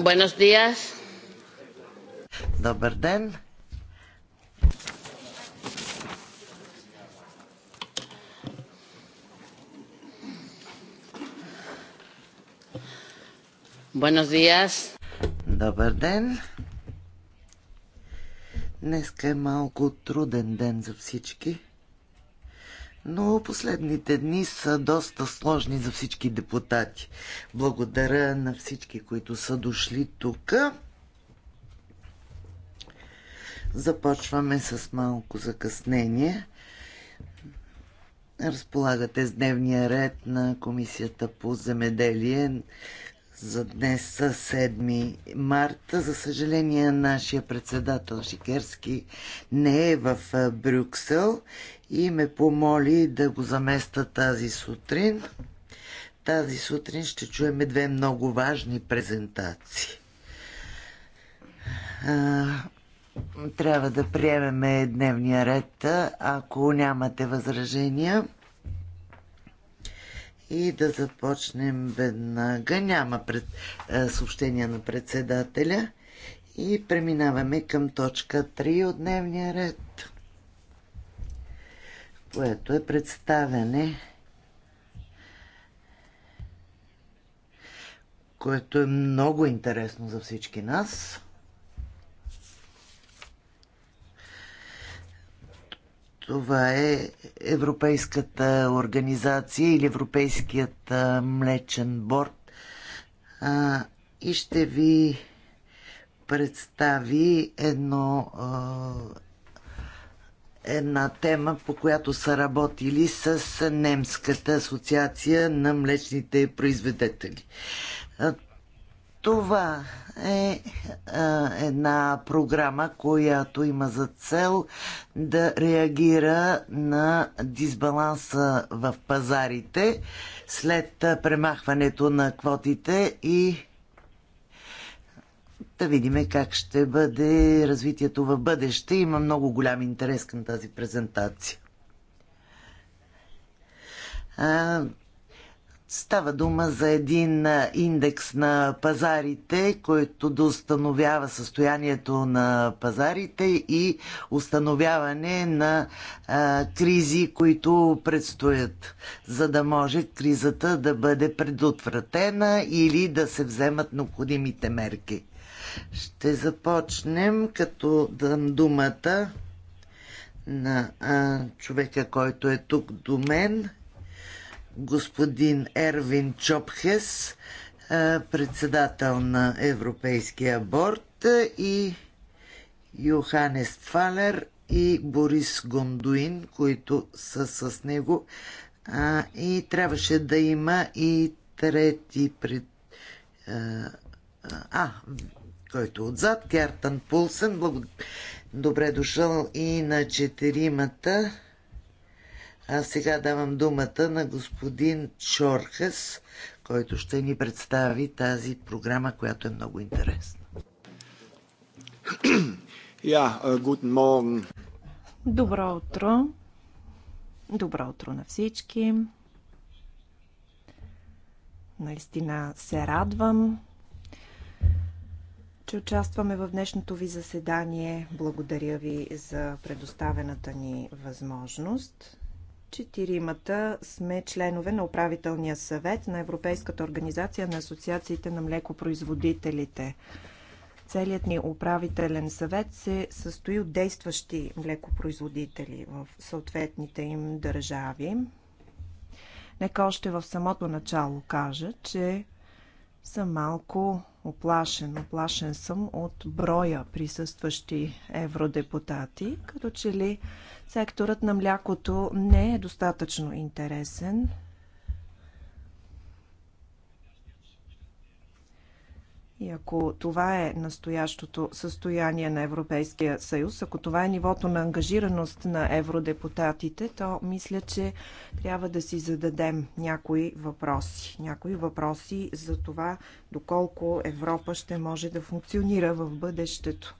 Buenos días. Добър ден. Buenos días. Добър ден. Днеска е малко труден ден за всички но последните дни са доста сложни за всички депутати. Благодаря на всички, които са дошли тук. Започваме с малко закъснение. Разполагате с дневния ред на Комисията по земеделие за днес, 7 марта. За съжаление, нашия председател Шикерски не е в Брюксел и ме помоли да го заместа тази сутрин. Тази сутрин ще чуем две много важни презентации. Трябва да приемеме дневния ред, ако нямате възражения. И да започнем веднага. Няма пред, е, съобщения на председателя. И преминаваме към точка 3 от дневния ред, което е представяне, което е много интересно за всички нас. Това е Европейската организация или Европейският млечен борт. И ще ви представи едно една тема, по която са работили с Немската асоциация на млечните производители. Това е а, е, една програма, която има за цел да реагира на дисбаланса в пазарите след е, премахването на квотите и да видим как ще бъде развитието в бъдеще. Има много голям интерес към тази презентация. Е, Става дума за един индекс на пазарите, който да установява състоянието на пазарите и установяване на а, кризи, които предстоят, за да може кризата да бъде предотвратена или да се вземат необходимите мерки. Ще започнем като дам думата на а, човека, който е тук до мен господин Ервин Чопхес, председател на Европейския борт и Йоханес Фалер и Борис Гондуин, които са с него. и трябваше да има и трети пред... А, който отзад, Кертан Пулсен. Благодаря. Добре дошъл и на четиримата. А сега давам думата на господин Чорхес, който ще ни представи тази програма, която е много интересна. Ja, yeah, э, Добро утро. Добро утро на всички. Наистина се радвам, че участваме в днешното ви заседание. Благодаря ви за предоставената ни възможност. Четиримата сме членове на управителния съвет на Европейската организация на асоциациите на млекопроизводителите. Целият ни управителен съвет се състои от действащи млекопроизводители в съответните им държави. Нека още в самото начало кажа, че съм малко оплашен. Оплашен съм от броя присъстващи евродепутати, като че ли Секторът на млякото не е достатъчно интересен. И ако това е настоящото състояние на Европейския съюз, ако това е нивото на ангажираност на евродепутатите, то мисля, че трябва да си зададем някои въпроси. Някои въпроси за това доколко Европа ще може да функционира в бъдещето.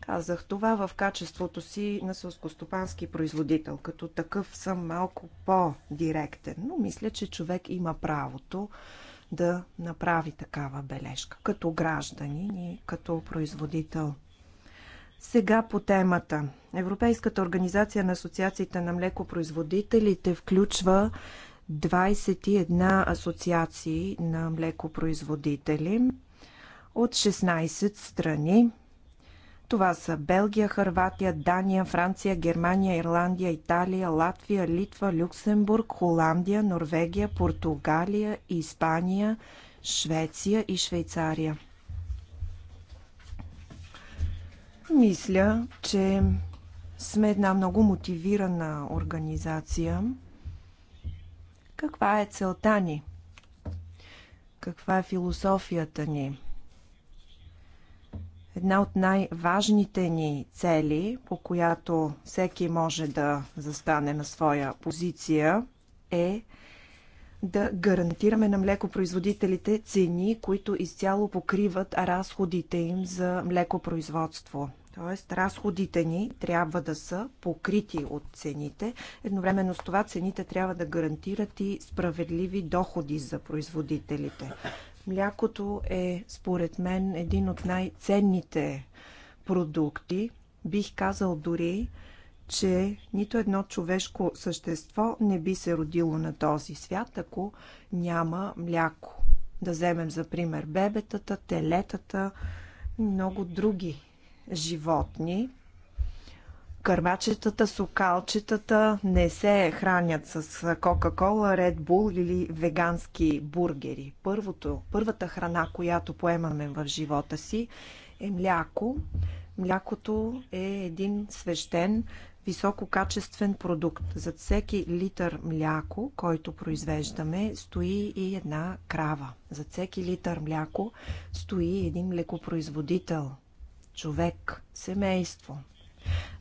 Казах това в качеството си на сълскостопански производител. Като такъв съм малко по-директен, но мисля, че човек има правото да направи такава бележка. Като гражданин и като производител. Сега по темата. Европейската организация на асоциациите на млекопроизводителите включва 21 асоциации на млекопроизводители от 16 страни. Това са Белгия, Харватия, Дания, Франция, Германия, Ирландия, Италия, Латвия, Литва, Люксембург, Холандия, Норвегия, Португалия, Испания, Швеция и Швейцария. Мисля, че сме една много мотивирана организация. Каква е целта ни? Каква е философията ни? Една от най-важните ни цели, по която всеки може да застане на своя позиция, е да гарантираме на млекопроизводителите цени, които изцяло покриват разходите им за млекопроизводство. Тоест, разходите ни трябва да са покрити от цените. Едновременно с това цените трябва да гарантират и справедливи доходи за производителите. Млякото е, според мен, един от най-ценните продукти. Бих казал дори, че нито едно човешко същество не би се родило на този свят, ако няма мляко. Да вземем за пример бебетата, телетата и много други животни. Кърмачетата, сокалчетата не се хранят с Кока-Кола, Ред Бул или вегански бургери. Първото, първата храна, която поемаме в живота си е мляко. Млякото е един свещен, висококачествен продукт. За всеки литър мляко, който произвеждаме, стои и една крава. За всеки литър мляко стои един млекопроизводител, човек, семейство –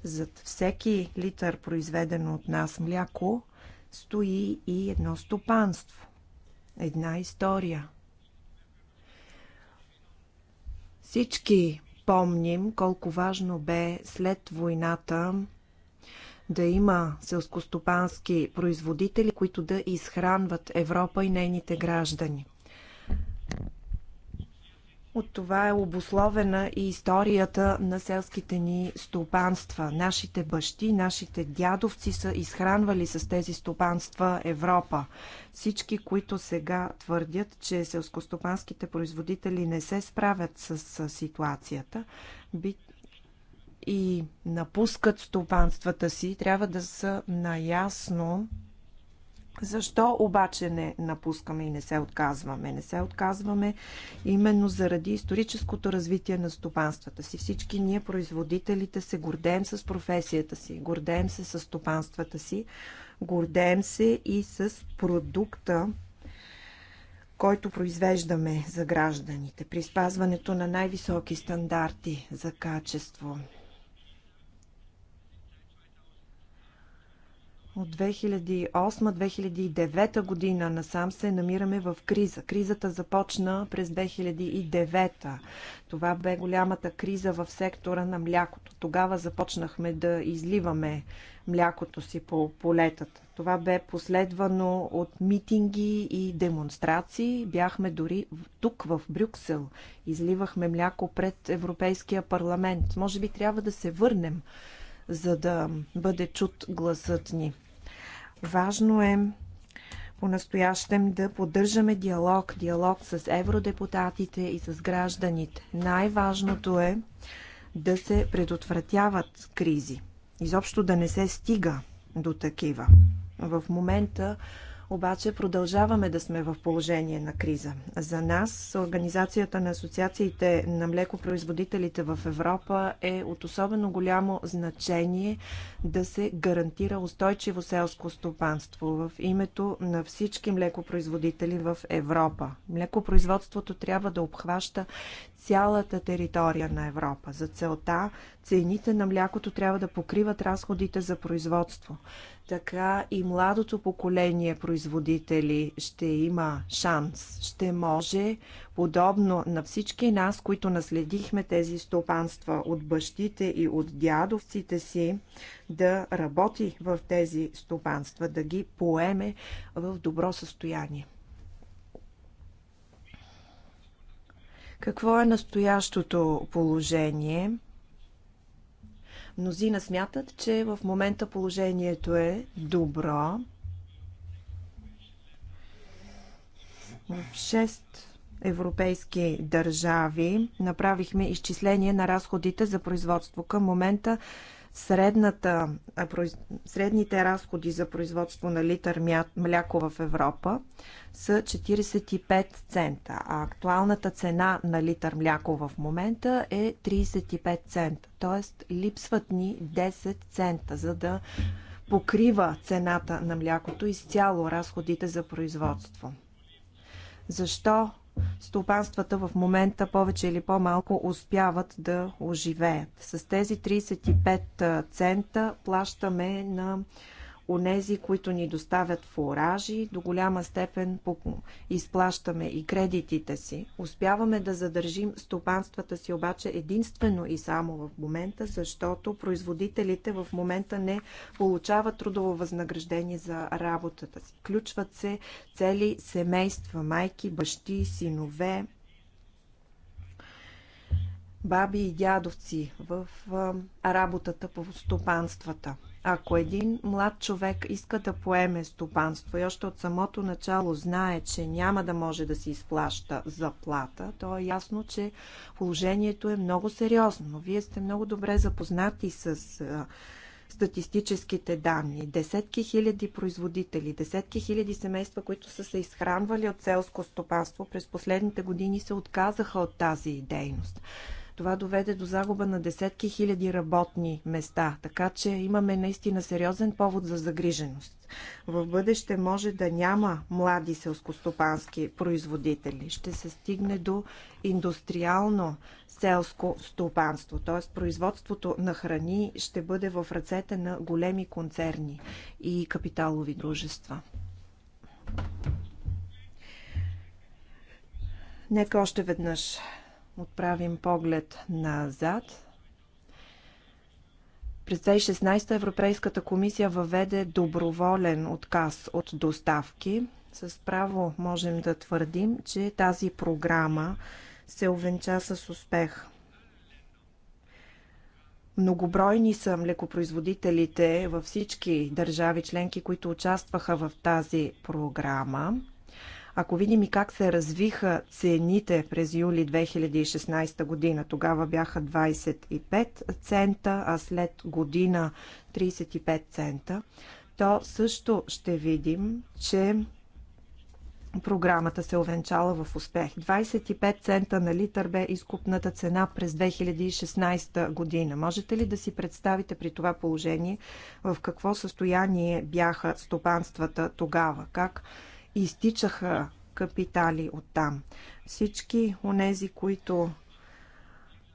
зад всеки литър произведено от нас мляко стои и едно стопанство, една история. Всички помним колко важно бе след войната да има селскостопански производители, които да изхранват Европа и нейните граждани. От това е обословена и историята на селските ни стопанства. Нашите бащи, нашите дядовци са изхранвали с тези стопанства Европа. Всички, които сега твърдят, че селскостопанските производители не се справят с, ситуацията, би и напускат стопанствата си, трябва да са наясно, защо обаче не напускаме и не се отказваме? Не се отказваме именно заради историческото развитие на стопанствата си. Всички ние, производителите, се гордеем с професията си, гордеем се с стопанствата си, гордеем се и с продукта, който произвеждаме за гражданите, при спазването на най-високи стандарти за качество. От 2008-2009 година насам се намираме в криза. Кризата започна през 2009. Това бе голямата криза в сектора на млякото. Тогава започнахме да изливаме млякото си по полетата. Това бе последвано от митинги и демонстрации. Бяхме дори тук в Брюксел. Изливахме мляко пред Европейския парламент. Може би трябва да се върнем, за да бъде чут гласът ни. Важно е по-настоящем да поддържаме диалог, диалог с евродепутатите и с гражданите. Най-важното е да се предотвратяват кризи. Изобщо да не се стига до такива. В момента обаче продължаваме да сме в положение на криза. За нас Организацията на асоциациите на млекопроизводителите в Европа е от особено голямо значение да се гарантира устойчиво селско стопанство в името на всички млекопроизводители в Европа. Млекопроизводството трябва да обхваща цялата територия на Европа. За целта цените на млякото трябва да покриват разходите за производство така и младото поколение производители ще има шанс. Ще може, подобно на всички нас, които наследихме тези стопанства от бащите и от дядовците си, да работи в тези стопанства, да ги поеме в добро състояние. Какво е настоящото положение? Мнозина смятат, че в момента положението е добро. В 6 европейски държави направихме изчисление на разходите за производство. Към момента средната, средните разходи за производство на литър мляко в Европа са 45 цента, а актуалната цена на литър мляко в момента е 35 цента. Тоест липсват ни 10 цента, за да покрива цената на млякото изцяло разходите за производство. Защо стопанствата в момента повече или по-малко успяват да оживеят. С тези 35 цента плащаме на онези, които ни доставят фуражи, до голяма степен изплащаме и кредитите си. Успяваме да задържим стопанствата си обаче единствено и само в момента, защото производителите в момента не получават трудово възнаграждение за работата си. Включват се цели семейства, майки, бащи, синове, баби и дядовци в работата по стопанствата. Ако един млад човек иска да поеме стопанство и още от самото начало знае, че няма да може да си изплаща заплата, то е ясно, че положението е много сериозно. вие сте много добре запознати с статистическите данни. Десетки хиляди производители, десетки хиляди семейства, които са се изхранвали от селско стопанство през последните години, се отказаха от тази дейност. Това доведе до загуба на десетки хиляди работни места, така че имаме наистина сериозен повод за загриженост. В бъдеще може да няма млади селскостопански производители. Ще се стигне до индустриално селско стопанство, т.е. производството на храни ще бъде в ръцете на големи концерни и капиталови дружества. Нека още веднъж отправим поглед назад, през 2016 Европейската комисия въведе доброволен отказ от доставки. С право можем да твърдим, че тази програма се увенча с успех. Многобройни са млекопроизводителите във всички държави членки, които участваха в тази програма. Ако видим и как се развиха цените през юли 2016 година, тогава бяха 25 цента, а след година 35 цента, то също ще видим, че програмата се овенчала в успех. 25 цента на литър бе изкупната цена през 2016 година. Можете ли да си представите при това положение в какво състояние бяха стопанствата тогава? Как изтичаха капитали оттам. Всички онези, които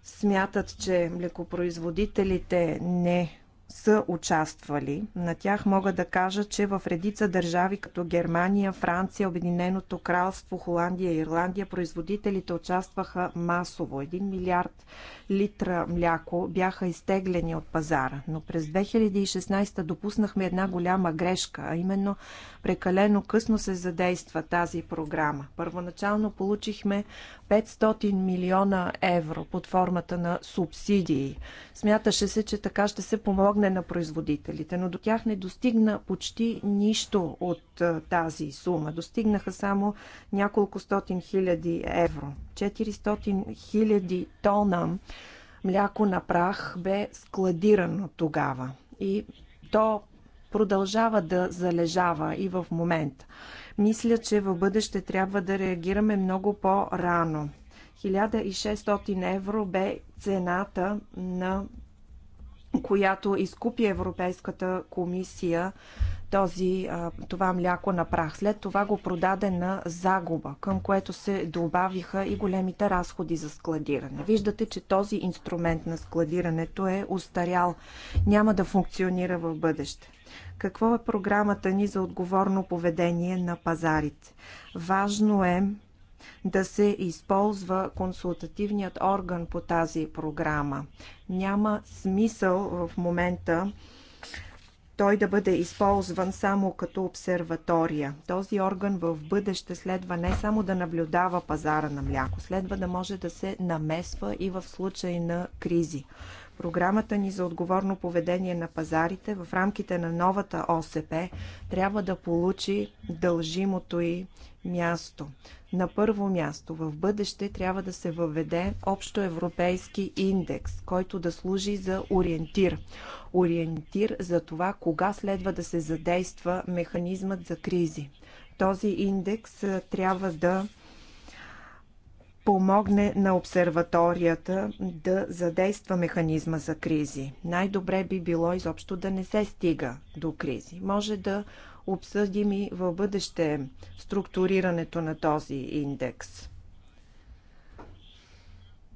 смятат, че млекопроизводителите не са участвали. На тях мога да кажа, че в редица държави като Германия, Франция, Обединеното кралство, Холандия и Ирландия производителите участваха масово. Един милиард литра мляко бяха изтеглени от пазара. Но през 2016 допуснахме една голяма грешка, а именно прекалено късно се задейства тази програма. Първоначално получихме 500 милиона евро под формата на субсидии. Смяташе се, че така ще се помогне на производителите, но до тях не достигна почти нищо от тази сума. Достигнаха само няколко стотин хиляди евро. 400 хиляди тона мляко на прах бе складирано тогава. И то продължава да залежава и в момента. Мисля, че в бъдеще трябва да реагираме много по-рано. 1600 евро бе цената на която изкупи Европейската комисия този, това мляко на прах. След това го продаде на загуба, към което се добавиха и големите разходи за складиране. Виждате, че този инструмент на складирането е устарял. Няма да функционира в бъдеще. Какво е програмата ни за отговорно поведение на пазарите? Важно е да се използва консултативният орган по тази програма. Няма смисъл в момента той да бъде използван само като обсерватория. Този орган в бъдеще следва не само да наблюдава пазара на мляко, следва да може да се намесва и в случай на кризи. Програмата ни за отговорно поведение на пазарите в рамките на новата ОСП трябва да получи дължимото и място. На първо място в бъдеще трябва да се въведе общоевропейски индекс, който да служи за ориентир. Ориентир за това кога следва да се задейства механизмът за кризи. Този индекс трябва да помогне на обсерваторията да задейства механизма за кризи. Най-добре би било изобщо да не се стига до кризи. Може да обсъдим и в бъдеще структурирането на този индекс.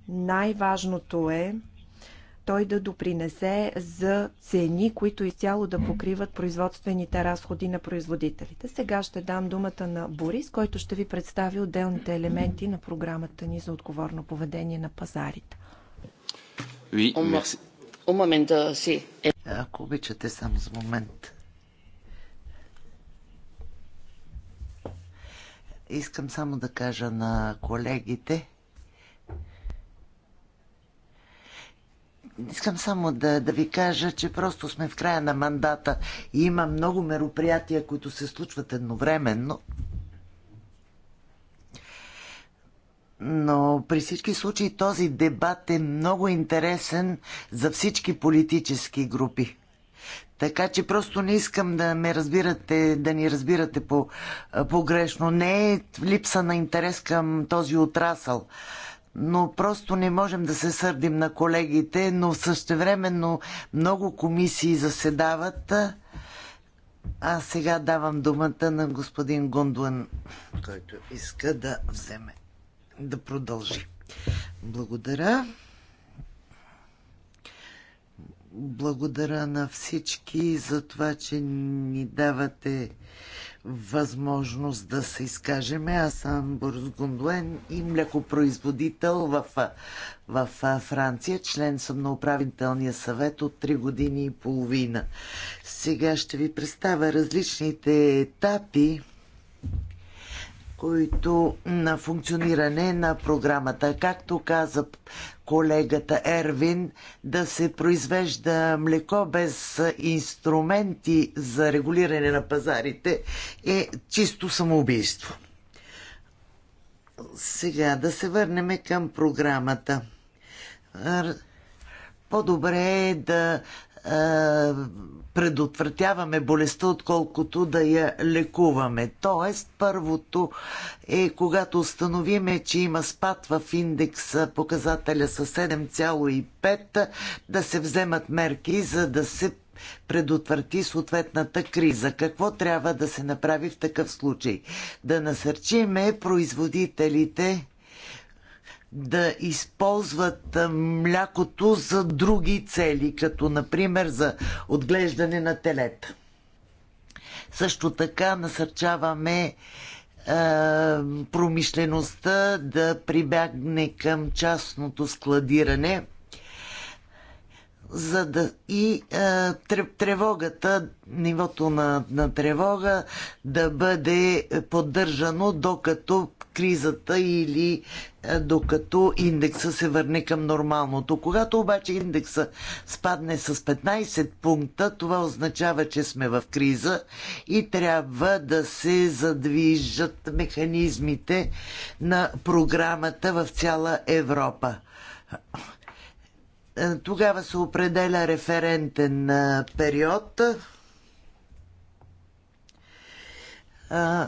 Най-важното е той да допринесе за цени, които изцяло да покриват производствените разходи на производителите. Сега ще дам думата на Борис, който ще ви представи отделните елементи на програмата ни за отговорно поведение на пазарите. Ви, Un е. Ако обичате, само за момент. Искам само да кажа на колегите, Искам само да, да ви кажа, че просто сме в края на мандата и има много мероприятия, които се случват едновременно. Но при всички случаи този дебат е много интересен за всички политически групи. Така че просто не искам да ме разбирате, да ни разбирате по, погрешно. Не е липса на интерес към този отрасъл но просто не можем да се сърдим на колегите, но същевременно много комисии заседават. А сега давам думата на господин Гундуан, който иска да вземе, да продължи. Благодаря. Благодаря на всички за това, че ни давате възможност да се изкажеме. Аз съм Борис Гондуен и млекопроизводител в, в Франция. Член съм на управителния съвет от 3 години и половина. Сега ще ви представя различните етапи които на функциониране на програмата. Както каза колегата Ервин, да се произвежда млеко без инструменти за регулиране на пазарите е чисто самоубийство. Сега да се върнем към програмата. По-добре е да е, предотвратяваме болестта, отколкото да я лекуваме. Тоест, първото е, когато установиме, че има спад в индекса показателя с 7,5, да се вземат мерки, за да се предотврати съответната криза. Какво трябва да се направи в такъв случай? Да насърчиме производителите да използват млякото за други цели, като например за отглеждане на телета. Също така насърчаваме е, промишлеността да прибягне към частното складиране – за да и е, тревогата, нивото на, на тревога да бъде поддържано докато кризата или е, докато индекса се върне към нормалното. Когато обаче индекса спадне с 15 пункта, това означава, че сме в криза и трябва да се задвижат механизмите на програмата в цяла Европа. Е, тогава се определя референтен е, период. Е,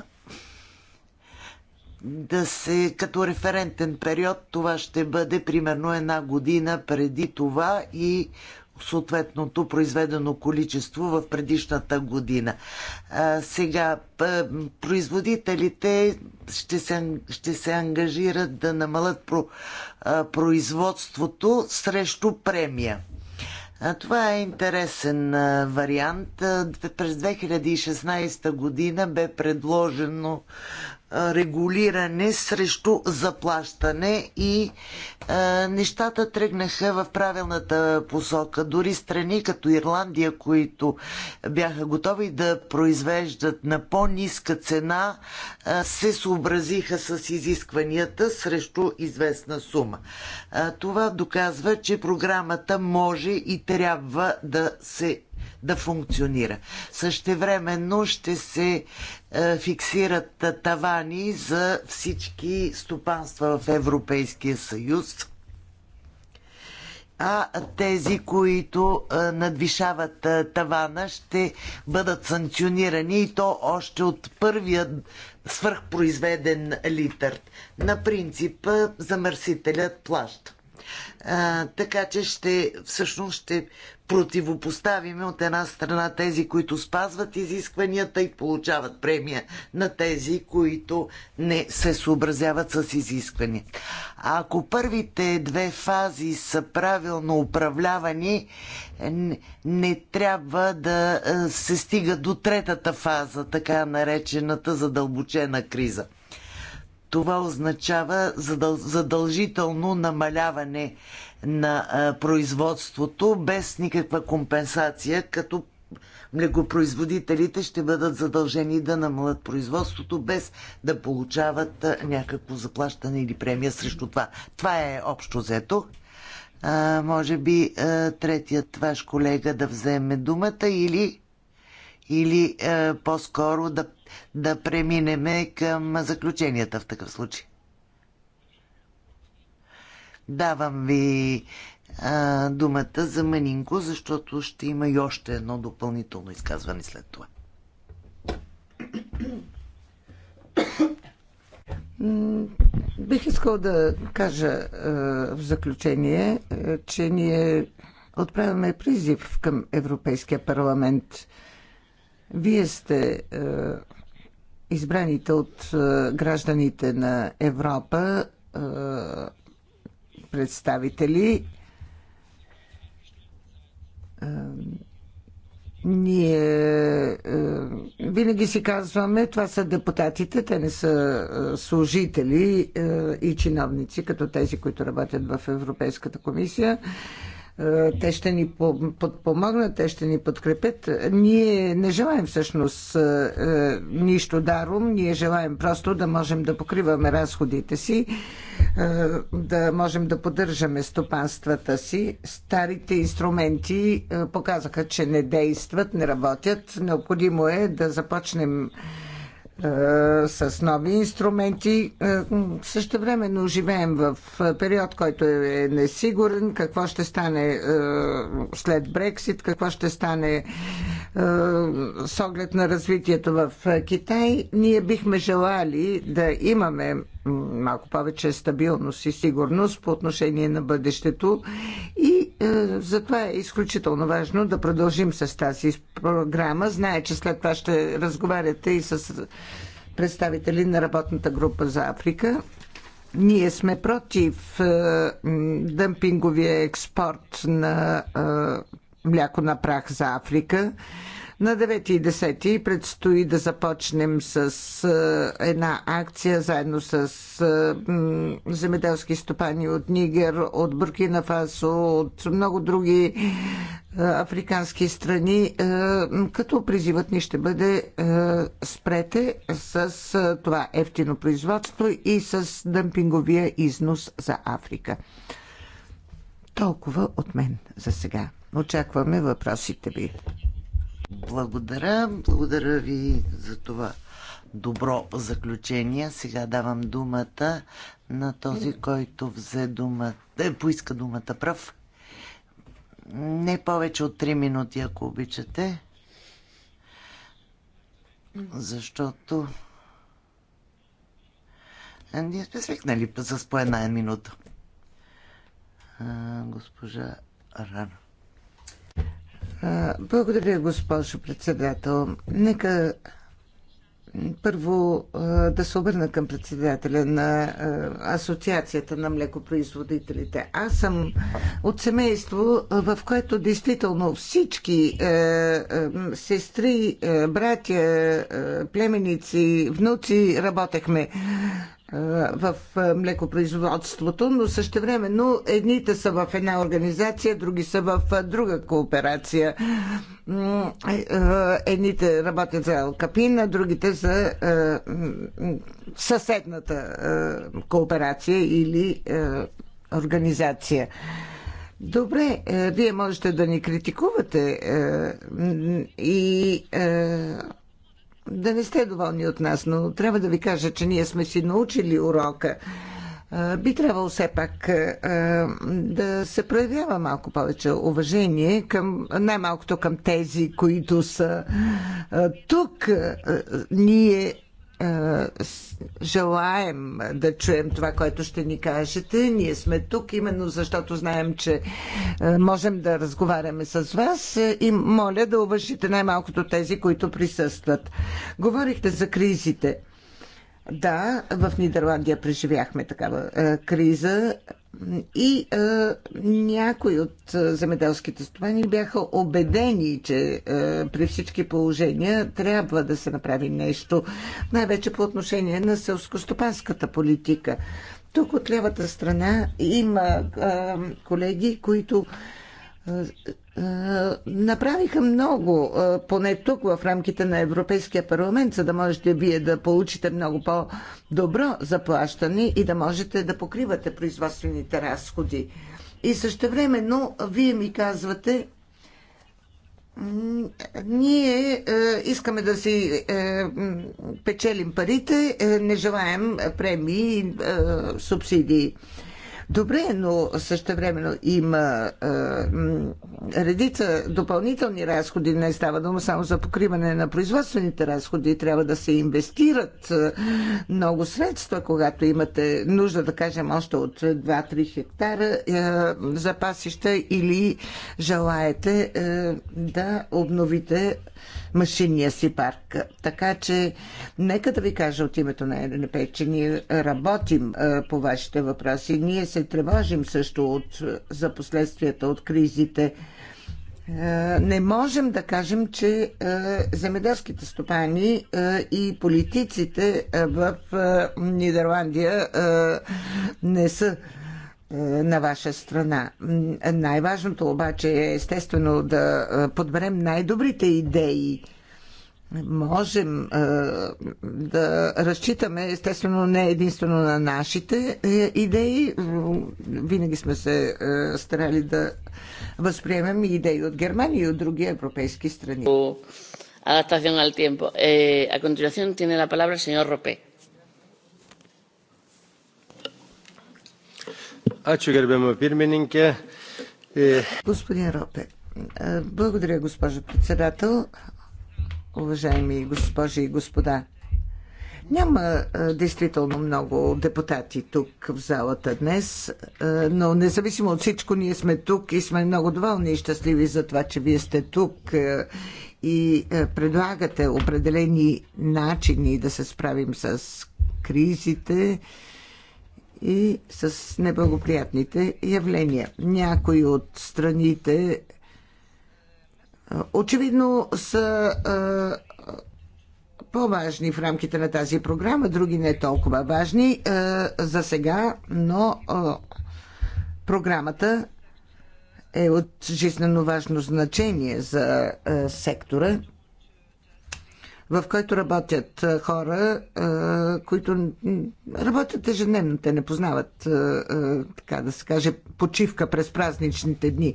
да се, като референтен период това ще бъде примерно една година преди това и съответното произведено количество в предишната година. А, сега, производителите ще се, ще се ангажират да намалят про, а, производството срещу премия. А, това е интересен а, вариант. А, през 2016 година бе предложено регулиране срещу заплащане и нещата тръгнаха в правилната посока. Дори страни като Ирландия, които бяха готови да произвеждат на по-ниска цена, се съобразиха с изискванията срещу известна сума. това доказва, че програмата може и трябва да се да функционира. Същевременно ще се е, фиксират тавани за всички стопанства в Европейския съюз а тези, които е, надвишават е, тавана, ще бъдат санкционирани и то още от първия свърхпроизведен литър. На принцип е, замърсителят плаща. А, така че ще, всъщност ще противопоставиме от една страна тези, които спазват изискванията и получават премия на тези, които не се съобразяват с изискванията. А ако първите две фази са правилно управлявани, не трябва да се стига до третата фаза, така наречената задълбочена криза това означава задъл, задължително намаляване на а, производството без никаква компенсация, като млекопроизводителите ще бъдат задължени да намалят производството без да получават а, някакво заплащане или премия срещу това. Това е общо взето. А, може би а, третият ваш колега да вземе думата или, или а, по-скоро да да преминеме към заключенията в такъв случай. Давам ви а, думата за Манинко, защото ще има и още едно допълнително изказване след това. Бих искал да кажа в заключение, че ние отправяме призив към Европейския парламент. Вие сте избраните от е, гражданите на Европа е, представители. Е, ние винаги си казваме, това са депутатите, те не са служители и чиновници, като тези, които работят в Европейската комисия. Е, те ще ни подпомогнат, те ще ни подкрепят. Ние не желаем всъщност е, е, нищо даром, ние желаем просто да можем да покриваме разходите си, да можем да поддържаме стопанствата си. Старите инструменти показаха, че не действат, не работят. Необходимо е да започнем е, с нови инструменти. Е, Също времено живеем в период, който е, е несигурен. Какво ще стане след Брексит, какво ще стане е, с оглед на развитието в е, Китай, ние бихме желали да имаме малко повече стабилност и сигурност по отношение на бъдещето и е, затова е изключително важно да продължим с тази програма. Знае, че след това ще разговаряте и с представители на работната група за Африка. Ние сме против е, дъмпинговия експорт на е, мляко на прах за Африка. На 9 и 10 предстои да започнем с е, една акция заедно с е, земеделски стопани от Нигер, от Буркина Фасо, от много други е, африкански страни, като призивът ни ще бъде спрете с това ефтино производство и с дъмпинговия износ за Африка. Толкова от мен за сега. Очакваме въпросите ви. Благодаря. Благодаря ви за това добро заключение. Сега давам думата на този, който взе думата, е, поиска думата прав. Не повече от 3 минути, ако обичате. Защото ние сме свикнали с по една минута. А, госпожа Рана. Благодаря, госпожо председател. Нека първо да се обърна към председателя на Асоциацията на млекопроизводителите. Аз съм от семейство, в което действително всички сестри, братя, племеници, внуци работехме в млекопроизводството, но но едните са в една организация, други са в друга кооперация. Е, е, едните работят за Алкапина, другите за съседната кооперация или организация. Добре, е, вие можете да ни критикувате и да не сте доволни от нас, но трябва да ви кажа, че ние сме си научили урока. Би трябвало все пак да се проявява малко повече уважение към, най-малкото към тези, които са тук. Ние желаем да чуем това, което ще ни кажете. Ние сме тук именно защото знаем, че можем да разговаряме с вас и моля да уважите най-малкото тези, които присъстват. Говорихте за кризите. Да, в Нидерландия преживяхме такава криза. И а, някои от земеделските стопани бяха убедени, че а, при всички положения трябва да се направи нещо, най-вече по отношение на селскостопанската политика. Тук от лявата страна има а, колеги, които е, е, направиха много, е, поне тук в рамките на Европейския парламент, за да можете вие да получите много по-добро заплащане и да можете да покривате производствените разходи. И също времено вие ми казвате, ние искаме да си печелим парите, не желаем премии, и субсидии. Добре, но времено има е, редица допълнителни разходи. Не става дума само за покриване на производствените разходи. Трябва да се инвестират е, много средства, когато имате нужда, да кажем, още от 2-3 хектара е, запасища или желаете е, да обновите машинния си парк. Така че, нека да ви кажа от името на ННП, че ние работим е, по вашите въпроси. Ние се се тревожим също от, за последствията от кризите. Е, не можем да кажем, че е, земеделските стопани е, и политиците в Нидерландия не са на ваша страна. Най-важното обаче е естествено да подберем най-добрите идеи можем а, е, да разчитаме, естествено, не единствено на нашите е, идеи. Винаги сме се е, старали да възприемем идеи от Германия и от други европейски страни. Адаптация на tiempo. Е, а a continuación tiene la palabra el señor Ropé. Ačiū, gerbiama pirmininkė. Господин Ропе, благодаря, госпожо председател уважаеми госпожи и господа. Няма а, е, действително много депутати тук в залата днес, а, е, но независимо от всичко, ние сме тук и сме много доволни и щастливи за това, че вие сте тук а, е, и а, предлагате определени начини да се справим с кризите и с неблагоприятните явления. Някои от страните очевидно са по-важни в рамките на тази програма, други не толкова важни за сега, но програмата е от жизненно важно значение за сектора, в който работят хора, които работят ежедневно. Те не познават, така да се каже, почивка през празничните дни.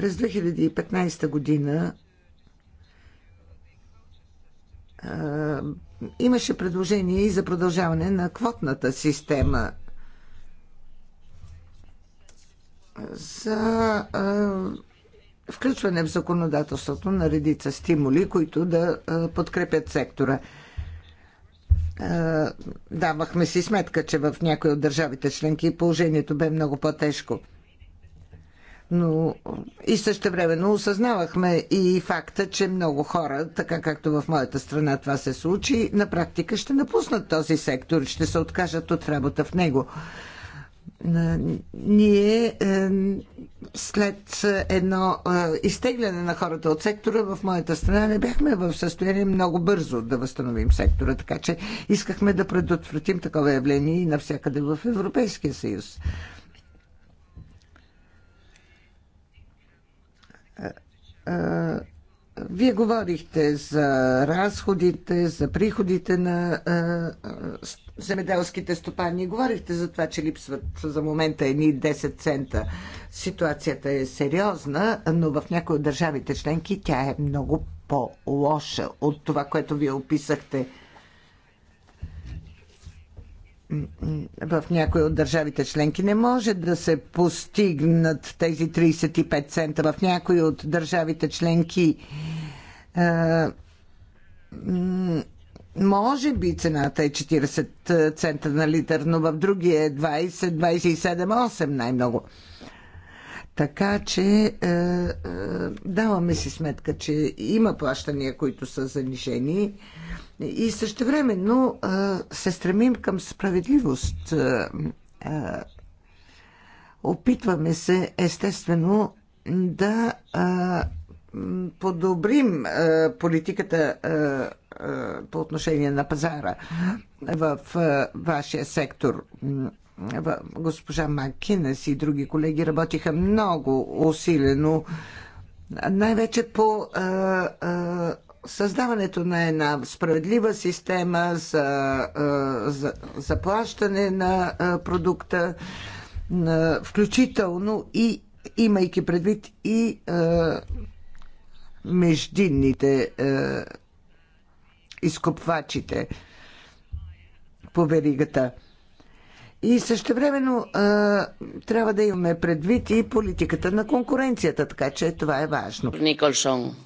През 2015 година а, имаше предложение и за продължаване на квотната система за а, включване в законодателството на редица стимули, които да а, подкрепят сектора. давахме си сметка, че в някои от държавите членки положението бе много по-тежко но и също времено осъзнавахме и факта, че много хора, така както в моята страна това се случи, на практика ще напуснат този сектор, ще се откажат от работа в него. Ние е, след едно е, изтегляне на хората от сектора в моята страна не бяхме в състояние много бързо да възстановим сектора, така че искахме да предотвратим такова явление и навсякъде в Европейския съюз. вие говорихте за разходите, за приходите на земеделските стопани. Говорихте за това, че липсват за момента едни 10 цента. Ситуацията е сериозна, но в някои от държавите членки тя е много по-лоша от това, което вие описахте в някои от държавите членки не може да се постигнат тези 35 цента. В някои от държавите членки може би цената е 40 цента на литър, но в други е 20, 27, 8 най-много. Така че даваме си сметка, че има плащания, които са занижени. И също а, се стремим към справедливост. Опитваме се, естествено, да подобрим политиката по отношение на пазара в вашия сектор. Госпожа Макинес и други колеги работиха много усилено най-вече по а, а, създаването на една справедлива система за, заплащане за на продукта, на, включително и имайки предвид и а, междинните а, изкопвачите по веригата. И същевременно а, трябва да имаме предвид и политиката на конкуренцията, така че това е важно. Николсон.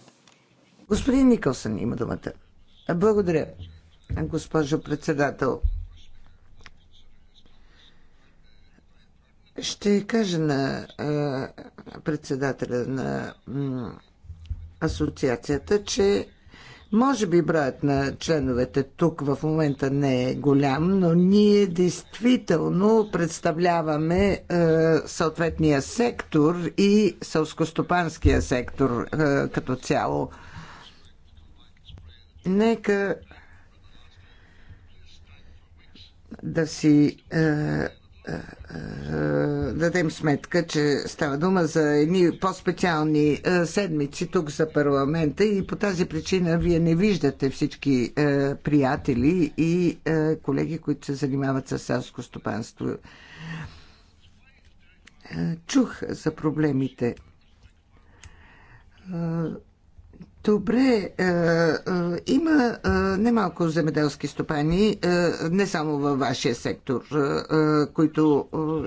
Господин Николсън има думата. Благодаря, госпожо председател. Ще кажа на председателя на асоциацията, че може би броят на членовете тук в момента не е голям, но ние действително представляваме а, съответния сектор и селскостопанския сектор а, като цяло. Нека да си е, е, е, дадем сметка, че става дума за едни по-специални е, седмици тук за парламента и по тази причина вие не виждате всички е, приятели и е, колеги, които се занимават с селско стопанство. Е, чух за проблемите. Добре, е, е, има е, немалко земеделски стопани, е, не само във вашия сектор, е, е които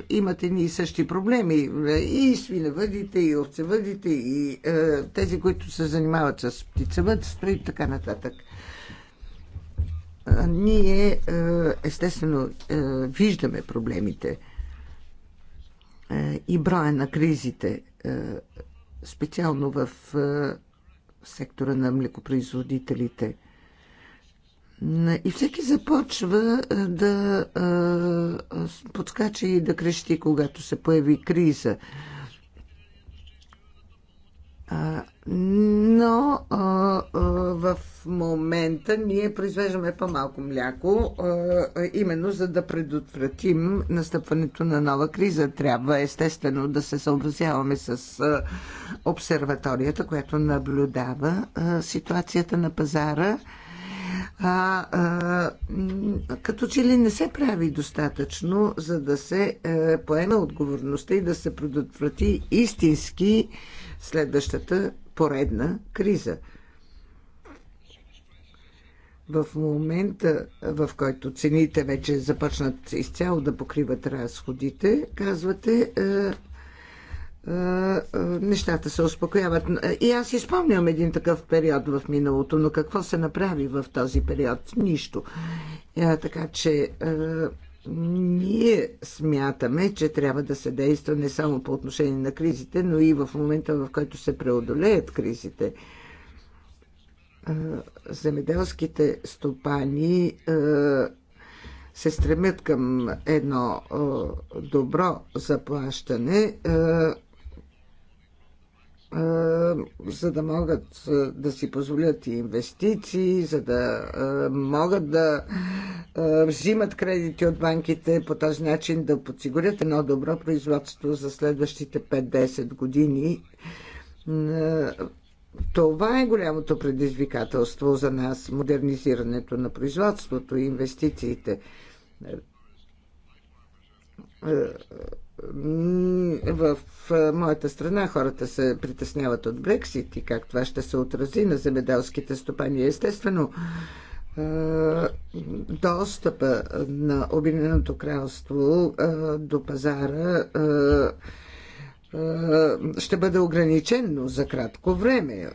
е, имат едни и същи проблеми. Е, и свиневъдите, и овцевъдите, и е, тези, които се занимават с птицевъдство и така нататък. Ние, е, естествено, е, виждаме проблемите е, и броя на кризите, е, специално в. Е, сектора на млекопроизводителите. И всеки започва да подскача и да крещи, когато се появи криза но а, а, в момента ние произвеждаме по-малко мляко, а, именно за да предотвратим настъпването на нова криза. Трябва естествено да се съобразяваме с а, обсерваторията, която наблюдава а, ситуацията на пазара. А, а, като че ли не се прави достатъчно, за да се а, е, поема отговорността и да се предотврати истински а, следващата поредна криза. В момента, в който цените вече започнат изцяло да покриват разходите, казвате, е, е, е, нещата се успокояват. И аз изпомням един такъв период в миналото, но какво се направи в този период? Нищо. Е, така че. Е, ние смятаме, че трябва да се действа не само по отношение на кризите, но и в момента, в който се преодолеят кризите. Земеделските стопани се стремят към едно добро заплащане за да могат да си позволят и инвестиции, за да могат да взимат кредити от банките, по този начин да подсигурят едно добро производство за следващите 5-10 години. Това е голямото предизвикателство за нас модернизирането на производството и инвестициите в моята страна хората се притесняват от Брексит и как това ще се отрази на земеделските стопани. Естествено, достъпа на Обединеното кралство до пазара ще бъде ограничен, но за кратко време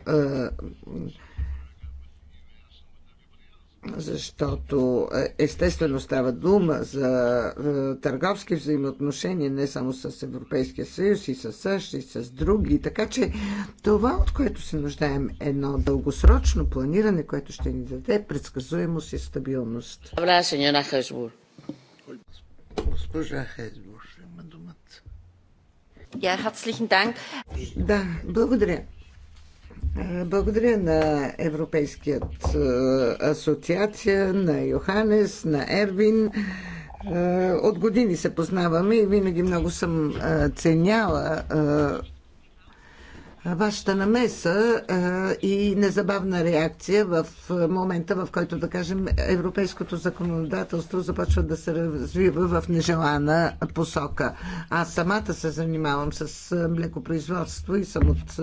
защото е, естествено става дума за е, търговски взаимоотношения не само с Европейския съюз и с САЩ и с други. Така че това, от което се нуждаем, е едно дългосрочно планиране, което ще ни даде предсказуемост и стабилност. Добре, сеньора Хесбур. Госпожа Хесбур, ще има думата. Да, благодаря. Благодаря на Европейският е, асоциация, на Йоханес, на Ервин. Е, от години се познаваме и винаги много съм е, ценяла вашата намеса и незабавна реакция в момента, в който, да кажем, европейското законодателство започва да се развива в нежелана посока. Аз самата се занимавам с млекопроизводство и съм от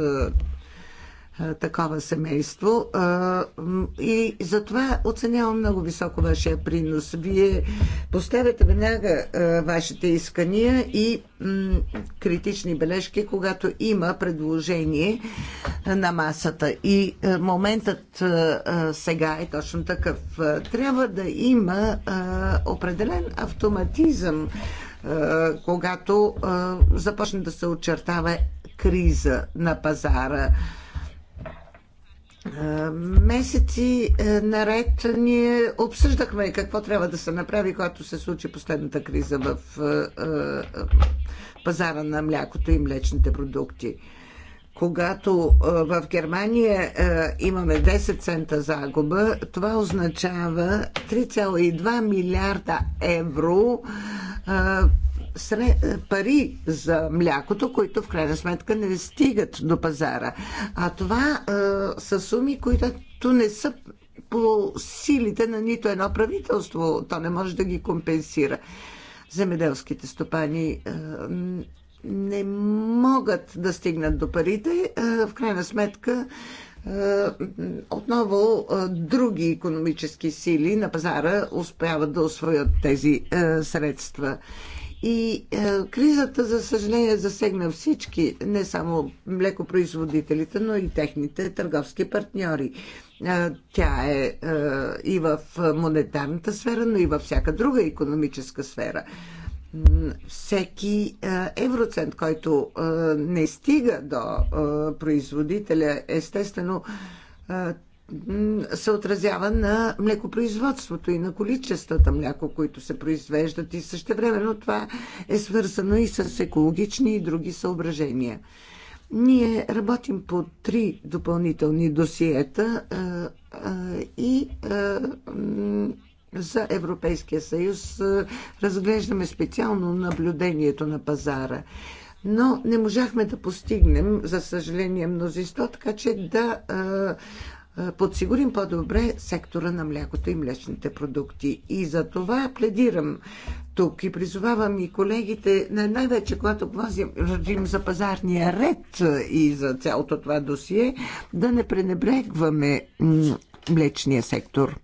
такова семейство. И затова оценявам много високо вашия принос. Вие поставяте веднага вашите искания и критични бележки, когато има предложение на масата. И моментът сега е точно такъв. Трябва да има определен автоматизъм когато започне да се очертава криза на пазара. Е, месеци е, наред ние обсъждахме какво трябва да се направи, когато се случи последната криза в е, пазара на млякото и млечните продукти. Когато в Германия имаме 10 цента загуба, това означава 3,2 милиарда евро е, пари за млякото, които в крайна сметка не стигат до пазара. А това е, са суми, които не са по силите на нито едно правителство. То не може да ги компенсира. Земеделските стопани е, не могат да стигнат до парите. В крайна сметка отново други економически сили на пазара успяват да освоят тези средства. И е, кризата, за съжаление, засегна всички, не само млекопроизводителите, но и техните търговски партньори. Е, тя е, е и в монетарната сфера, но и във всяка друга економическа сфера. Всеки е, евроцент, който е, не стига до е, производителя, естествено, е, се отразява на млекопроизводството и на количествата мляко, които се произвеждат и същевременно това е свързано и с екологични и други съображения. Ние работим по три допълнителни досиета и за Европейския съюз разглеждаме специално наблюдението на пазара но не можахме да постигнем, за съжаление, мнозинство, така че да а, е, подсигурим по-добре сектора на млякото и млечните продукти. И за това пледирам тук и призовавам и колегите, най-вече когато говорим за пазарния ред е, и за цялото това досие, да не пренебрегваме млечния сектор.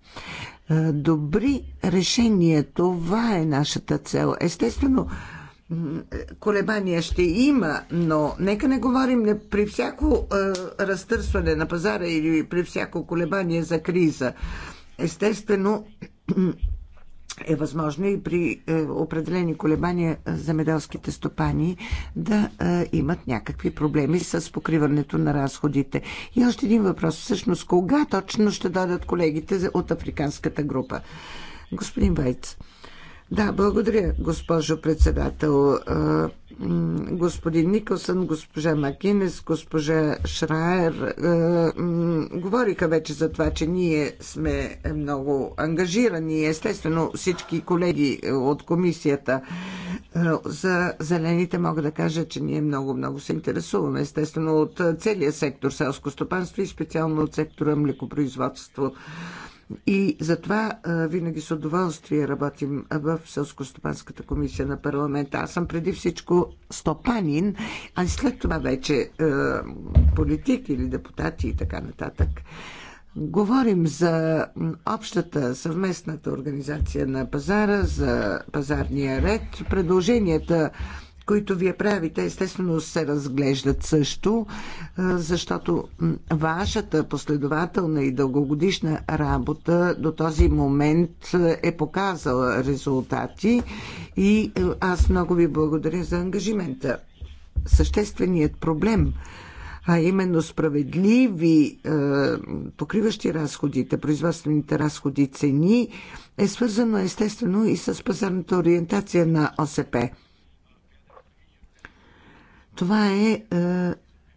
Е, добри решения, това е нашата цел. Естествено, колебания ще има, но нека не говорим не при всяко е, разтърсване на пазара или при всяко колебание за криза. Естествено, е възможно и при е, определени колебания земеделските стопани да е, имат някакви проблеми с покриването на разходите. И още един въпрос. Всъщност, кога точно ще дойдат колегите от африканската група? Господин Вайц. Да, благодаря, госпожо председател. Господин Николсън, госпожа Макинес, госпожа Шраер говориха вече за това, че ние сме много ангажирани, естествено всички колеги от комисията за зелените мога да кажа, че ние много-много се интересуваме, естествено от целия сектор селско стопанство и специално от сектора млекопроизводство. И затова винаги с удоволствие работим в Селско-стопанската комисия на парламента. Аз съм преди всичко стопанин, а след това вече политик или депутати и така нататък. Говорим за общата съвместната организация на пазара, за пазарния ред. Предложенията които вие правите, естествено се разглеждат също, защото вашата последователна и дългогодишна работа до този момент е показала резултати и аз много ви благодаря за ангажимента. Същественият проблем а именно справедливи, е, покриващи разходите, производствените разходи цени, е свързано естествено и с пазарната ориентация на ОСП. Това е, е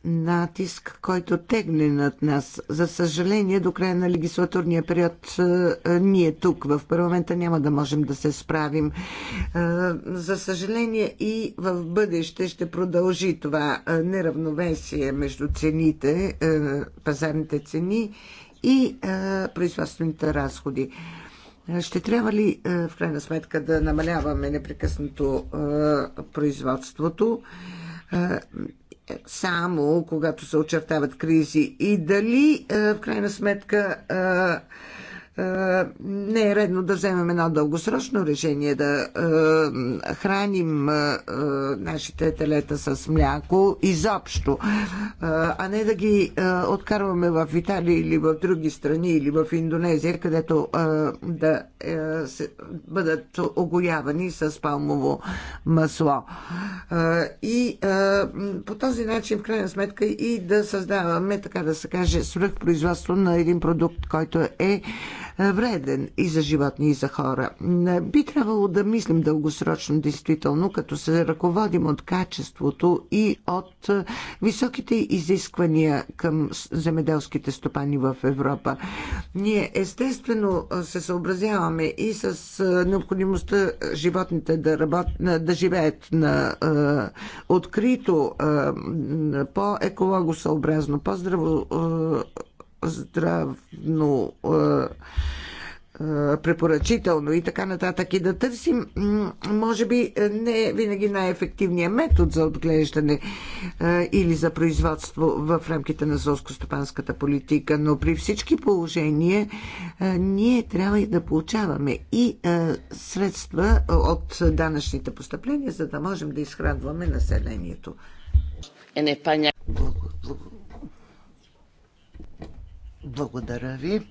натиск, който тегне над нас. За съжаление, до края на легислатурния период е, е, ние тук в парламента няма да можем да се справим. Е, за съжаление и в бъдеще ще продължи това неравновесие между цените, пазарните цени и производствените разходи. Ще трябва ли в крайна сметка да намаляваме непрекъснато производството? Е, само когато се очертават кризи и дали е, в крайна сметка е, е, не е редно да вземем едно дългосрочно решение да е, храним е, нашите телета с мляко изобщо, а не да ги откарваме в Италия или в други страни или в Индонезия, където да бъдат огоявани с палмово масло. и по този начин, в крайна сметка, и да създаваме, така да се каже, свръхпроизводство на един продукт, който е вреден и за животни, и за хора. Би трябвало да мислим дългосрочно, действително, като се ръководим от качеството и от високите изисквания към земеделските стопани в Европа. Ние естествено се съобразяваме и с необходимостта животните да, работ... да живеят на открито, по-екологосъобразно, по-здраво здравно препоръчително и така нататък и да търсим, може би, не винаги най-ефективния метод за отглеждане или за производство в рамките на зоскостопанската политика, но при всички положения ние трябва и да получаваме и средства от данъчните постъпления, за да можем да изхранваме населението. Благодаря. Благодаря ви.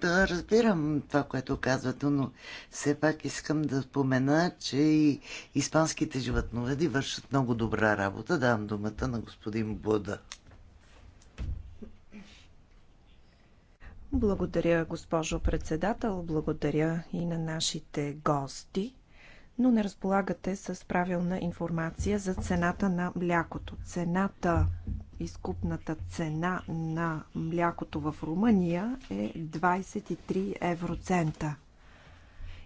Да, разбирам това, което казвате, но все пак искам да спомена, че и испанските животноведи вършат много добра работа. Давам думата на господин Буда. Благодаря, госпожо председател, благодаря и на нашите гости, но не разполагате с правилна информация за цената на млякото. Цената изкупната цена на млякото в Румъния е 23 евроцента.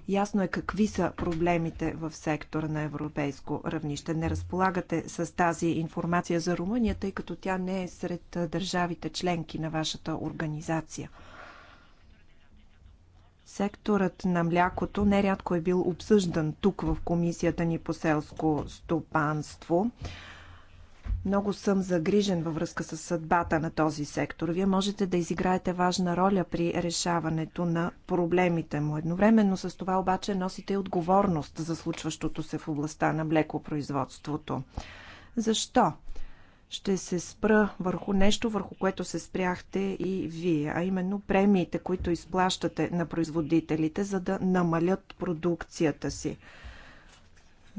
Ясно е какви са проблемите в сектора на европейско равнище. Не разполагате с тази информация за Румъния, тъй като тя не е сред държавите членки на вашата организация. Секторът на млякото нерядко е бил обсъждан тук в комисията ни по селско стопанство. Много съм загрижен във връзка с съдбата на този сектор. Вие можете да изиграете важна роля при решаването на проблемите му. Едновременно с това обаче носите отговорност за случващото се в областта на млекопроизводството. Защо? ще се спра върху нещо, върху което се спряхте и вие, а именно премиите, които изплащате на производителите, за да намалят продукцията си.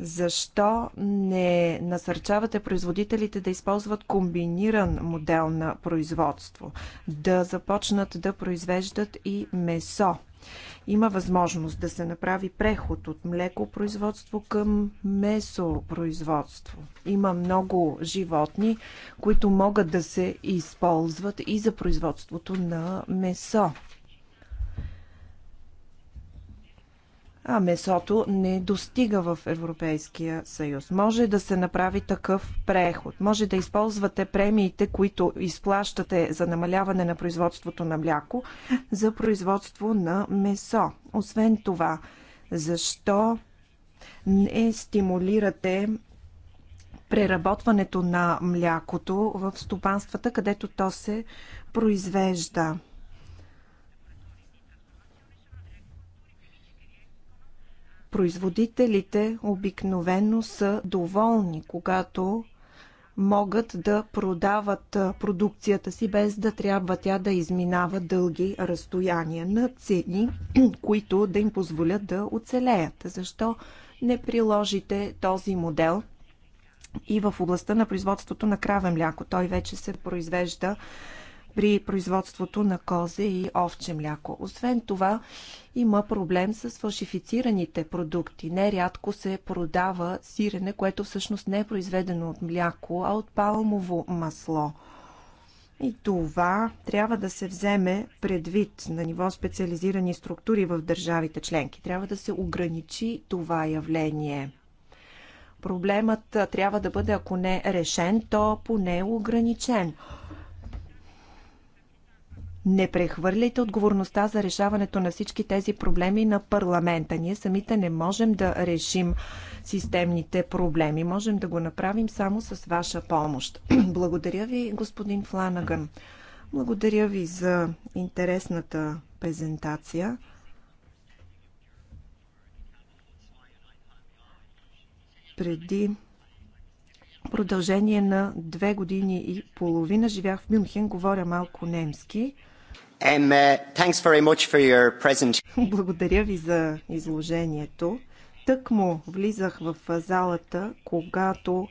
Защо не насърчавате производителите да използват комбиниран модел на производство, да започнат да произвеждат и месо? Има възможност да се направи преход от млеко производство към месо производство. Има много животни, които могат да се използват и за производството на месо. а месото не достига в Европейския съюз. Може да се направи такъв преход. Може да използвате премиите, които изплащате за намаляване на производството на мляко, за производство на месо. Освен това, защо не стимулирате преработването на млякото в стопанствата, където то се произвежда? Производителите обикновено са доволни, когато могат да продават продукцията си, без да трябва тя да изминава дълги разстояния на цени, които да им позволят да оцелеят. Защо не приложите този модел и в областта на производството на краве мляко? Той вече се произвежда при производството на козе и овче мляко. Освен това, има проблем с фалшифицираните продукти. Нерядко се продава сирене, което всъщност не е произведено от мляко, а от палмово масло. И това трябва да се вземе предвид на ниво специализирани структури в държавите членки. Трябва да се ограничи това явление. Проблемът трябва да бъде, ако не решен, то поне ограничен. Не прехвърляйте отговорността за решаването на всички тези проблеми на парламента. Ние самите не можем да решим системните проблеми. Можем да го направим само с ваша помощ. Благодаря ви, господин Фланаган. Благодаря ви за интересната презентация. Преди продължение на две години и половина живях в Мюнхен, говоря малко немски. Uh, Благодаря ви за изложението. Тък му влизах в залата, когато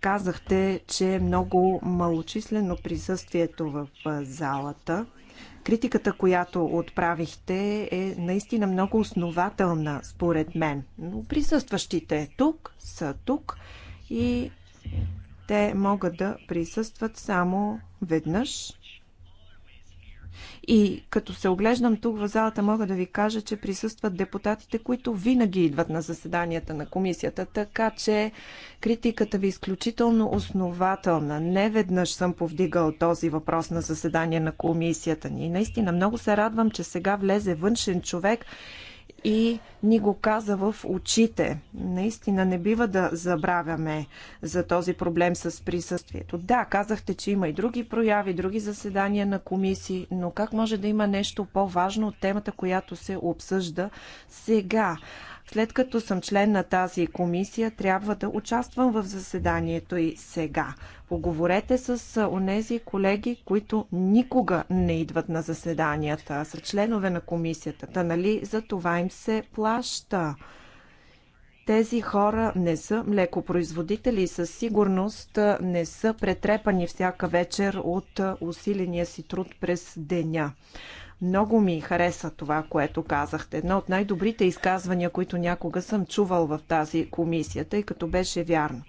казахте, че е много малочислено присъствието в залата. Критиката, която отправихте, е наистина много основателна, според мен. Но присъстващите тук са тук и те могат да присъстват само веднъж. И като се оглеждам тук в залата, мога да ви кажа, че присъстват депутатите, които винаги идват на заседанията на комисията, така че критиката ви е изключително основателна. Не веднъж съм повдигал този въпрос на заседание на комисията ни. И наистина много се радвам, че сега влезе външен човек и ни го каза в очите. Наистина не бива да забравяме за този проблем с присъствието. Да, казахте, че има и други прояви, други заседания на комисии, но как може да има нещо по-важно от темата, която се обсъжда сега? След като съм член на тази комисия, трябва да участвам в заседанието и сега. Поговорете с онези колеги, които никога не идват на заседанията, са членове на комисията. Та нали за това им се плаща? Тези хора не са млекопроизводители и със сигурност не са претрепани всяка вечер от усиления си труд през деня. Много ми хареса това, което казахте. Едно от най-добрите изказвания, които някога съм чувал в тази комисия, тъй като беше вярно.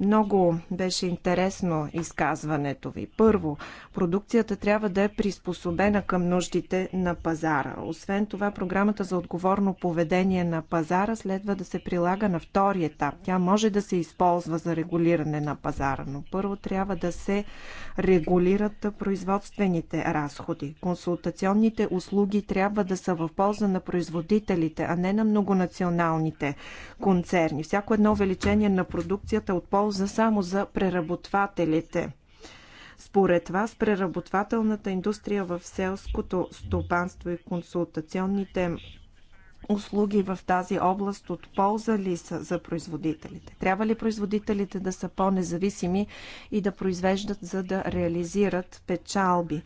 Много беше интересно изказването ви. Първо, продукцията трябва да е приспособена към нуждите на пазара. Освен това, програмата за отговорно поведение на пазара следва да се прилага на втори етап. Тя може да се използва за регулиране на пазара, но първо трябва да се регулират производствените разходи. Консултационните услуги трябва да са в полза на производителите, а не на многонационалните концерни. Всяко едно увеличение на продукцията от полза полза само за преработвателите. Според вас, преработвателната индустрия в селското стопанство и консултационните услуги в тази област от полза ли са за производителите? Трябва ли производителите да са по-независими и да произвеждат, за да реализират печалби?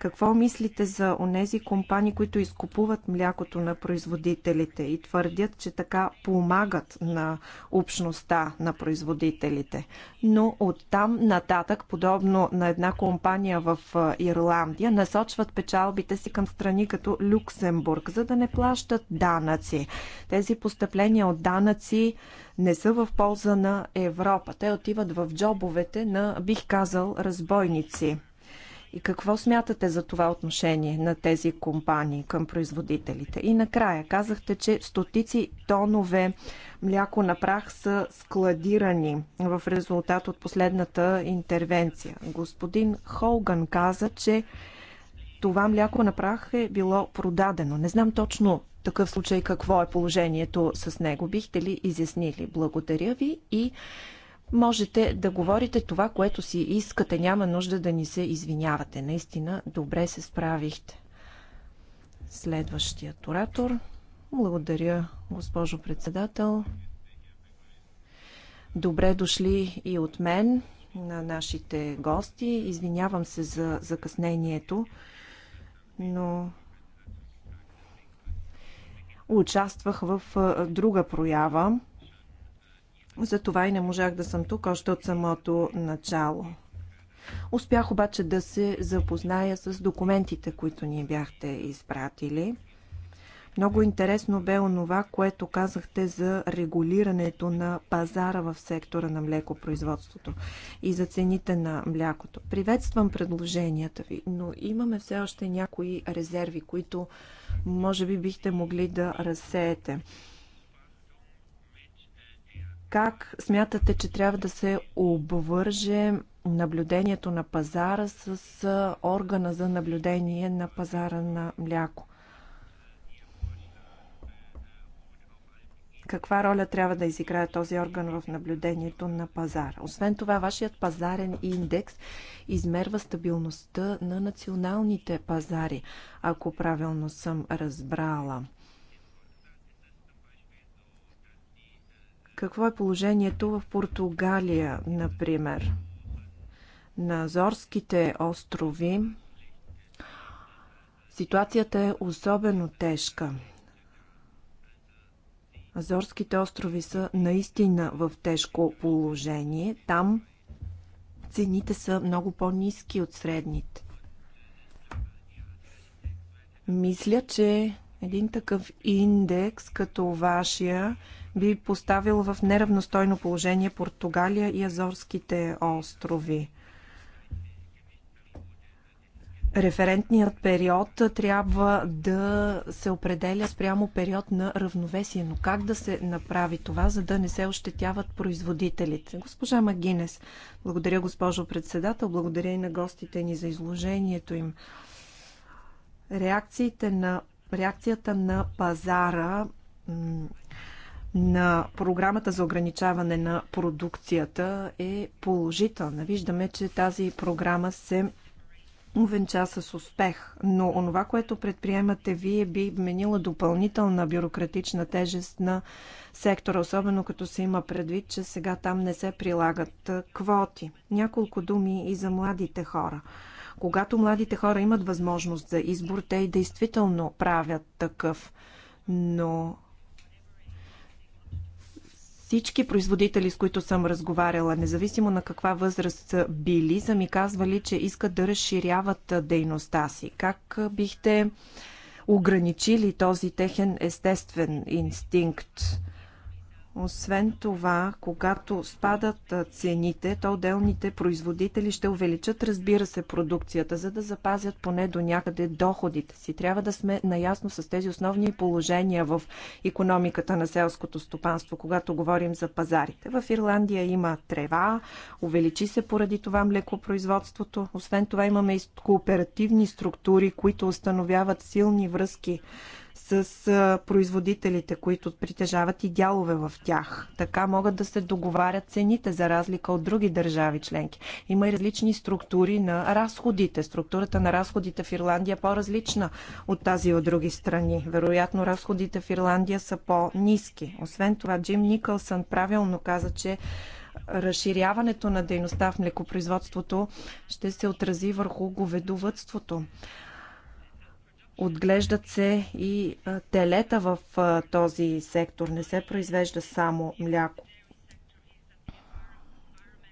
Какво мислите за онези компании, които изкупуват млякото на производителите и твърдят, че така помагат на общността на производителите? Но оттам нататък, подобно на една компания в Ирландия, насочват печалбите си към страни като Люксембург, за да не плащат данъци. Тези постъпления от данъци не са в полза на Европа. Те отиват в джобовете на, бих казал, разбойници. И какво смятате за това отношение на тези компании към производителите? И накрая казахте, че стотици тонове мляко на прах са складирани в резултат от последната интервенция. Господин Холган каза, че това мляко на прах е било продадено. Не знам точно такъв случай какво е положението с него. Бихте ли изяснили? Благодаря ви и Можете да говорите това, което си искате. Няма нужда да ни се извинявате. Наистина, добре се справихте. Следващият оратор. Благодаря, госпожо председател. Добре дошли и от мен на нашите гости. Извинявам се за закъснението, но участвах в друга проява затова и не можах да съм тук още от самото начало. Успях обаче да се запозная с документите, които ни бяхте изпратили. Много интересно бе онова, което казахте за регулирането на пазара в сектора на млекопроизводството и за цените на млякото. Приветствам предложенията ви, но имаме все още някои резерви, които може би бихте могли да разсеете. Как смятате, че трябва да се обвърже наблюдението на пазара с органа за наблюдение на пазара на мляко? каква роля трябва да изиграе този орган в наблюдението на пазара. Освен това, вашият пазарен индекс измерва стабилността на националните пазари, ако правилно съм разбрала. Какво е положението в Португалия, например? На Азорските острови ситуацията е особено тежка. Азорските острови са наистина в тежко положение. Там цените са много по-низки от средните. Мисля, че един такъв индекс като вашия би поставил в неравностойно положение Португалия и Азорските острови. Референтният период трябва да се определя спрямо период на равновесие, но как да се направи това, за да не се ощетяват производителите? Госпожа Магинес, благодаря госпожо председател, благодаря и на гостите ни за изложението им. Реакциите на, реакцията на пазара на програмата за ограничаване на продукцията е положителна. Виждаме, че тази програма се увенча с успех, но онова, което предприемате вие, би вменила допълнителна бюрократична тежест на сектора, особено като се има предвид, че сега там не се прилагат квоти. Няколко думи и за младите хора. Когато младите хора имат възможност за избор, те и действително правят такъв, но всички производители, с които съм разговаряла, независимо на каква възраст са били, са ми казвали, че искат да разширяват дейността си. Как бихте ограничили този техен естествен инстинкт? Освен това, когато спадат цените, то отделните производители ще увеличат, разбира се, продукцията, за да запазят поне до някъде доходите си. Трябва да сме наясно с тези основни положения в економиката на селското стопанство, когато говорим за пазарите. В Ирландия има трева, увеличи се поради това млекопроизводството. Освен това имаме и кооперативни структури, които установяват силни връзки с производителите, които притежават и дялове в тях. Така могат да се договарят цените за разлика от други държави членки. Има и различни структури на разходите. Структурата на разходите в Ирландия е по-различна от тази от други страни. Вероятно разходите в Ирландия са по-низки. Освен това, Джим Никълсън правилно каза, че разширяването на дейността в млекопроизводството ще се отрази върху говедовътството. Отглеждат се и телета в този сектор. Не се произвежда само мляко.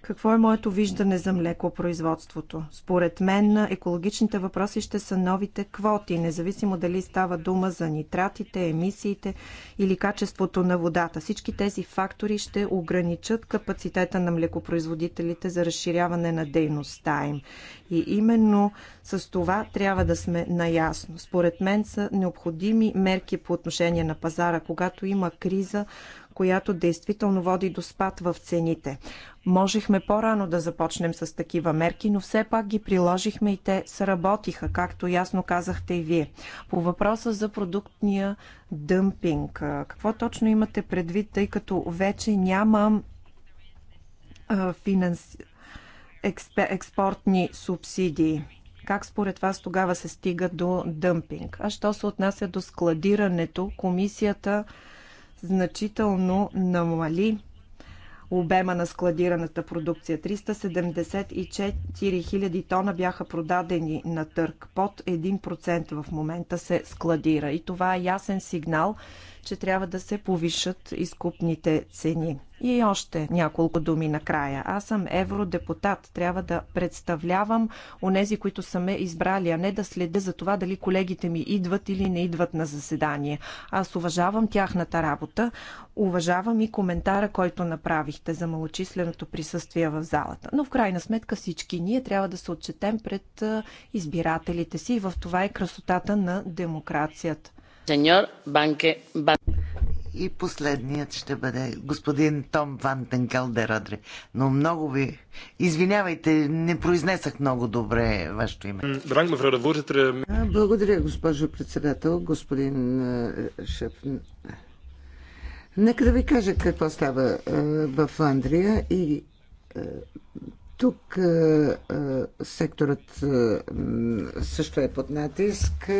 Какво е моето виждане за млекопроизводството? Според мен екологичните въпроси ще са новите квоти, независимо дали става дума за нитратите, емисиите или качеството на водата. Всички тези фактори ще ограничат капацитета на млекопроизводителите за разширяване на дейността им. И именно с това трябва да сме наясно. Според мен са необходими мерки по отношение на пазара. Когато има криза, която действително води до спад в цените. Можехме по-рано да започнем с такива мерки, но все пак ги приложихме и те сработиха, както ясно казахте и вие. По въпроса за продуктния дъмпинг, какво точно имате предвид, тъй като вече няма а, финанс... експ... експортни субсидии? как според вас тогава се стига до дъмпинг? А що се отнася до складирането, комисията значително намали обема на складираната продукция. 374 000 тона бяха продадени на търг. Под 1% в момента се складира. И това е ясен сигнал, че трябва да се повишат изкупните цени. И още няколко думи накрая. Аз съм евродепутат. Трябва да представлявам онези, които са ме избрали, а не да следя за това дали колегите ми идват или не идват на заседание. Аз уважавам тяхната работа, уважавам и коментара, който направихте за малочисленото присъствие в залата. Но в крайна сметка всички ние трябва да се отчетем пред избирателите си и в това е красотата на демокрацията. Сеньор Банке Бан... И последният ще бъде господин Том Вантен Родри. Но много ви... Извинявайте, не произнесах много добре вашето име. Благодаря, госпожо председател, господин шеф. Нека да ви кажа какво става в Андрия и тук е, е, секторът е, също е под натиск.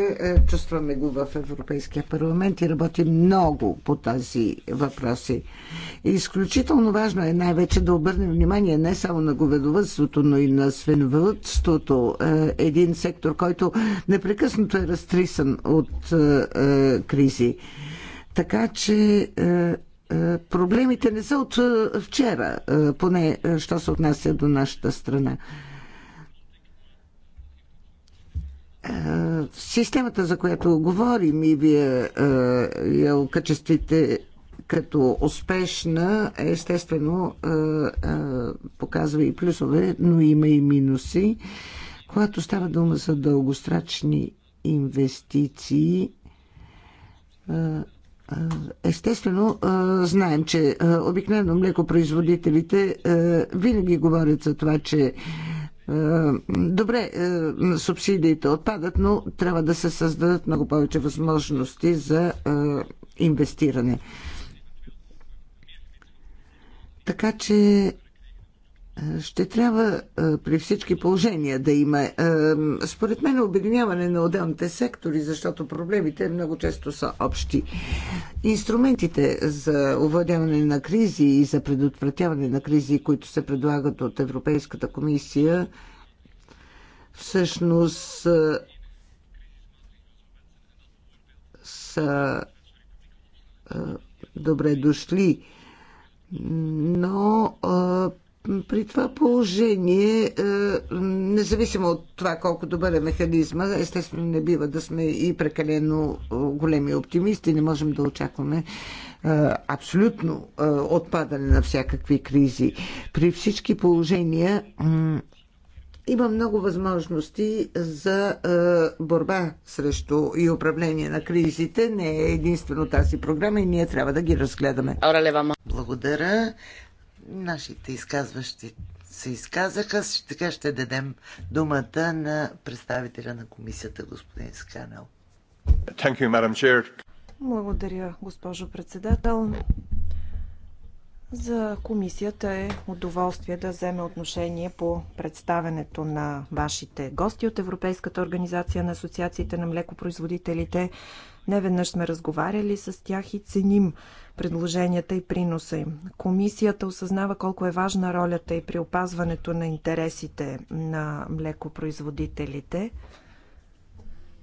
Чувстваме го в Европейския парламент и работи много по тази въпроси. Изключително важно е най-вече да обърнем внимание не само на говедовътството, но и на свиневътството. Един сектор, който непрекъснато е разтрисан от кризи. Така че е, проблемите не са от е, вчера, е, поне що се отнася до нашата страна. Системата, за която говорим и вие я окачествите като успешна, естествено показва и плюсове, но има и минуси. Когато става дума за дългосрачни инвестиции, Естествено, знаем, че обикновено млекопроизводителите винаги говорят за това, че добре, субсидиите отпадат, но трябва да се създадат много повече възможности за инвестиране. Така че ще трябва при всички положения да има, според мен, обединяване на отделните сектори, защото проблемите много често са общи. Инструментите за овладяване на кризи и за предотвратяване на кризи, които се предлагат от Европейската комисия, всъщност са добре дошли. Но при това положение, е, независимо от това колко добър е механизма, естествено не бива да сме и прекалено е, големи оптимисти, не можем да очакваме е, абсолютно отпадане на всякакви кризи. При всички положения има много възможности за борба срещу и управление на кризите. Не е единствено тази програма и ние трябва да ги разгледаме. Благодаря. Нашите изказващи се изказаха. Така ще дадем думата на представителя на комисията, господин Сканел. Благодаря, госпожо председател. За комисията е удоволствие да вземе отношение по представенето на вашите гости от Европейската организация на асоциациите на млекопроизводителите. Не веднъж сме разговаряли с тях и ценим предложенията и приноса им. Комисията осъзнава колко е важна ролята и при опазването на интересите на млекопроизводителите.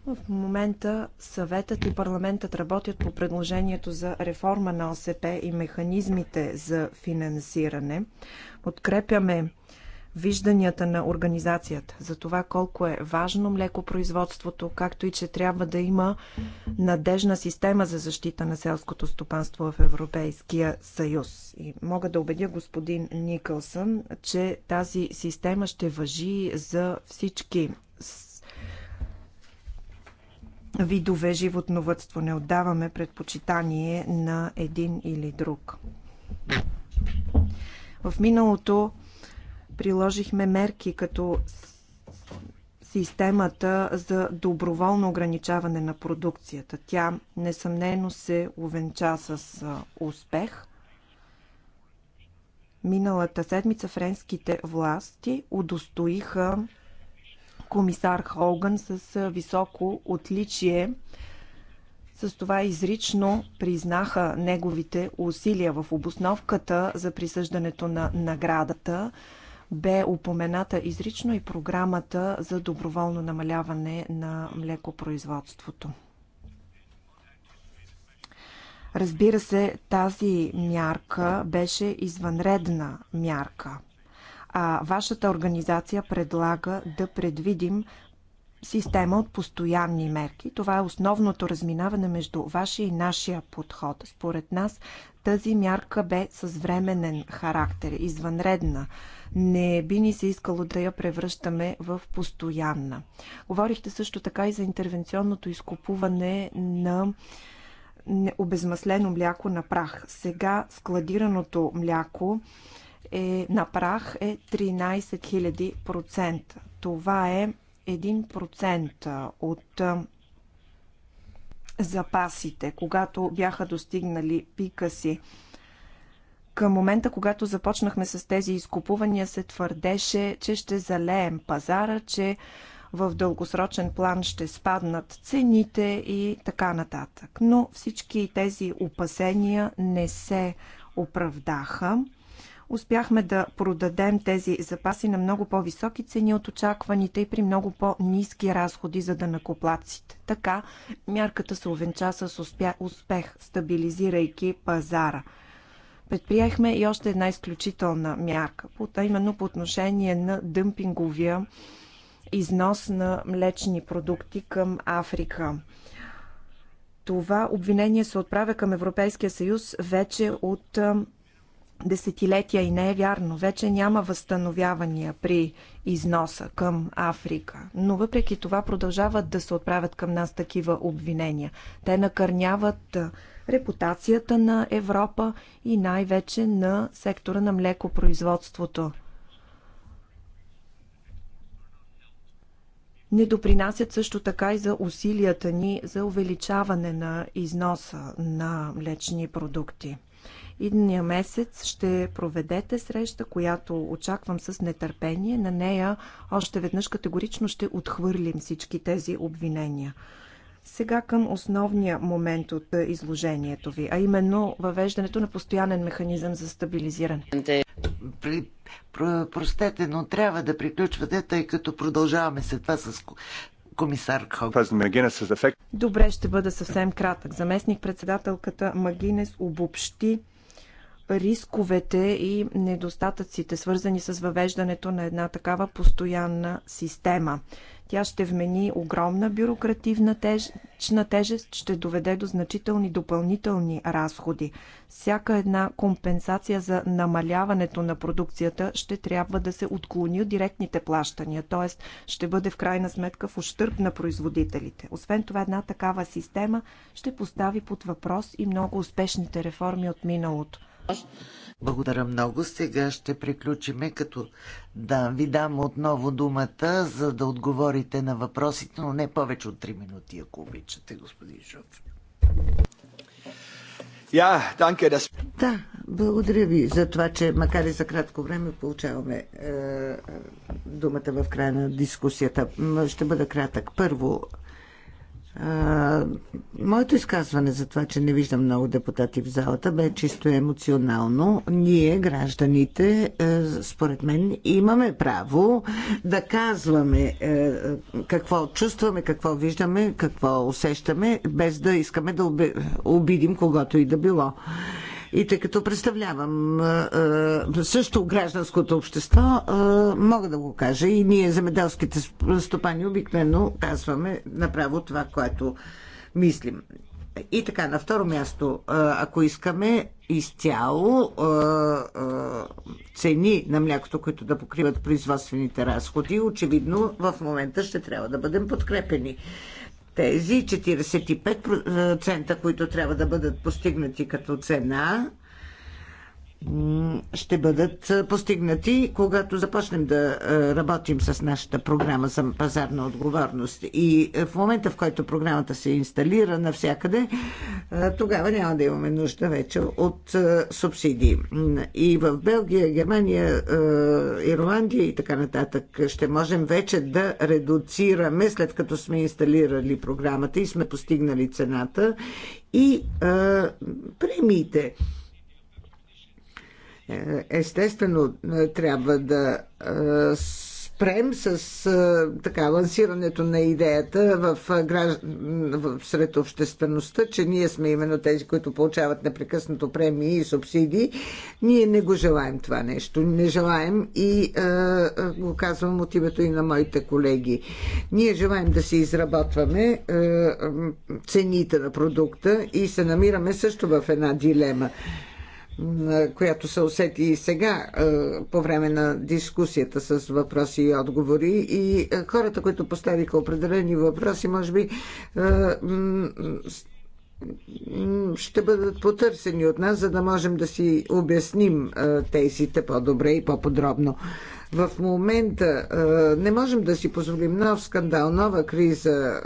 В момента съветът и парламентът работят по предложението за реформа на ОСП и механизмите за финансиране. Подкрепяме вижданията на организацията за това колко е важно млекопроизводството, както и че трябва да има надежна система за защита на селското стопанство в Европейския съюз. И мога да убедя господин Никълсън, че тази система ще въжи за всички видове животновътство. Не отдаваме предпочитание на един или друг. В миналото приложихме мерки като системата за доброволно ограничаване на продукцията. Тя несъмнено се увенча с успех. Миналата седмица френските власти удостоиха комисар Холган с високо отличие. С това изрично признаха неговите усилия в обосновката за присъждането на наградата. Бе упомената изрично и програмата за доброволно намаляване на млекопроизводството. Разбира се, тази мярка беше извънредна мярка. А вашата организация предлага да предвидим система от постоянни мерки. Това е основното разминаване между вашия и нашия подход. Според нас тази мярка бе с временен характер, извънредна. Не би ни се искало да я превръщаме в постоянна. Говорихте също така и за интервенционното изкупуване на обезмаслено мляко на прах. Сега складираното мляко е, на прах е 13 000%. Това е 1% от запасите, когато бяха достигнали пика си. Към момента, когато започнахме с тези изкупувания, се твърдеше, че ще залеем пазара, че в дългосрочен план ще спаднат цените и така нататък. Но всички тези опасения не се оправдаха успяхме да продадем тези запаси на много по-високи цени от очакваните и при много по-низки разходи за данакоплаците. Така мярката се увенча с успех, стабилизирайки пазара. Предприехме и още една изключителна мярка, а именно по отношение на дъмпинговия износ на млечни продукти към Африка. Това обвинение се отправя към Европейския съюз вече от десетилетия и не е вярно. Вече няма възстановявания при износа към Африка. Но въпреки това продължават да се отправят към нас такива обвинения. Те накърняват репутацията на Европа и най-вече на сектора на млекопроизводството. не допринасят също така и за усилията ни за увеличаване на износа на млечни продукти. Идния месец ще проведете среща, която очаквам с нетърпение. На нея още веднъж категорично ще отхвърлим всички тези обвинения. Сега към основния момент от е, изложението ви, а именно въвеждането на постоянен механизъм за стабилизиране. При, про, простете, но трябва да приключвате, тъй като продължаваме след това с комисар Хог. Добре, ще бъда съвсем кратък. Заместник председателката Магинес обобщи рисковете и недостатъците, свързани с въвеждането на една такава постоянна система. Тя ще вмени огромна бюрокративна теж... тежест, ще доведе до значителни допълнителни разходи. Всяка една компенсация за намаляването на продукцията ще трябва да се отклони от директните плащания, т.е. ще бъде в крайна сметка в ущърп на производителите. Освен това, една такава система ще постави под въпрос и много успешните реформи от миналото. Благодаря много. Сега ще приключиме, като да ви дам отново думата, за да отговорите на въпросите, но не повече от 3 минути, ако обичате, господин Шоф. Ja, danke, das... Да, благодаря ви за това, че макар и за кратко време получаваме е, е думата в края на дискусията. Ще бъда кратък. Първо, а, моето изказване за това, че не виждам много депутати в залата, бе чисто емоционално. Ние, гражданите, е, според мен, имаме право да казваме е, какво чувстваме, какво виждаме, какво усещаме, без да искаме да обидим когото и да било. И тъй като представлявам също гражданското общество, мога да го кажа и ние, земеделските стопани, обикновено казваме направо това, което мислим. И така, на второ място, ако искаме изцяло цени на млякото, които да покриват производствените разходи, очевидно в момента ще трябва да бъдем подкрепени тези 45%, които трябва да бъдат постигнати като цена ще бъдат постигнати, когато започнем да работим с нашата програма за пазарна отговорност. И в момента, в който програмата се инсталира навсякъде, тогава няма да имаме нужда вече от субсидии. И в Белгия, Германия, Ирландия и така нататък ще можем вече да редуцираме, след като сме инсталирали програмата и сме постигнали цената и премиите Естествено, е, трябва да е, спрем с е, така лансирането на идеята в, в сред обществеността, че ние сме именно тези, които получават непрекъснато премии и субсидии. Ние не го желаем това нещо. Не желаем и го казвам от името и на моите колеги. Ние желаем да си изработваме цените на продукта и се намираме също в една дилема която се усети и сега по време на дискусията с въпроси и отговори. И хората, които поставиха определени въпроси, може би ще бъдат потърсени от нас, за да можем да си обясним тезите по-добре и по-подробно. В момента не можем да си позволим нов скандал, нова криза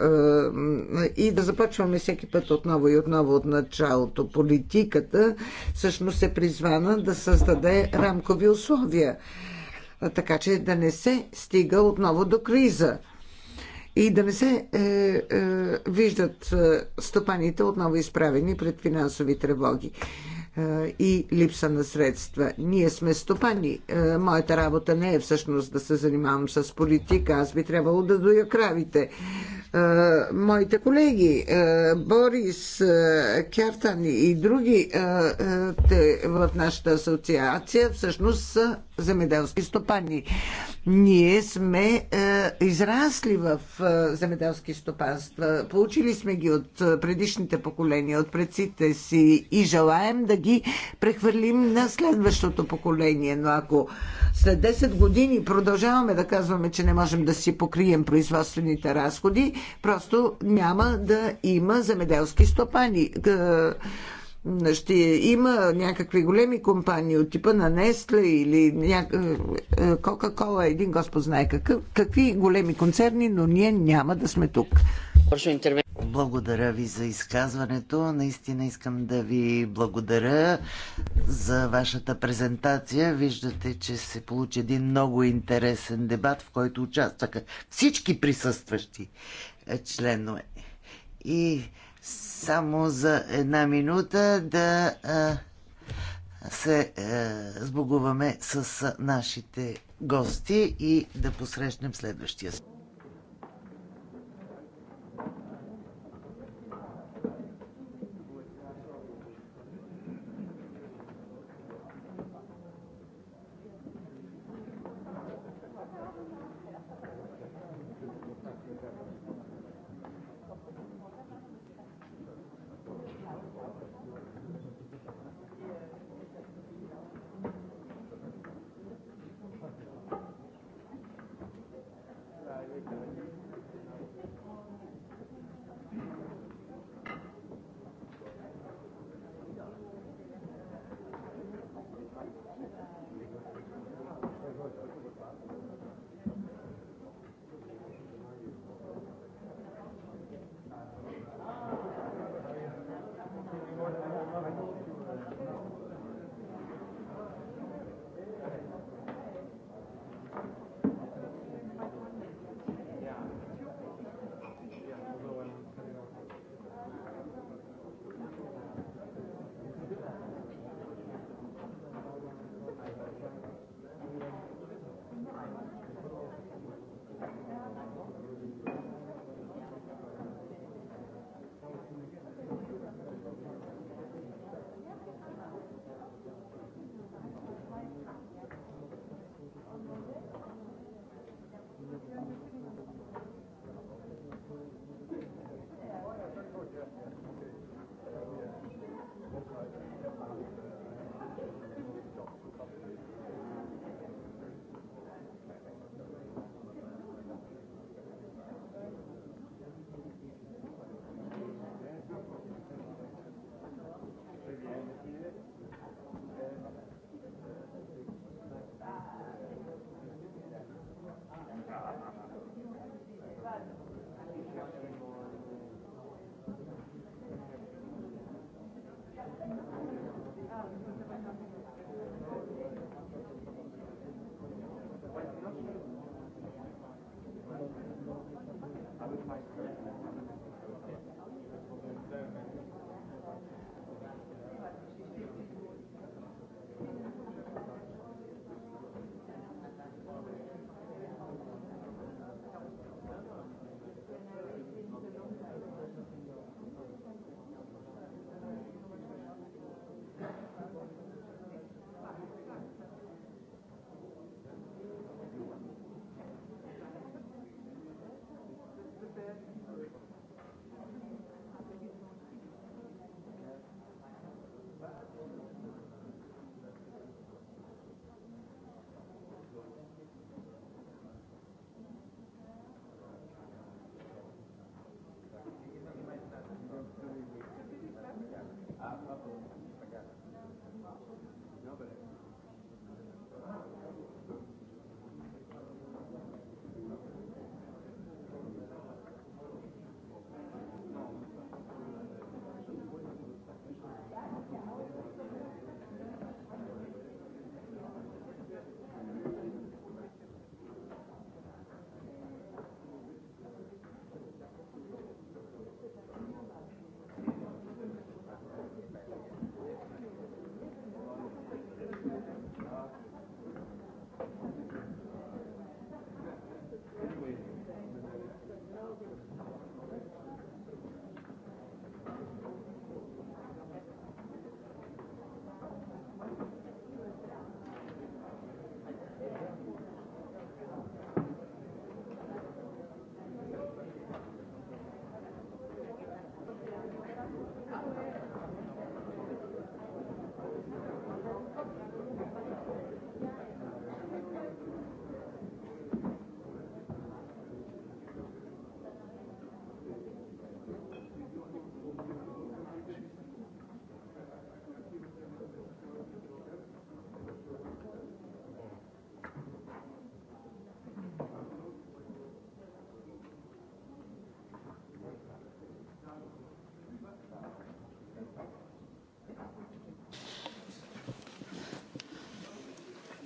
и да започваме всеки път отново и отново от началото. Политиката всъщност е призвана да създаде рамкови условия, така че да не се стига отново до криза и да не се е, е, виждат е, стопаните отново изправени пред финансови тревоги и липса на средства. Ние сме стопани. Моята работа не е всъщност да се занимавам с политика. Аз би трябвало да доя кравите. Моите колеги, Борис, Кертан и други те в нашата асоциация всъщност са земеделски стопани. Ние сме израсли в земеделски стопанства. Получили сме ги от предишните поколения, от предците си и желаем да ги ги прехвърлим на следващото поколение. Но ако след 10 години продължаваме да казваме, че не можем да си покрием производствените разходи, просто няма да има земеделски стопани ще има някакви големи компании от типа на Nestle или Кока-Кола, един господ знае какъв, какви големи концерни, но ние няма да сме тук. Благодаря ви за изказването. Наистина искам да ви благодаря за вашата презентация. Виждате, че се получи един много интересен дебат, в който участваха всички присъстващи е, членове. И само за една минута да се е, сбогуваме с нашите гости и да посрещнем следващия.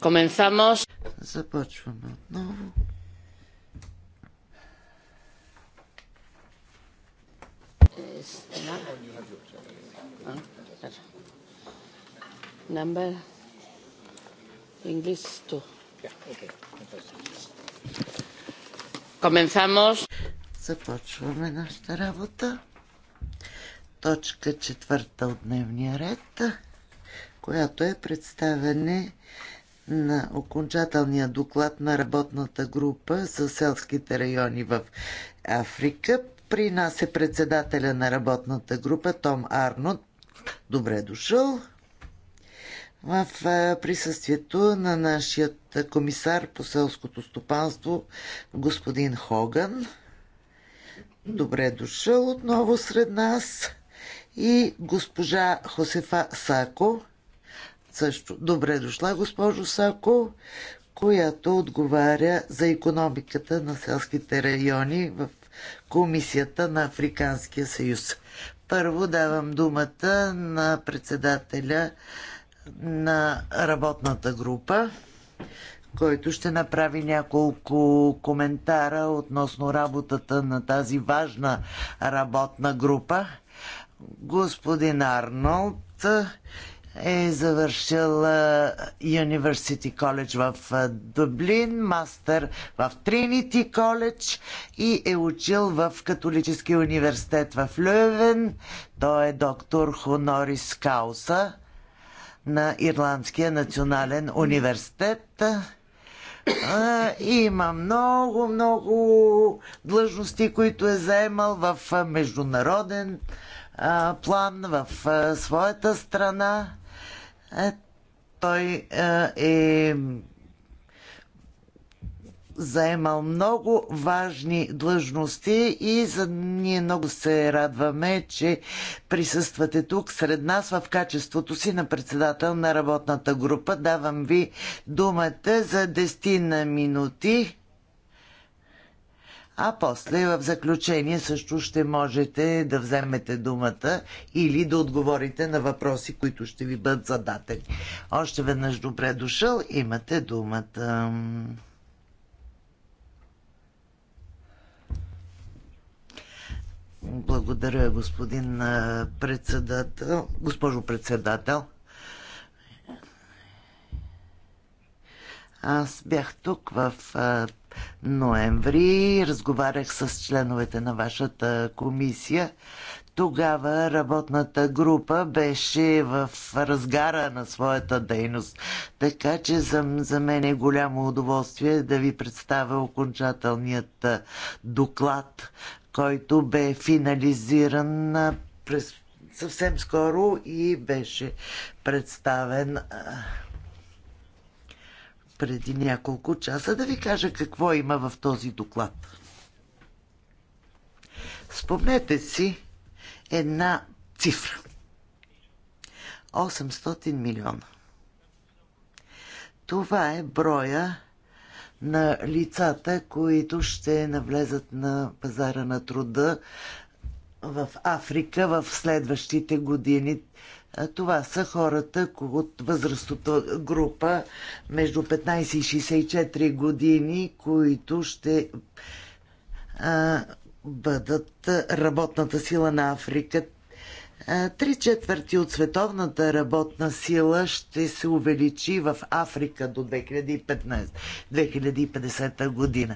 Comenzamos. Започваме отново. Number English Comenzamos. Започваме нашата работа. Точка четвърта от дневния ред, която е представене на окончателния доклад на работната група за селските райони в Африка. При нас е председателя на работната група Том Арнот. Добре дошъл в присъствието на нашия комисар по селското стопанство господин Хоган. Добре дошъл отново сред нас и госпожа Хосефа Сако, също. Добре дошла, госпожо Сако, която отговаря за економиката на селските райони в Комисията на Африканския съюз. Първо давам думата на председателя на работната група, който ще направи няколко коментара относно работата на тази важна работна група. Господин Арнолд е завършил University College в Дублин, мастър в Тринити College и е учил в Католическия университет в Лювен. Той е доктор Хонорис Кауса на Ирландския национален университет. Има много, много длъжности, които е заемал в международен план в своята страна е, той е, е заемал много важни длъжности и за ние много се радваме, че присъствате тук сред нас в качеството си на председател на работната група. Давам ви думата за 10 на минути а после в заключение също ще можете да вземете думата или да отговорите на въпроси, които ще ви бъдат задатени. Още веднъж добре дошъл, имате думата. Благодаря, господин председател. Госпожо председател. Аз бях тук в ноември. Разговарях с членовете на вашата комисия. Тогава работната група беше в разгара на своята дейност. Така че за, за мен е голямо удоволствие да ви представя окончателният доклад, който бе финализиран през съвсем скоро и беше представен преди няколко часа, да ви кажа какво има в този доклад. Спомнете си една цифра. 800 милиона. Това е броя на лицата, които ще навлезат на пазара на труда в Африка в следващите години. Това са хората от възрастната група между 15 и 64 години, които ще а, бъдат работната сила на Африка. Е, три четвърти от световната работна сила ще се увеличи в Африка до 2015, 2050 година.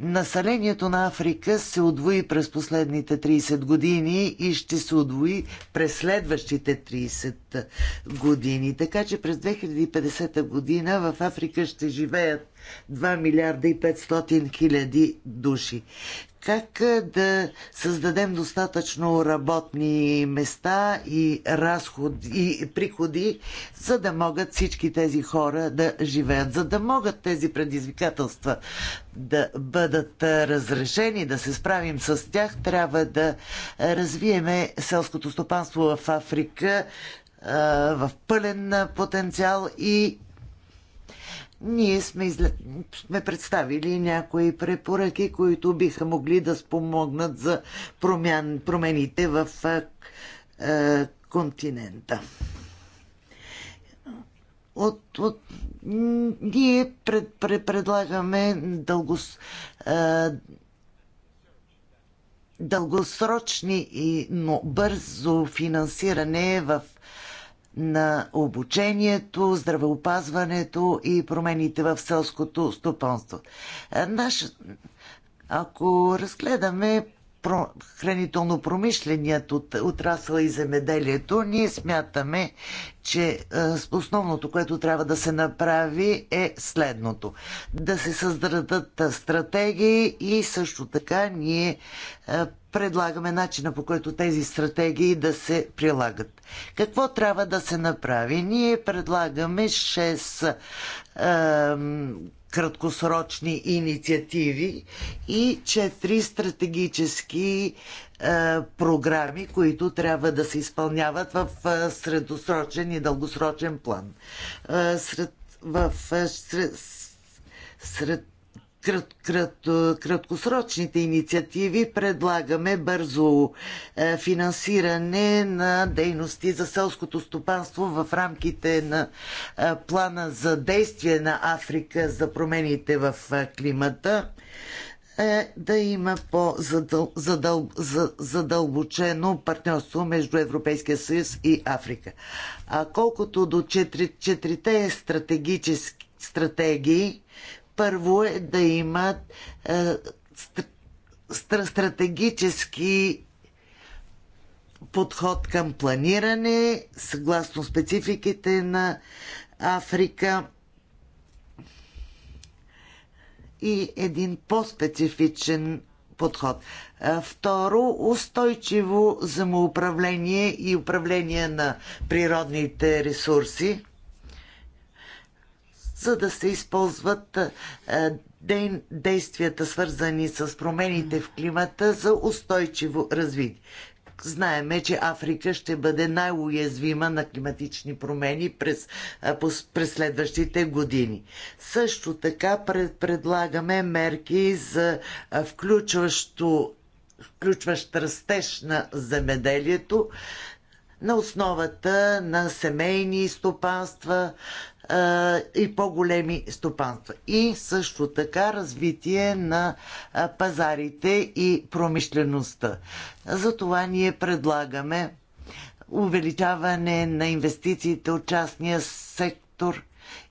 Населението на Африка се отвои през последните 30 години и ще се отвои през следващите 30 години. Така че през 2050 година в Африка ще живеят 2 милиарда и 500 хиляди души. Как да създадем достатъчно работни места и разходи и приходи, за да могат всички тези хора да живеят, за да могат тези предизвикателства да бъдат разрешени, да се справим с тях, трябва да развиеме селското стопанство в Африка в пълен потенциал и ние сме, изле... сме представили някои препоръки, които биха могли да спомогнат за промян... промените в е, континента. От, от, ние пред, пред, предлагаме дългос, е, дългосрочни и но бързо финансиране в на обучението, здравеопазването и промените в селското стопанство. Е, наш... Ако разгледаме хранително-промишленият отрасъл и земеделието, ние смятаме, че основното, което трябва да се направи е следното. Да се създадат стратегии и също така ние предлагаме начина по който тези стратегии да се прилагат. Какво трябва да се направи? Ние предлагаме 6 краткосрочни инициативи и четири стратегически е, програми, които трябва да се изпълняват в е, средосрочен и дългосрочен план. Е, сред, в, е, сред, сред крат, крат, краткосрочните инициативи предлагаме бързо е, финансиране на дейности за селското стопанство в рамките на е, плана за действие на Африка за промените в е, климата е, да има по-задълбочено партньорство между Европейския съюз и Африка. А колкото до четирите стратегически стратегии, първо е да имат е, стратегически подход към планиране, съгласно спецификите на Африка и един по-специфичен подход. Е, второ, устойчиво самоуправление и управление на природните ресурси за да се използват е, действията, свързани с промените в климата за устойчиво развитие. Знаеме, че Африка ще бъде най-уязвима на климатични промени през, е, през следващите години. Също така пред, предлагаме мерки за е, включващо, включващ растеж на земеделието на основата на семейни стопанства, и по-големи стопанства. И също така развитие на пазарите и промишлеността. Затова ние предлагаме увеличаване на инвестициите от частния сектор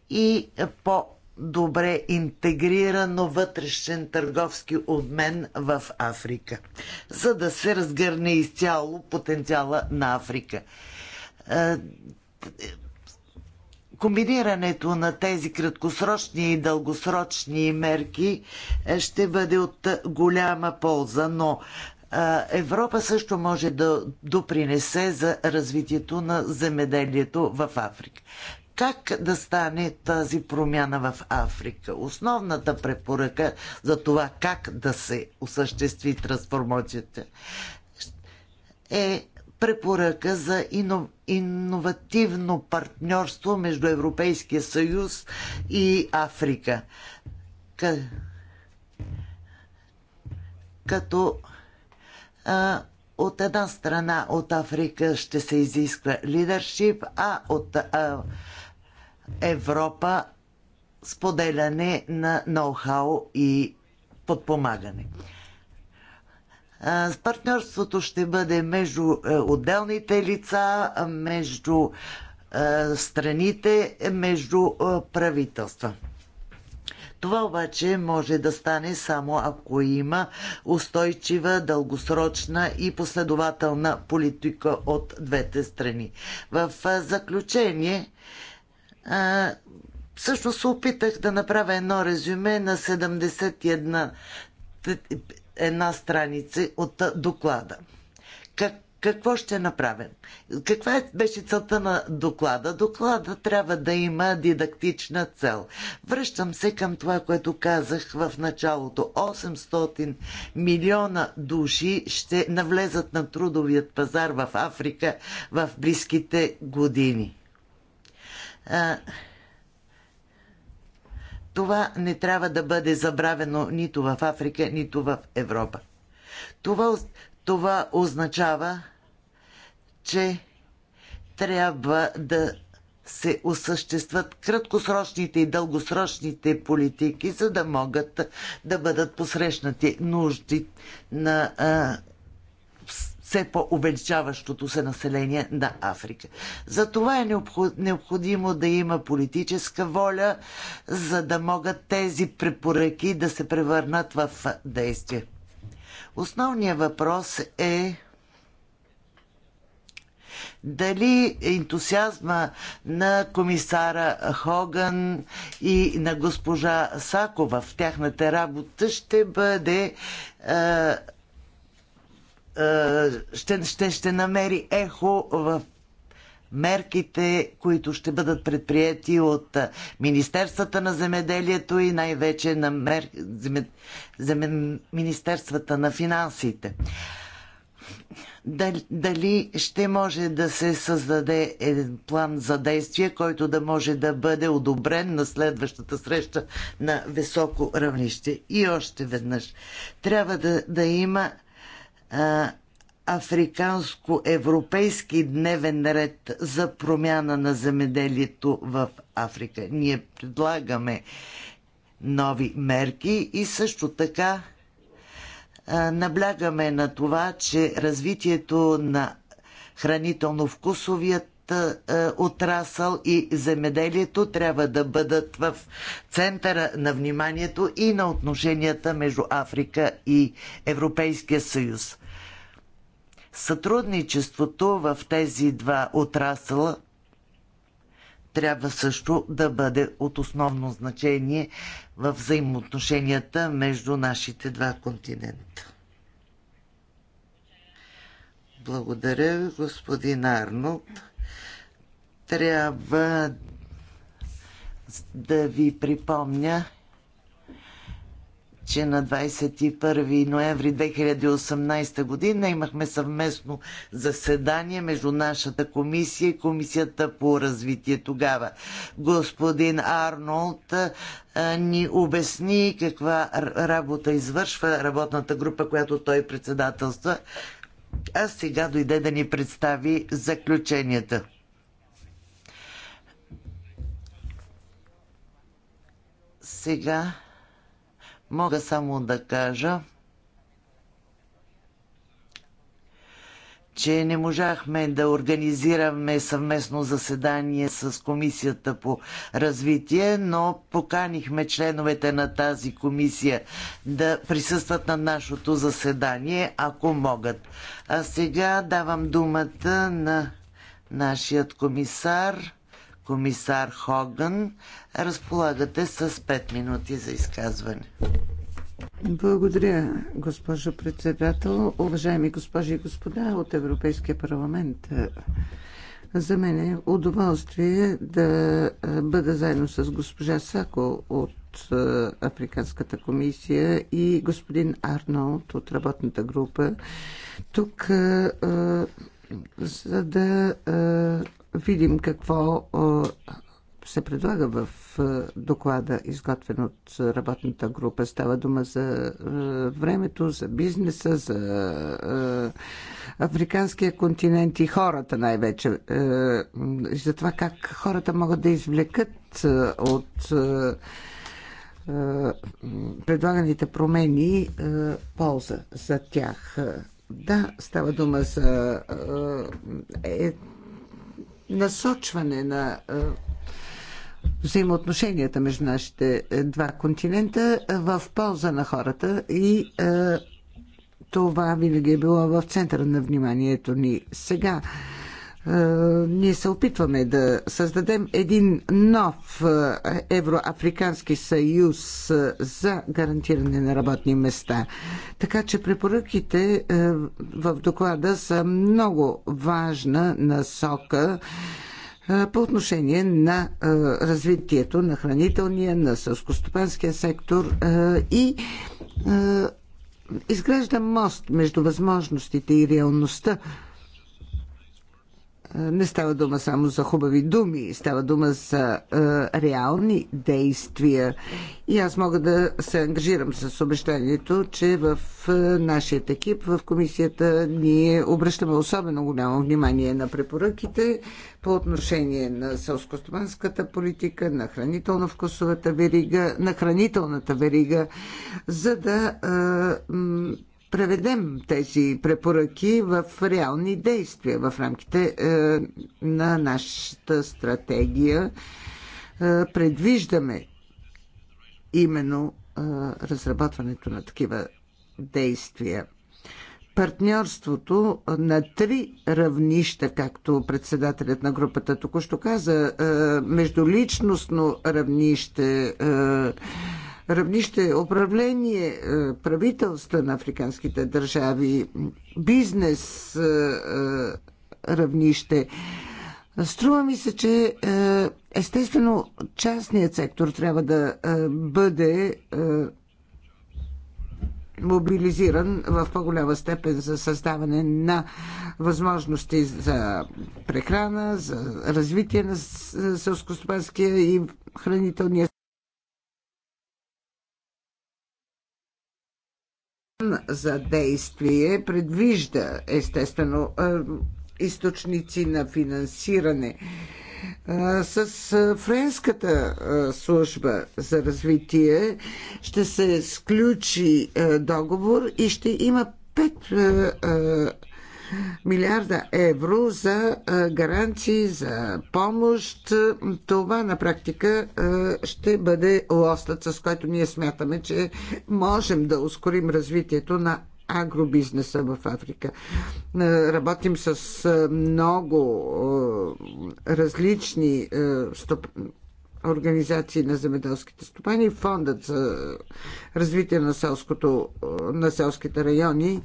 и по добре интегрирано вътрешен търговски обмен в Африка, за да се разгърне изцяло потенциала на Африка комбинирането на тези краткосрочни и дългосрочни мерки е, ще бъде от голяма полза, но е, Европа също може да допринесе за развитието на земеделието в Африка. Как да стане тази промяна в Африка? Основната препоръка за това как да се осъществи трансформацията е препоръка за ино, иновативно партньорство между Европейския съюз и Африка. Като а, от една страна от Африка ще се изисква лидершип, а от а, Европа споделяне на ноу-хау и подпомагане. Партньорството ще бъде между е, отделните лица, между е, страните, между е, правителства. Това обаче може да стане само ако има устойчива, дългосрочна и последователна политика от двете страни. В заключение, всъщност се опитах да направя едно резюме на 71 една страница от доклада. Как, какво ще направим? Каква е, беше целта на доклада? Доклада трябва да има дидактична цел. Връщам се към това, което казах в началото. 800 милиона души ще навлезат на трудовият пазар в Африка в близките години. Това не трябва да бъде забравено нито в Африка, нито в Европа. Това, това означава, че трябва да се осъществят краткосрочните и дългосрочните политики, за да могат да бъдат посрещнати нужди на а, все по-увеличаващото се население на Африка. За това е необходимо да има политическа воля, за да могат тези препоръки да се превърнат в действие. Основният въпрос е дали ентусиазма на комисара Хоган и на госпожа Сакова в тяхната работа ще бъде е, е, ще, ще, ще намери ехо в мерките, които ще бъдат предприяти от е, Министерствата на земеделието и най-вече на мер... земе... Земе... Министерствата на финансите. Дали, дали ще може да се създаде един план за действие, който да може да бъде одобрен на следващата среща на високо равнище. И още веднъж. Трябва да, да има африканско-европейски дневен ред за промяна на земеделието в Африка. Ние предлагаме нови мерки и също така наблягаме на това, че развитието на хранително-вкусовият е, отрасъл и земеделието трябва да бъдат в центъра на вниманието и на отношенията между Африка и Европейския съюз. Сътрудничеството в тези два отрасъла трябва също да бъде от основно значение в взаимоотношенията между нашите два континента. Благодаря, господин Арнолд трябва да ви припомня, че на 21 ноември 2018 година имахме съвместно заседание между нашата комисия и комисията по развитие. Тогава господин Арнолд ни обясни каква работа извършва работната група, която той председателства. А сега дойде да ни представи заключенията. Сега мога само да кажа, че не можахме да организираме съвместно заседание с Комисията по развитие, но поканихме членовете на тази комисия да присъстват на нашето заседание, ако могат. А сега давам думата на нашият комисар комисар Хоган. Разполагате с 5 минути за изказване. Благодаря, госпожо председател. Уважаеми госпожи и господа от Европейския парламент, за мен е удоволствие да бъда заедно с госпожа Сако от е, Африканската комисия и господин Арнолд от работната група. Тук е, е, за да е, видим какво е, се предлага в е, доклада, изготвен от работната група. Става дума за времето, за бизнеса, за африканския континент и хората най-вече. И за това как хората могат да извлекат от предлаганите промени полза за тях. Да, става дума за е, е, насочване на е, взаимоотношенията между нашите е, два континента е, в полза на хората и е, това винаги е било в центъра на вниманието ни. Сега е, ние се опитваме да създадем един нов е, евроафрикански съюз е, за гарантиране на работни места. Така че препоръките в доклада са много важна насока по отношение на развитието на хранителния, на сълскостопанския сектор и изгражда мост между възможностите и реалността е, не става дума само за хубави думи, става дума за е, реални действия. И аз мога да се ангажирам с обещанието, че в е, нашия екип, в комисията, ние обръщаме особено голямо внимание на препоръките по отношение на селско-стоманската политика, на хранително-вкусовата верига, на хранителната верига, за да. Е, преведем тези препоръки в реални действия в рамките е, на нашата стратегия. Е, предвиждаме именно е, разработването на такива действия. Партньорството на три равнища, както председателят на групата току-що каза, междуличностно равнище, равнище управление, е, правителства на африканските държави, бизнес е, е, равнище. Струва ми се, че естествено частният сектор трябва да бъде мобилизиран в по-голяма степен за създаване на възможности за прехрана, за развитие на селскостопанския и хранителния за действие предвижда естествено е, източници на финансиране. Е, с е, френската служба за развитие ще се сключи договор и ще има пет милиарда евро за гаранции, за помощ. Това на практика ще бъде лостът, с който ние смятаме, че можем да ускорим развитието на агробизнеса в Африка. Работим с много различни организации на земеделските стопани. Фондът за развитие на, селското, на селските райони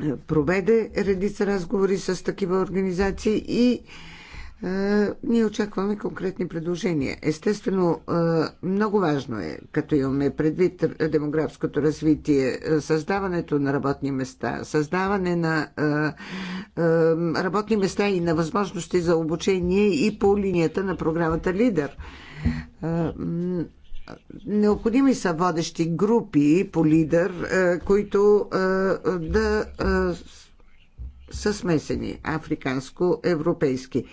е, проведе редица разговори с такива организации и е, ние очакваме конкретни предложения. Естествено, е, много важно е, като имаме предвид демографското развитие, създаването на работни места, създаване на работни места и на възможности за обучение и по линията на програмата Лидер Необходими са водещи групи по лидер, е, които е, да е, са смесени африканско-европейски.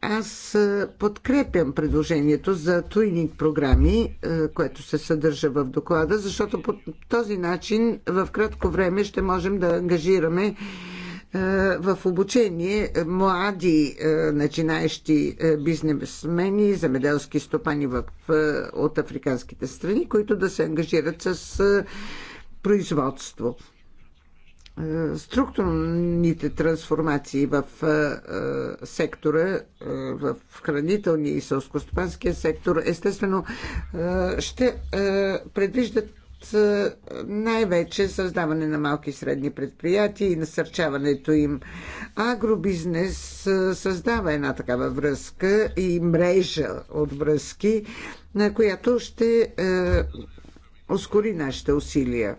Аз подкрепям предложението за туининг програми, което се съдържа в доклада, защото по този начин в кратко време ще можем да ангажираме е, в обучение е, млади е, начинаещи бизнесмени, замеделски стопани в, от африканските страни, които да се ангажират с производство. Структурните трансформации в сектора, в хранителния и сълскостопанския сектор, естествено, ще предвиждат е, най-вече създаване на малки и средни предприятия и насърчаването им. Агробизнес е, създава една такава връзка и мрежа от връзки, на която ще е, ускори нашите усилия.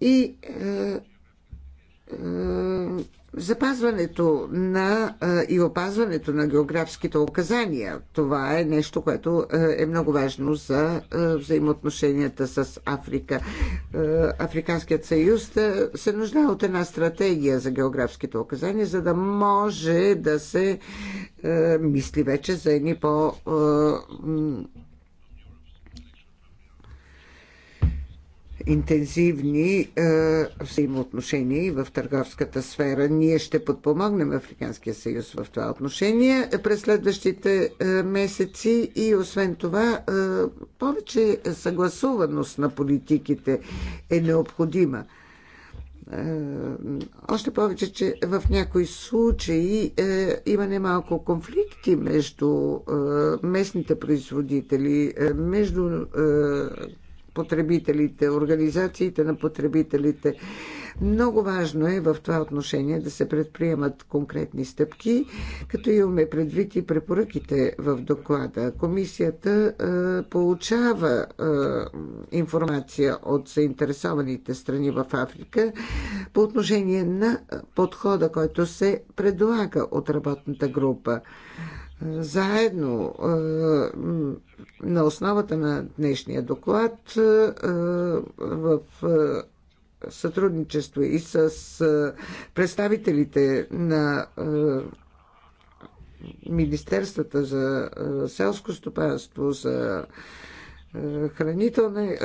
И е, е, Запазването на и опазването на географските указания, това е нещо, което е много важно за взаимоотношенията с Африка. Африканският съюз се нуждае от една стратегия за географските указания, за да може да се мисли вече за едни по интензивни е, взаимоотношения и в търговската сфера. Ние ще подпомогнем Африканския съюз в това отношение през следващите е, месеци и освен това е, повече съгласуваност на политиките е необходима. Още повече, че в някои случаи е, има немалко конфликти между е, местните производители, е, между е, потребителите, организациите на потребителите. Много важно е в това отношение да се предприемат конкретни стъпки, като имаме предвид и препоръките в доклада. Комисията е, получава е, информация от заинтересованите страни в Африка по отношение на подхода, който се предлага от работната група заедно на основата на днешния доклад в сътрудничество и с представителите на Министерствата за селско стопанство, за хранителна е,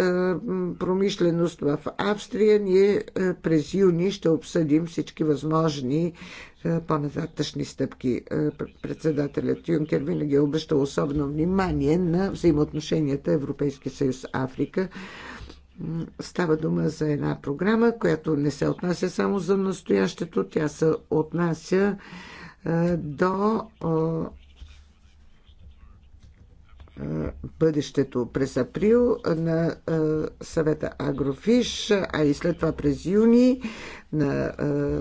промишленост в Австрия, ние е, през юни ще обсъдим всички възможни е, по-нататъчни стъпки. Председателят Юнкер винаги обещал особено внимание на взаимоотношенията Европейски съюз-Африка. Става дума за една програма, която не се отнася само за настоящето, тя се отнася до е, бъдещето през април на е, съвета Агрофиш, а и след това през юни на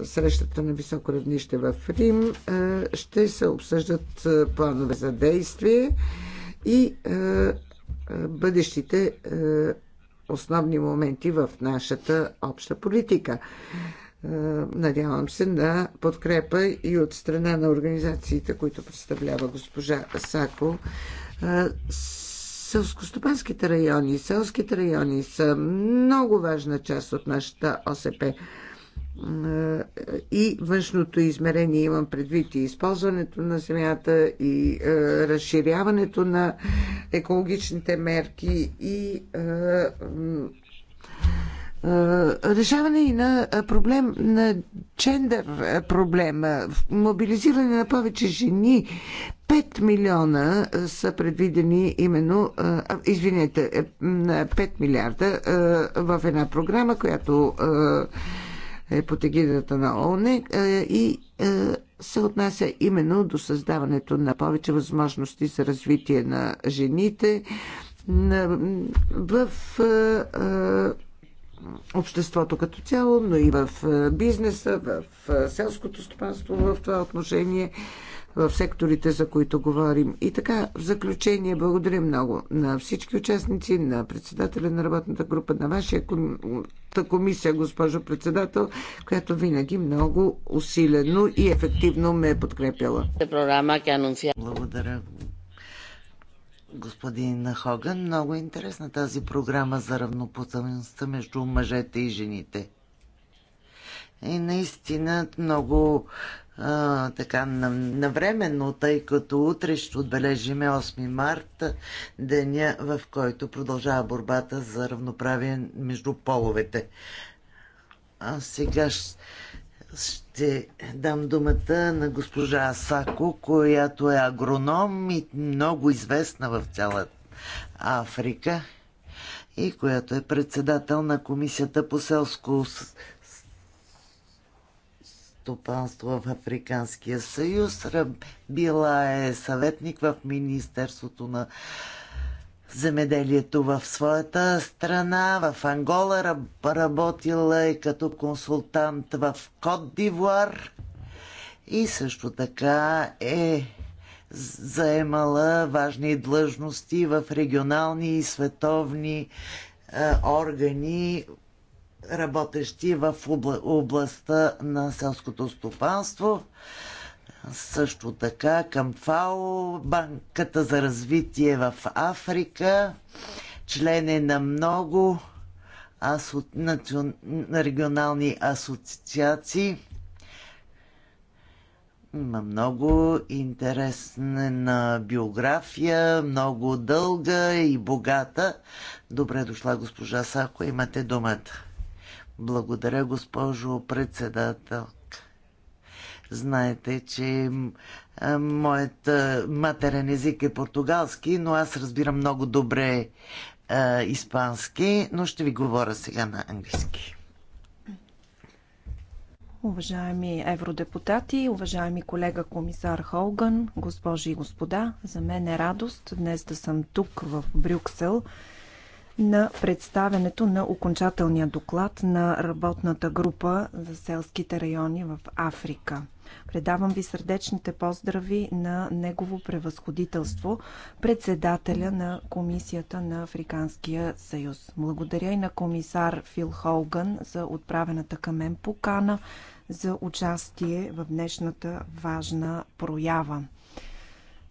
е, срещата на високо равнище в Рим ще се обсъждат планове за действие и бъдещите основни моменти в нашата обща политика. Надявам се на подкрепа и от страна на организациите, които представлява госпожа Сако Селскостопанските райони, селските райони са много важна част от нашата ОСП. И външното измерение имам предвид и използването на земята, и разширяването на екологичните мерки, и е, решаване и на е, проблем на чендър е, проблема, мобилизиране на повече жени. 5 милиона са предвидени именно, извинете, 5 милиарда в една програма, която е под егидата на ООН и се отнася именно до създаването на повече възможности за развитие на жените в обществото като цяло, но и в е, бизнеса, в е, селското стопанство в това отношение, в секторите, за които говорим. И така, в заключение, благодаря много на всички участници, на председателя на работната група, на вашата комисия, госпожо председател, която винаги много усилено и ефективно ме е подкрепила. Е благодаря, господин Хоган. Много е интересна тази програма за равнопоставеността между мъжете и жените. И наистина много а, така навременно, тъй като утре ще отбележиме 8 март, деня в който продължава борбата за равноправие между половете. А сега ще ще дам думата на госпожа Асако, която е агроном и много известна в цяла Африка и която е председател на Комисията по селско стопанство в Африканския съюз. Била е съветник в Министерството на земеделието в своята страна. В Ангола работила и е като консултант в Кот Дивуар и също така е заемала важни длъжности в регионални и световни органи, работещи в областта на селското стопанство също така към ФАО, Банката за развитие в Африка, член е на много асо... национ... регионални асоциации. Има много интересна биография, много дълга и богата. Добре дошла, госпожа Сако, имате думата. Благодаря, госпожо председател. Знаете, че моят матерен език е португалски, но аз разбирам много добре а, испански, но ще ви говоря сега на английски. Уважаеми евродепутати, уважаеми колега комисар Холган, госпожи и господа, за мен е радост днес да съм тук в Брюксел на представенето на окончателния доклад на работната група за селските райони в Африка – Предавам ви сърдечните поздрави на негово превъзходителство, председателя на Комисията на Африканския съюз. Благодаря и на комисар Фил Холган за отправената към мен покана за участие в днешната важна проява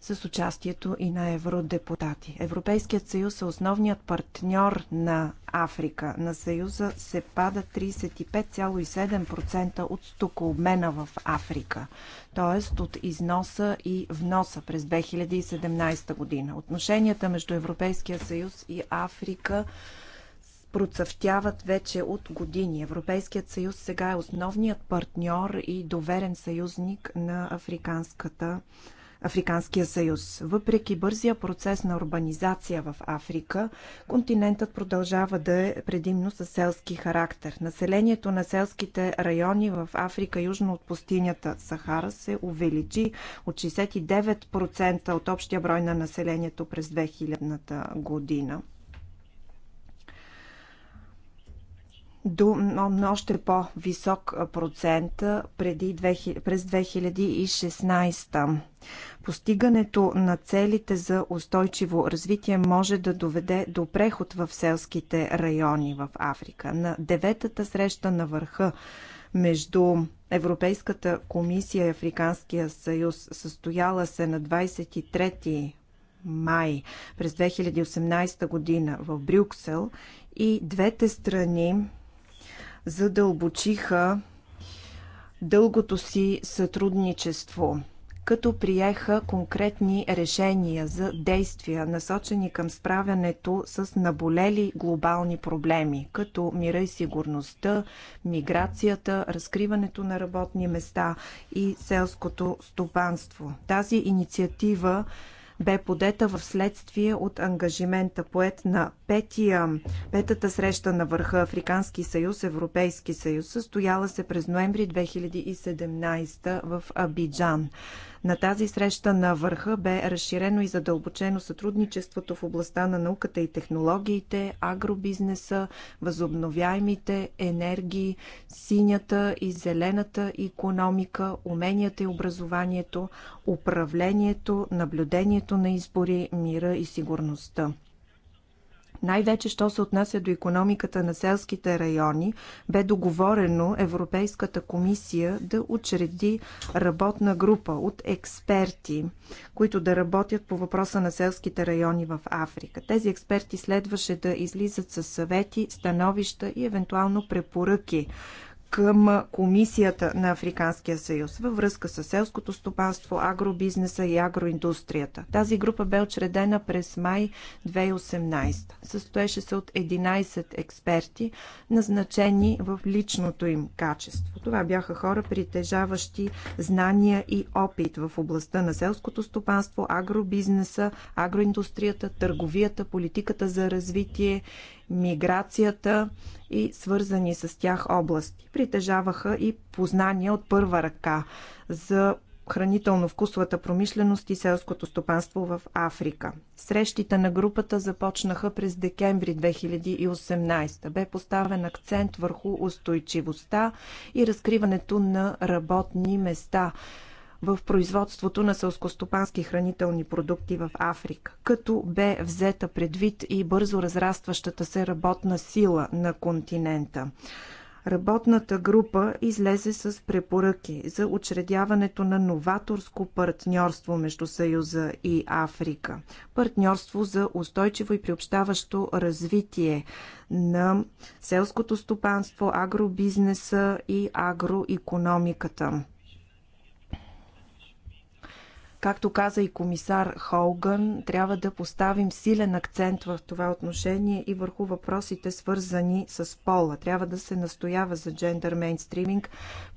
с участието и на евродепутати. Европейският съюз е основният партньор на Африка. На съюза се пада 35,7% от стокообмена в Африка, т.е. от износа и вноса през 2017 година. Отношенията между Европейския съюз и Африка процъфтяват вече от години. Европейският съюз сега е основният партньор и доверен съюзник на африканската Африканския съюз. Въпреки бързия процес на урбанизация в Африка, континентът продължава да е предимно със селски характер. Населението на селските райони в Африка, южно от пустинята Сахара, се увеличи от 69% от общия брой на населението през 2000-та година до още по-висок процент преди, през 2016. Постигането на целите за устойчиво развитие може да доведе до преход в селските райони в Африка. На деветата среща на върха между Европейската комисия и Африканския съюз, състояла се на 23 май през 2018 година в Брюксел и двете страни задълбочиха дългото си сътрудничество, като приеха конкретни решения за действия, насочени към справянето с наболели глобални проблеми, като мира и сигурността, миграцията, разкриването на работни места и селското стопанство. Тази инициатива бе подета в следствие от ангажимента поет на петия, петата среща на върха Африкански съюз, Европейски съюз, състояла се през ноември 2017 в Абиджан. На тази среща на върха бе разширено и задълбочено сътрудничеството в областта на науката и технологиите, агробизнеса, възобновяемите енергии, синята и зелената економика, уменията и образованието, управлението, наблюдението на избори, мира и сигурността най-вече, що се отнася до економиката на селските райони, бе договорено Европейската комисия да учреди работна група от експерти, които да работят по въпроса на селските райони в Африка. Тези експерти следваше да излизат с съвети, становища и евентуално препоръки към Комисията на Африканския съюз във връзка с селското стопанство, агробизнеса и агроиндустрията. Тази група бе очредена през май 2018. Състоеше се от 11 експерти, назначени в личното им качество. Това бяха хора, притежаващи знания и опит в областта на селското стопанство, агробизнеса, агроиндустрията, търговията, политиката за развитие миграцията и свързани с тях области. Притежаваха и познания от първа ръка за хранително-вкусовата промишленост и селското стопанство в Африка. Срещите на групата започнаха през декември 2018. Бе поставен акцент върху устойчивостта и разкриването на работни места в производството на селскостопански хранителни продукти в Африка, като бе взета предвид и бързо разрастващата се работна сила на континента. Работната група излезе с препоръки за учредяването на новаторско партньорство между Съюза и Африка. Партньорство за устойчиво и приобщаващо развитие на селското стопанство, агробизнеса и агроекономиката. Както каза и комисар Холган, трябва да поставим силен акцент в това отношение и върху въпросите свързани с пола. Трябва да се настоява за джендър мейнстриминг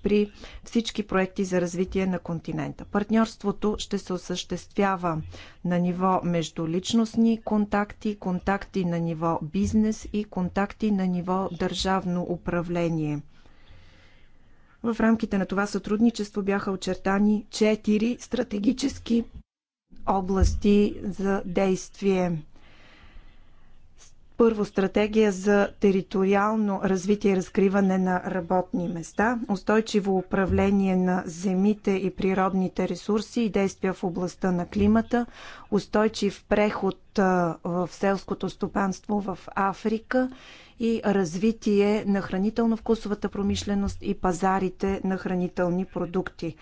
при всички проекти за развитие на континента. Партньорството ще се осъществява на ниво междуличностни контакти, контакти на ниво бизнес и контакти на ниво държавно управление. В рамките на това сътрудничество бяха очертани четири стратегически области за действие. Първо, стратегия за териториално развитие и разкриване на работни места, устойчиво управление на земите и природните ресурси и действия в областта на климата, устойчив преход в селското стопанство в Африка и развитие на хранително-вкусовата промишленост и пазарите на хранителни продукти.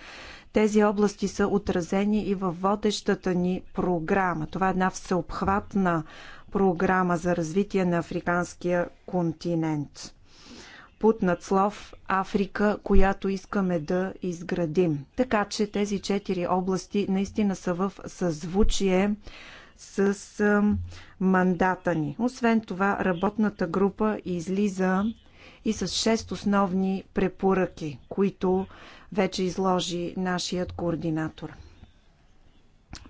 Тези области са отразени и във водещата ни програма. Това е една всеобхватна програма за развитие на африканския континент под надслов Африка, която искаме да изградим. Така че тези четири области наистина са в съзвучие с мандата ни. Освен това, работната група излиза и с шест основни препоръки, които вече изложи нашият координатор.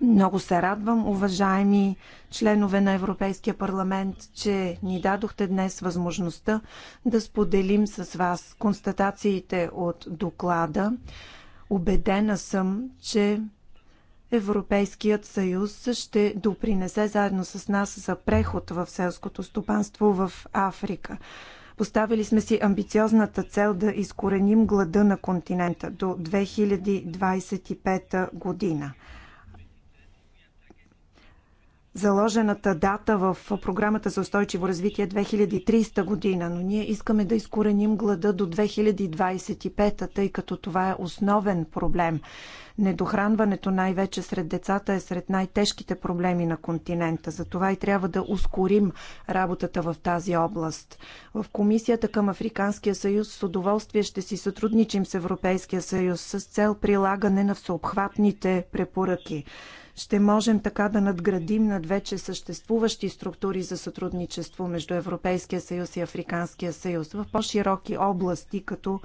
Много се радвам, уважаеми членове на Европейския парламент, че ни дадохте днес възможността да споделим с вас констатациите от доклада. Убедена съм, че Европейският съюз ще допринесе заедно с нас за преход в селското стопанство в Африка. Поставили сме си амбициозната цел да изкореним глада на континента до 2025 година. Заложената дата в програмата за устойчиво развитие 2030 е година, но ние искаме да изкореним глада до 2025, тъй като това е основен проблем Недохранването най-вече сред децата е сред най-тежките проблеми на континента. Затова и трябва да ускорим работата в тази област. В Комисията към Африканския съюз с удоволствие ще си сътрудничим с Европейския съюз с цел прилагане на всеобхватните препоръки ще можем така да надградим над вече съществуващи структури за сътрудничество между Европейския съюз и Африканския съюз в по-широки области, като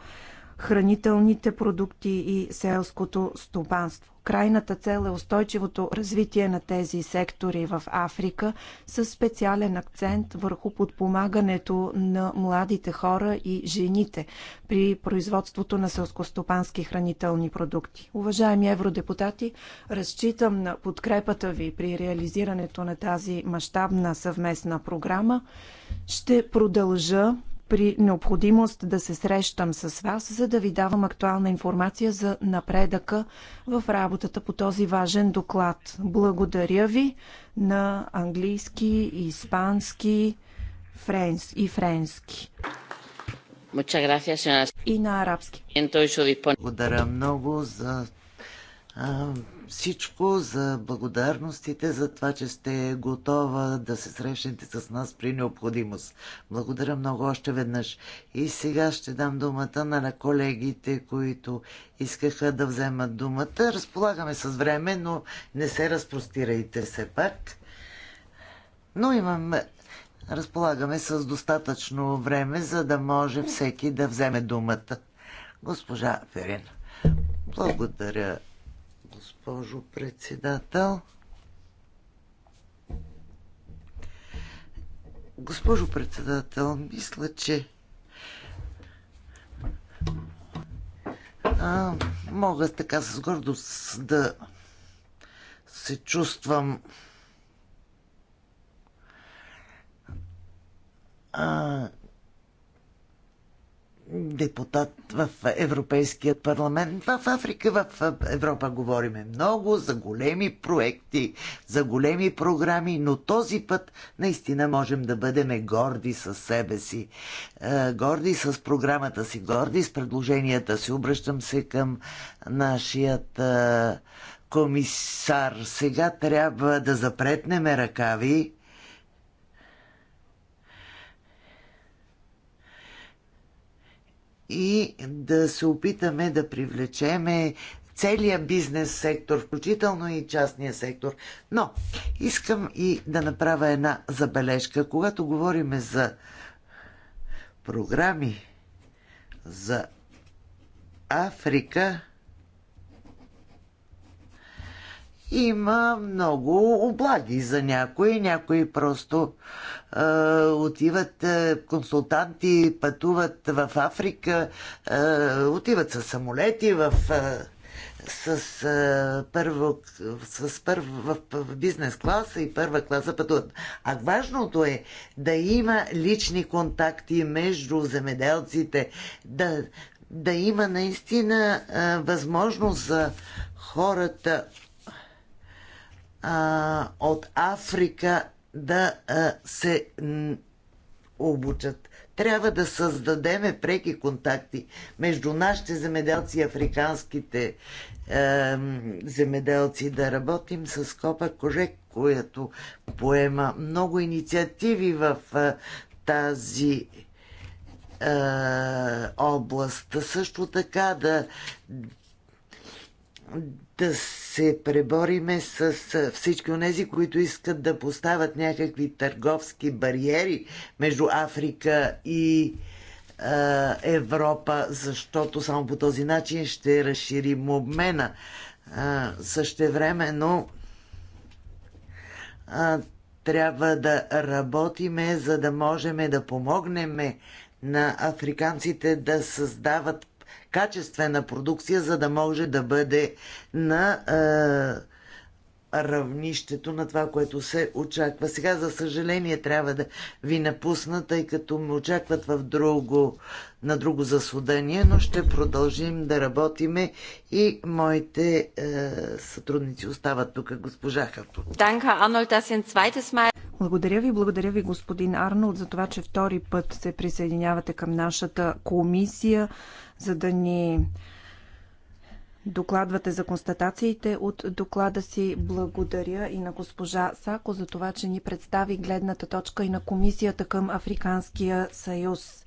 хранителните продукти и селското стопанство. Крайната цел е устойчивото развитие на тези сектори в Африка с специален акцент върху подпомагането на младите хора и жените при производството на селскостопански хранителни продукти. Уважаеми евродепутати, разчитам на подкрепата ви при реализирането на тази мащабна съвместна програма. Ще продължа при необходимост да се срещам с вас, за да ви давам актуална информация за напредъка в работата по този важен доклад. Благодаря ви на английски, испански френс и френски. И на арабски. Благодаря много за всичко, за благодарностите, за това, че сте готова да се срещнете с нас при необходимост. Благодаря много още веднъж. И сега ще дам думата на колегите, които искаха да вземат думата. Разполагаме с време, но не се разпростирайте все пак. Но имаме разполагаме с достатъчно време, за да може всеки да вземе думата. Госпожа Ферин, благодаря, госпожо председател. Госпожо председател, мисля, че а, мога така с гордост да се чувствам а, депутат в Европейският парламент. В Африка, в Европа говориме много за големи проекти, за големи програми, но този път наистина можем да бъдем горди с себе си, е, горди с програмата си, горди с предложенията си. Обръщам се към нашият е, комисар. Сега трябва да запретнем ръкави и да се опитаме да привлечеме целия бизнес сектор, включително и частния сектор. Но искам и да направя една забележка. Когато говорим за програми за Африка, има много облаги за някои. Някои просто е, отиват е, консултанти, пътуват в Африка, е, отиват с самолети в. Е, с, а, първо, с първо, в, в бизнес класа и първа класа пътуват. А важното е да има лични контакти между земеделците, да, да има наистина а, възможност за хората а, от Африка да а, се обучат. Трябва да създадеме преки контакти между нашите земеделци и африканските е, земеделци, да работим с Копа Кожек, която поема много инициативи в е, тази е, област. Също така да, да се пребориме с всички тези, които искат да поставят някакви търговски бариери между Африка и а, Европа, защото само по този начин ще разширим обмена. А, същевременно а, трябва да работиме, за да можем да помогнем на африканците да създават качествена продукция, за да може да бъде на е, равнището на това, което се очаква. Сега, за съжаление, трябва да ви напусна, тъй като ме очакват в друго, на друго заслудание, но ще продължим да работиме и моите е, сътрудници остават тук, госпожа Харту. Благодаря ви, благодаря ви, господин Арнолд, за това, че втори път се присъединявате към нашата комисия, за да ни докладвате за констатациите от доклада си. Благодаря и на госпожа Сако за това, че ни представи гледната точка и на комисията към Африканския съюз.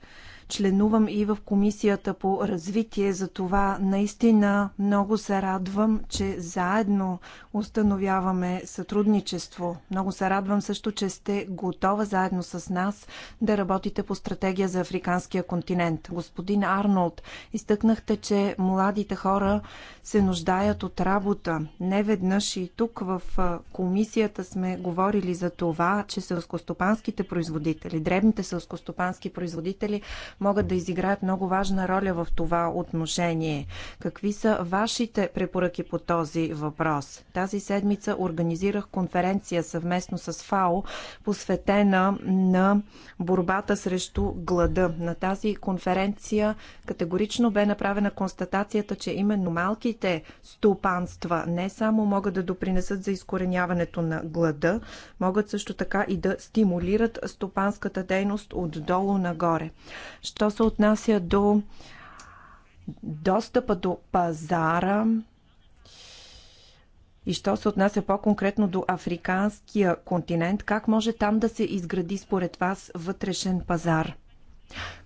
Членувам и в Комисията по развитие, за това наистина много се радвам, че заедно установяваме сътрудничество. Много се радвам също, че сте готова заедно с нас да работите по стратегия за африканския континент. Господин Арнолд, изтъкнахте, че младите хора се нуждаят от работа. Не веднъж и тук в комисията сме говорили за това, че селскостопанските производители, дребните селскостопански производители могат да изиграят много важна роля в това отношение. Какви са вашите препоръки по този въпрос? Тази седмица организирах конференция съвместно с ФАО, посветена на борбата срещу глада. На тази конференция категорично бе направена констатацията, че именно малките стопанства не само могат да допринесат за изкореняването на глада, могат също така и да стимулират стопанската дейност отдолу нагоре. Що се отнася до достъпа до пазара и що се отнася по-конкретно до африканския континент, как може там да се изгради според вас вътрешен пазар?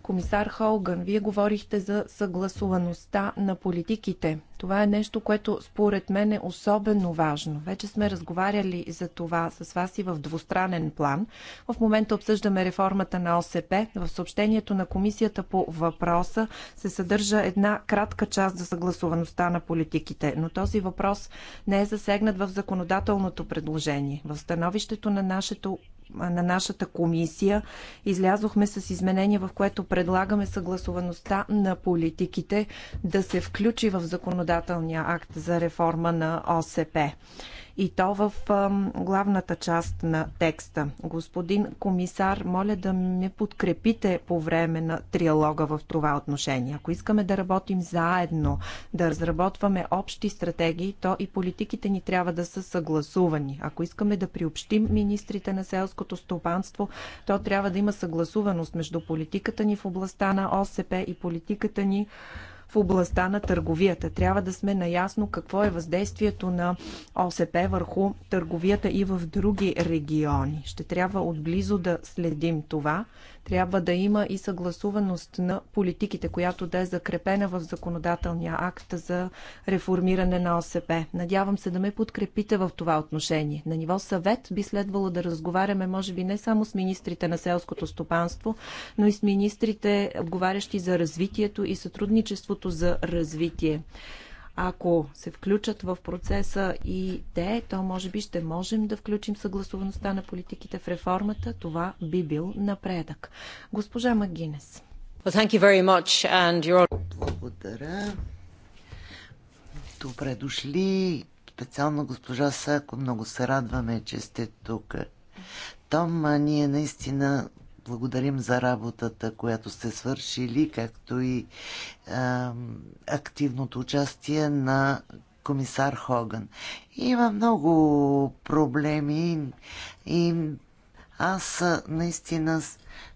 Комисар Холган, вие говорихте за съгласуваността на политиките. Това е нещо, което според мен е особено важно. Вече сме разговаряли за това с вас и в двустранен план. В момента обсъждаме реформата на ОСП. В съобщението на комисията по въпроса се съдържа една кратка част за съгласуваността на политиките, но този въпрос не е засегнат в законодателното предложение. В становището на нашето на нашата комисия излязохме с изменение, в което предлагаме съгласуваността на политиките да се включи в законодателния акт за реформа на ОСП и то в главната част на текста. Господин комисар, моля да ме подкрепите по време на триалога в това отношение. Ако искаме да работим заедно, да разработваме общи стратегии, то и политиките ни трябва да са съгласувани. Ако искаме да приобщим министрите на селското стопанство, то трябва да има съгласуваност между политиката ни в областта на ОСП и политиката ни в областта на търговията. Трябва да сме наясно какво е въздействието на ОСП върху търговията и в други региони. Ще трябва отблизо да следим това. Трябва да има и съгласуваност на политиките, която да е закрепена в законодателния акт за реформиране на ОСП. Надявам се да ме подкрепите в това отношение. На ниво съвет би следвало да разговаряме, може би, не само с министрите на селското стопанство, но и с министрите, отговарящи за развитието и сътрудничеството за развитие. Ако се включат в процеса и те, то може би ще можем да включим съгласуваността на политиките в реформата. Това би бил напредък. Госпожа Магинес. Well, Благодаря. Добре дошли. Специално госпожа Сако, много се радваме, че сте тук. Том, ние наистина благодарим за работата, която сте свършили, както и а, активното участие на комисар Хоган. Има много проблеми и аз наистина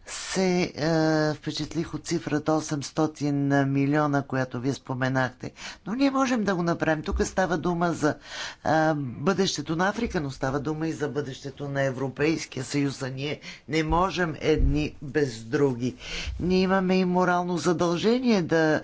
се е, впечатлих от цифрата 800 милиона, която вие споменахте. Но ние можем да го направим. Тук става дума за е, бъдещето на Африка, но става дума и за бъдещето на Европейския съюз. А ние не можем едни без други. Ние имаме и морално задължение да е,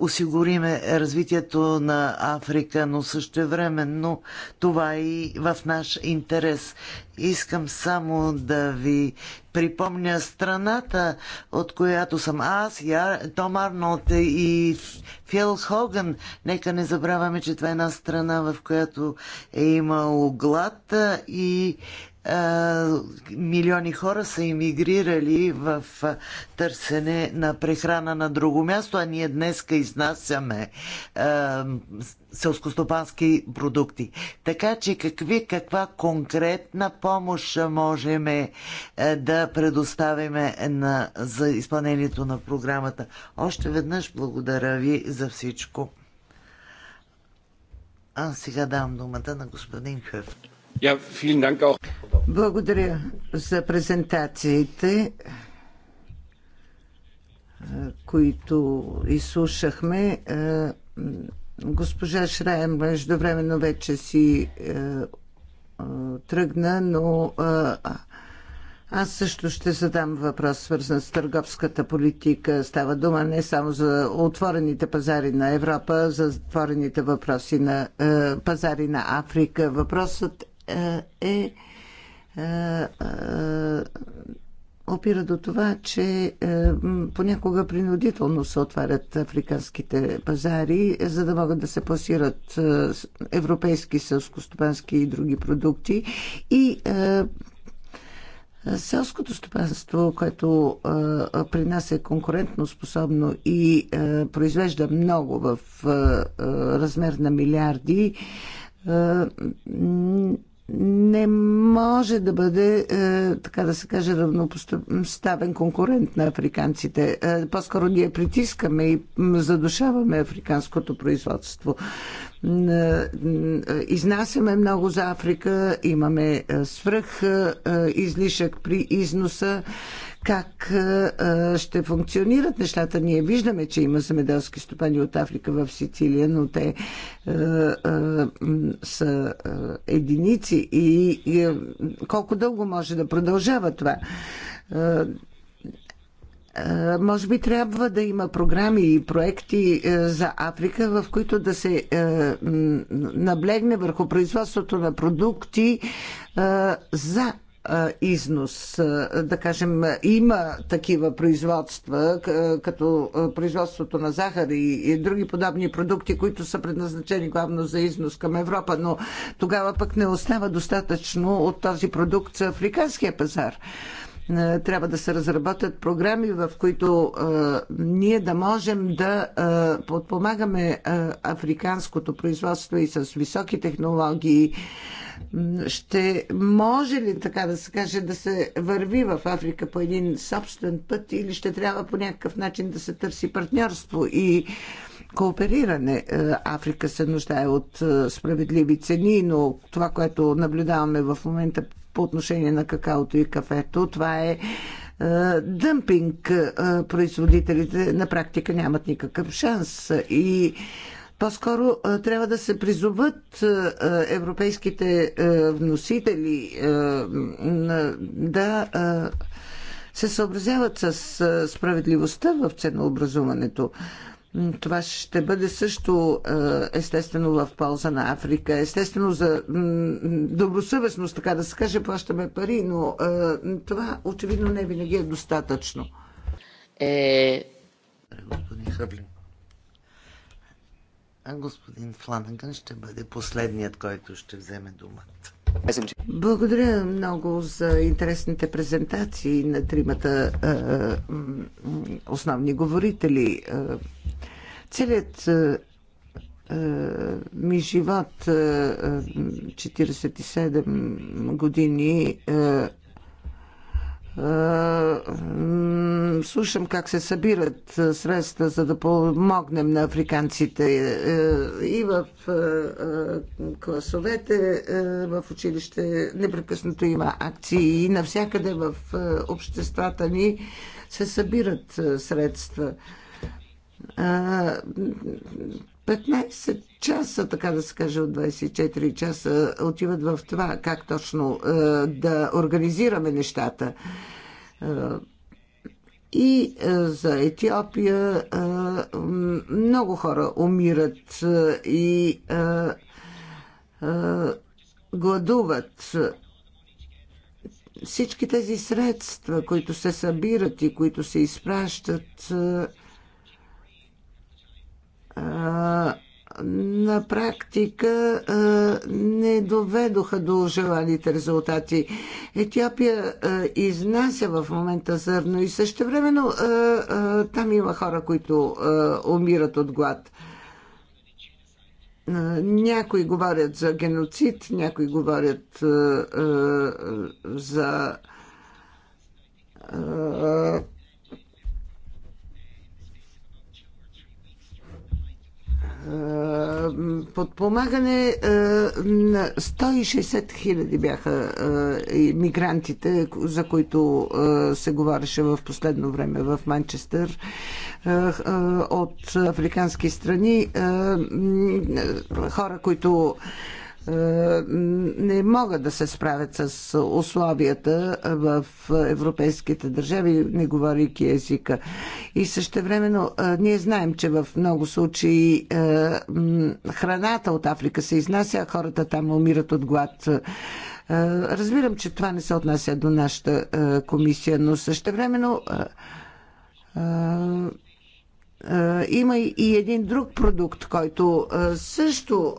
осигуриме развитието на Африка, но също но това е и в наш интерес. Искам само да ви припомня страната, от която съм аз, я, Том Арнолд и Фил Хоган. Нека не забравяме, че това е една страна, в която е имал глад и милиони хора са иммигрирали в търсене на прехрана на друго място, а ние днеска изнасяме селскостопански продукти. Така че какви, каква конкретна помощ можем е, да предоставим на, за изпълнението на програмата? Още веднъж благодаря ви за всичко. А сега давам думата на господин Хъфт. Благодаря за презентациите, които изслушахме. Госпожа Шраем междувременно вече си е, тръгна, но е, аз също ще задам въпрос, свързан с търговската политика. Става дума не само за отворените пазари на Европа, за затворените въпроси на е, пазари на Африка. Въпросът е, е, е опира до това, че е, понякога принудително се отварят африканските пазари, за да могат да се пласират европейски селскостопански и други продукти. И Селското стопанство, което а, при нас е конкурентно способно и а, произвежда много в а, размер на милиарди, а, не може да бъде, е, така да се каже, равнопоставен конкурент на африканците. Е, по-скоро ние притискаме и задушаваме африканското производство. Е, изнасяме много за Африка, имаме свръх излишък при износа как ще функционират нещата. Ние виждаме, че има земеделски стопани от Африка в Сицилия, но те са единици и колко дълго може да продължава това. Може би трябва да има програми и проекти за Африка, в които да се наблегне върху производството на продукти за износ. Да кажем, има такива производства, като производството на захар и други подобни продукти, които са предназначени главно за износ към Европа, но тогава пък не остава достатъчно от този продукт за африканския пазар трябва да се разработят програми, в които ние да можем да подпомагаме африканското производство и с високи технологии, ще може ли, така да се каже, да се върви в Африка по един собствен път или ще трябва по някакъв начин да се търси партньорство и коопериране. Е, Африка се нуждае от е, справедливи цени, но това, което наблюдаваме в момента по отношение на какаото и кафето, това е, е дъмпинг. Производителите на практика нямат никакъв шанс и по-скоро е, трябва да се призоват е, е, европейските вносители да се съобразяват с справедливостта в ценообразуването. Това ще бъде също естествено в полза на Африка. Естествено за добросъвестност, така да се каже, плащаме пари, но това очевидно не винаги е достатъчно. Е... Господин Хъблин. А господин Фланаган ще бъде последният, който ще вземе думата. Благодаря много за интересните презентации на тримата е, основни говорители. Е, целият е, е, ми живот 47 е, години е, слушам как се събират е, средства, за да помогнем на африканците е, и в класовете, в училище. Непрекъснато има акции и навсякъде в обществата ни се събират средства 15 часа, така да се каже, от 24 часа отиват в това, как точно е, да организираме нещата. Е, и е, за Етиопия много хора умират и гладуват. Всички тези средства, които се събират и които се изпращат, на практика не доведоха до желаните резултати. Етиопия изнася в момента зърно и също времено там има хора, които умират от глад. Някои говорят за геноцид, някои говорят за Е, подпомагане е, на 160 хиляди бяха е, мигрантите, за които се говореше в последно време в Манчестър от африкански страни. Хора, които е, не могат да се справят с условията в европейските държави, не говорики езика. И същевременно е, ние знаем, че в много случаи е, храната от Африка се изнася, а хората там умират от глад. Разбирам, че това не се отнася до нашата комисия, но същевременно има и един друг продукт, който също,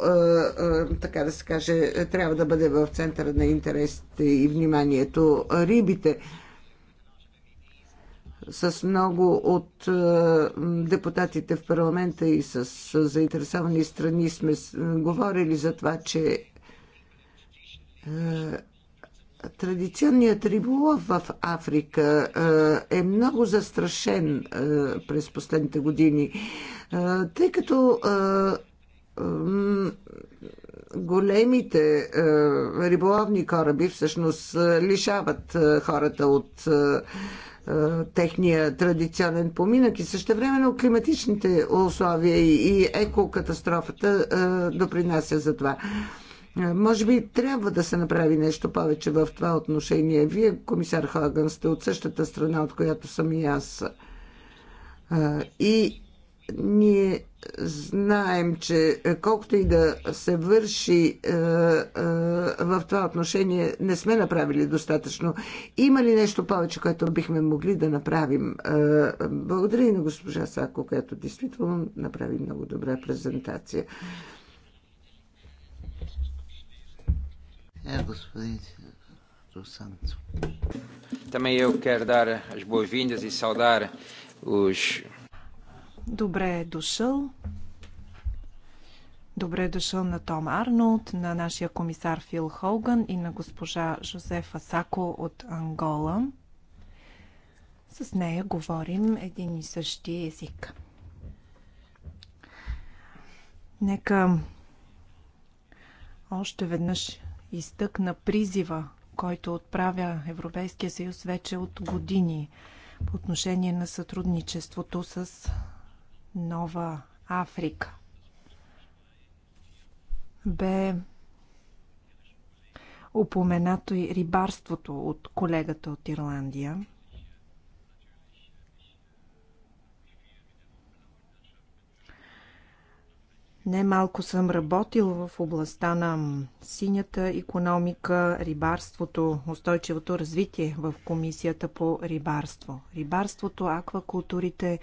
така да се каже, трябва да бъде в центъра на интересите и вниманието. Рибите с много от депутатите в парламента и с заинтересовани страни сме говорили за това, че Традиционният риболов в Африка е, е много застрашен е, през последните години, е, тъй като големите риболовни кораби всъщност лишават хората от техния традиционен поминък и същевременно климатичните условия и екокатастрофата допринася за това. Може би трябва да се направи нещо повече в това отношение. Вие, комисар Хоган, сте от същата страна, от която съм и аз. И ние знаем, че колкото и да се върши в това отношение, не сме направили достатъчно. Има ли нещо повече, което бихме могли да направим? благодаря и на госпожа Сако, която действително направи много добра презентация. É, е, господин Santo. Também eu quero dar as boas-vindas e saudar os. Добре е дошъл. Добре е дошъл на Том Арнолд, на нашия комисар Фил Холган и на госпожа Жозефа Сако от Ангола. С нея говорим един и същи език. Нека още веднъж изтъкна призива, който отправя Европейския съюз вече от години по отношение на сътрудничеството с Нова Африка. Бе упоменато и рибарството от колегата от Ирландия – Немалко съм работил в областта на синята економика, рибарството, устойчивото развитие в Комисията по рибарство. Рибарството, аквакултурите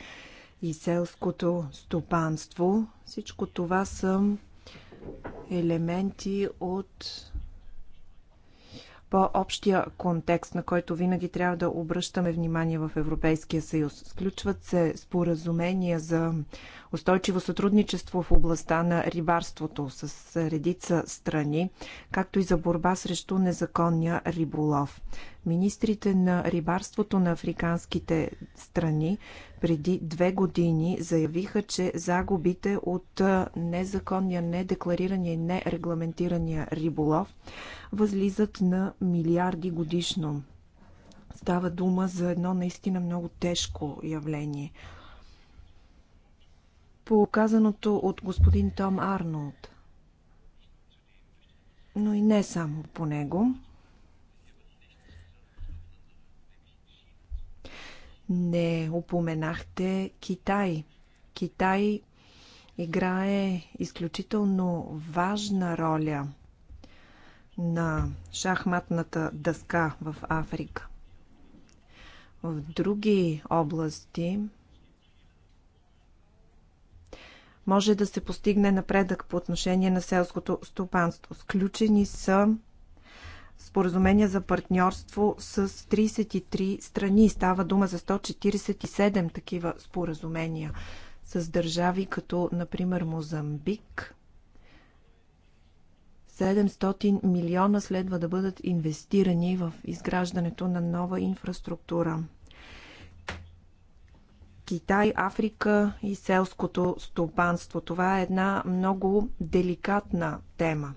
и селското стопанство. Всичко това са елементи от по-общия контекст, на който винаги трябва да обръщаме внимание в Европейския съюз. Сключват се споразумения за устойчиво сътрудничество в областта на рибарството с редица страни, както и за борба срещу незаконния риболов. Министрите на рибарството на африканските страни преди две години заявиха, че загубите от незаконния, недекларирания и нерегламентирания риболов възлизат на милиарди годишно. Става дума за едно наистина много тежко явление. По казаното от господин Том Арнолд, но и не само по него – Не упоменахте Китай. Китай играе изключително важна роля на шахматната дъска в Африка. В други области може да се постигне напредък по отношение на селското стопанство. Сключени са споразумения за партньорство с 33 страни. Става дума за 147 такива споразумения с държави като, например, Мозамбик. 700 милиона следва да бъдат инвестирани в изграждането на нова инфраструктура. Китай, Африка и селското стопанство. Това е една много деликатна тема.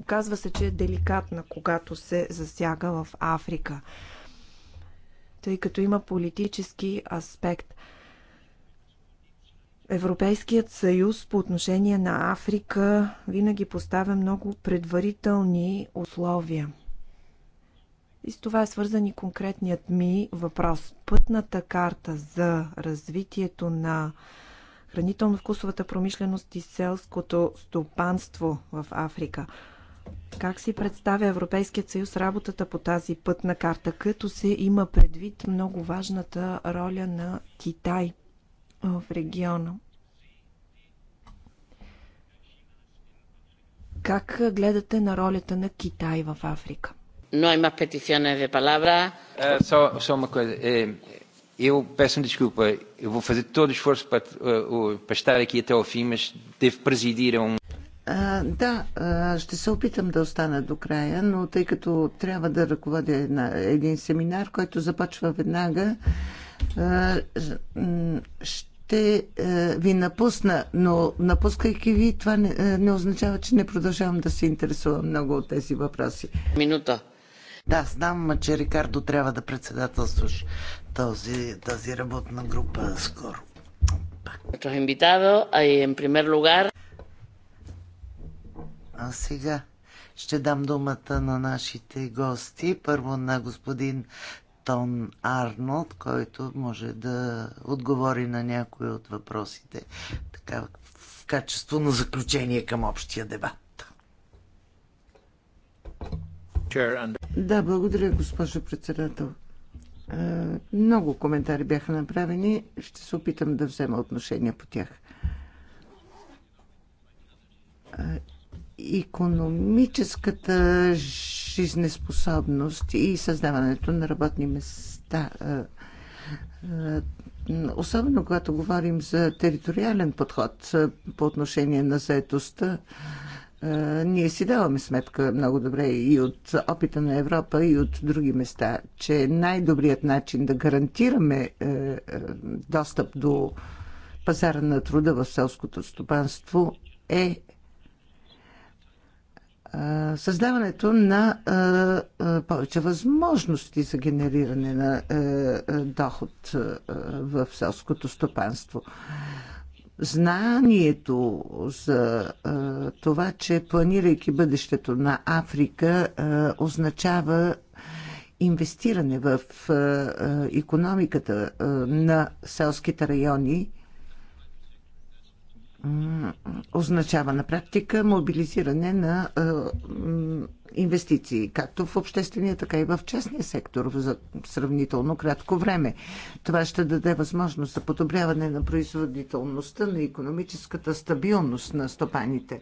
Оказва се, че е деликатна, когато се засяга в Африка, тъй като има политически аспект. Европейският съюз по отношение на Африка винаги поставя много предварителни условия. И с това е свързан и конкретният ми въпрос. Пътната карта за развитието на хранително-вкусовата промишленост и селското стопанство в Африка – как си представя Европейският съюз работата по тази пътна карта, като се има предвид много важната роля на Китай в региона? Как гледате на ролята на Китай в Африка? No hay más peticiones de palabra. Uh, só, só uma coisa. eu peço desculpa. Eu vou fazer todo o esforço para, uh, para estar aqui até ao fim, mas devo presidir a um. А, да, а, ще се опитам да остана до края, но тъй като трябва да ръководя една, един семинар, който започва веднага, а, ще а, ви напусна, но напускайки ви, това не, а, не означава, че не продължавам да се интересувам много от тези въпроси. Минута. Да, знам, че Рикардо трябва да председателстваш този, тази работна група скоро. Nuestros invitados, en primer lugar. А сега ще дам думата на нашите гости. Първо на господин Тон Арнолд, който може да отговори на някои от въпросите така, в качество на заключение към общия дебат. Да, благодаря, госпожо председател. Много коментари бяха направени. Ще се опитам да взема отношение по тях економическата жизнеспособност и създаването на работни места. Е, е, особено когато говорим за териториален подход е, по отношение на заетостта, ние си даваме сметка много добре и от опита на Европа, и от други места, че най-добрият начин да гарантираме достъп до пазара на труда в селското стопанство е създаването на повече възможности за генериране на доход в селското стопанство. Знанието за това, че планирайки бъдещето на Африка означава инвестиране в економиката на селските райони означава на практика мобилизиране на инвестиции, както в обществения, така и в частния сектор за сравнително кратко време. Това ще даде възможност за подобряване на производителността, на економическата стабилност на стопаните.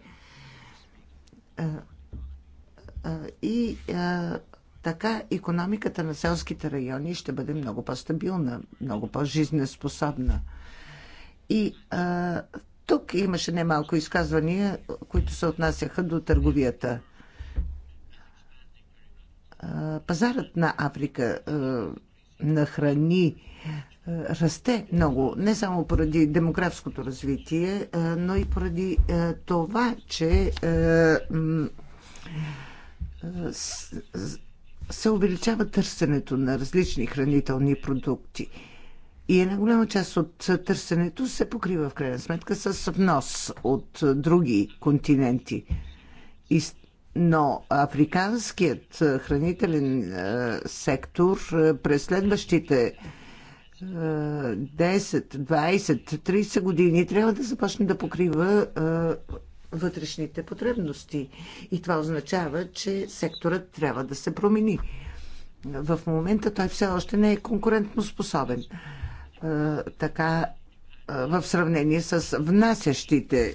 И така економиката на селските райони ще бъде много по-стабилна, много по-жизнеспособна. И а, тук имаше немалко изказвания, които се отнасяха до търговията. Пазарът на Африка на храни расте много, не само поради демографското развитие, но и поради това, че се увеличава търсенето на различни хранителни продукти. И една голяма част от търсенето се покрива в крайна сметка с внос от други континенти. Но африканският хранителен сектор през следващите 10, 20, 30 години трябва да започне да покрива вътрешните потребности. И това означава, че секторът трябва да се промени. В момента той все още не е конкурентно способен. Е, така е, в сравнение с внасящите е,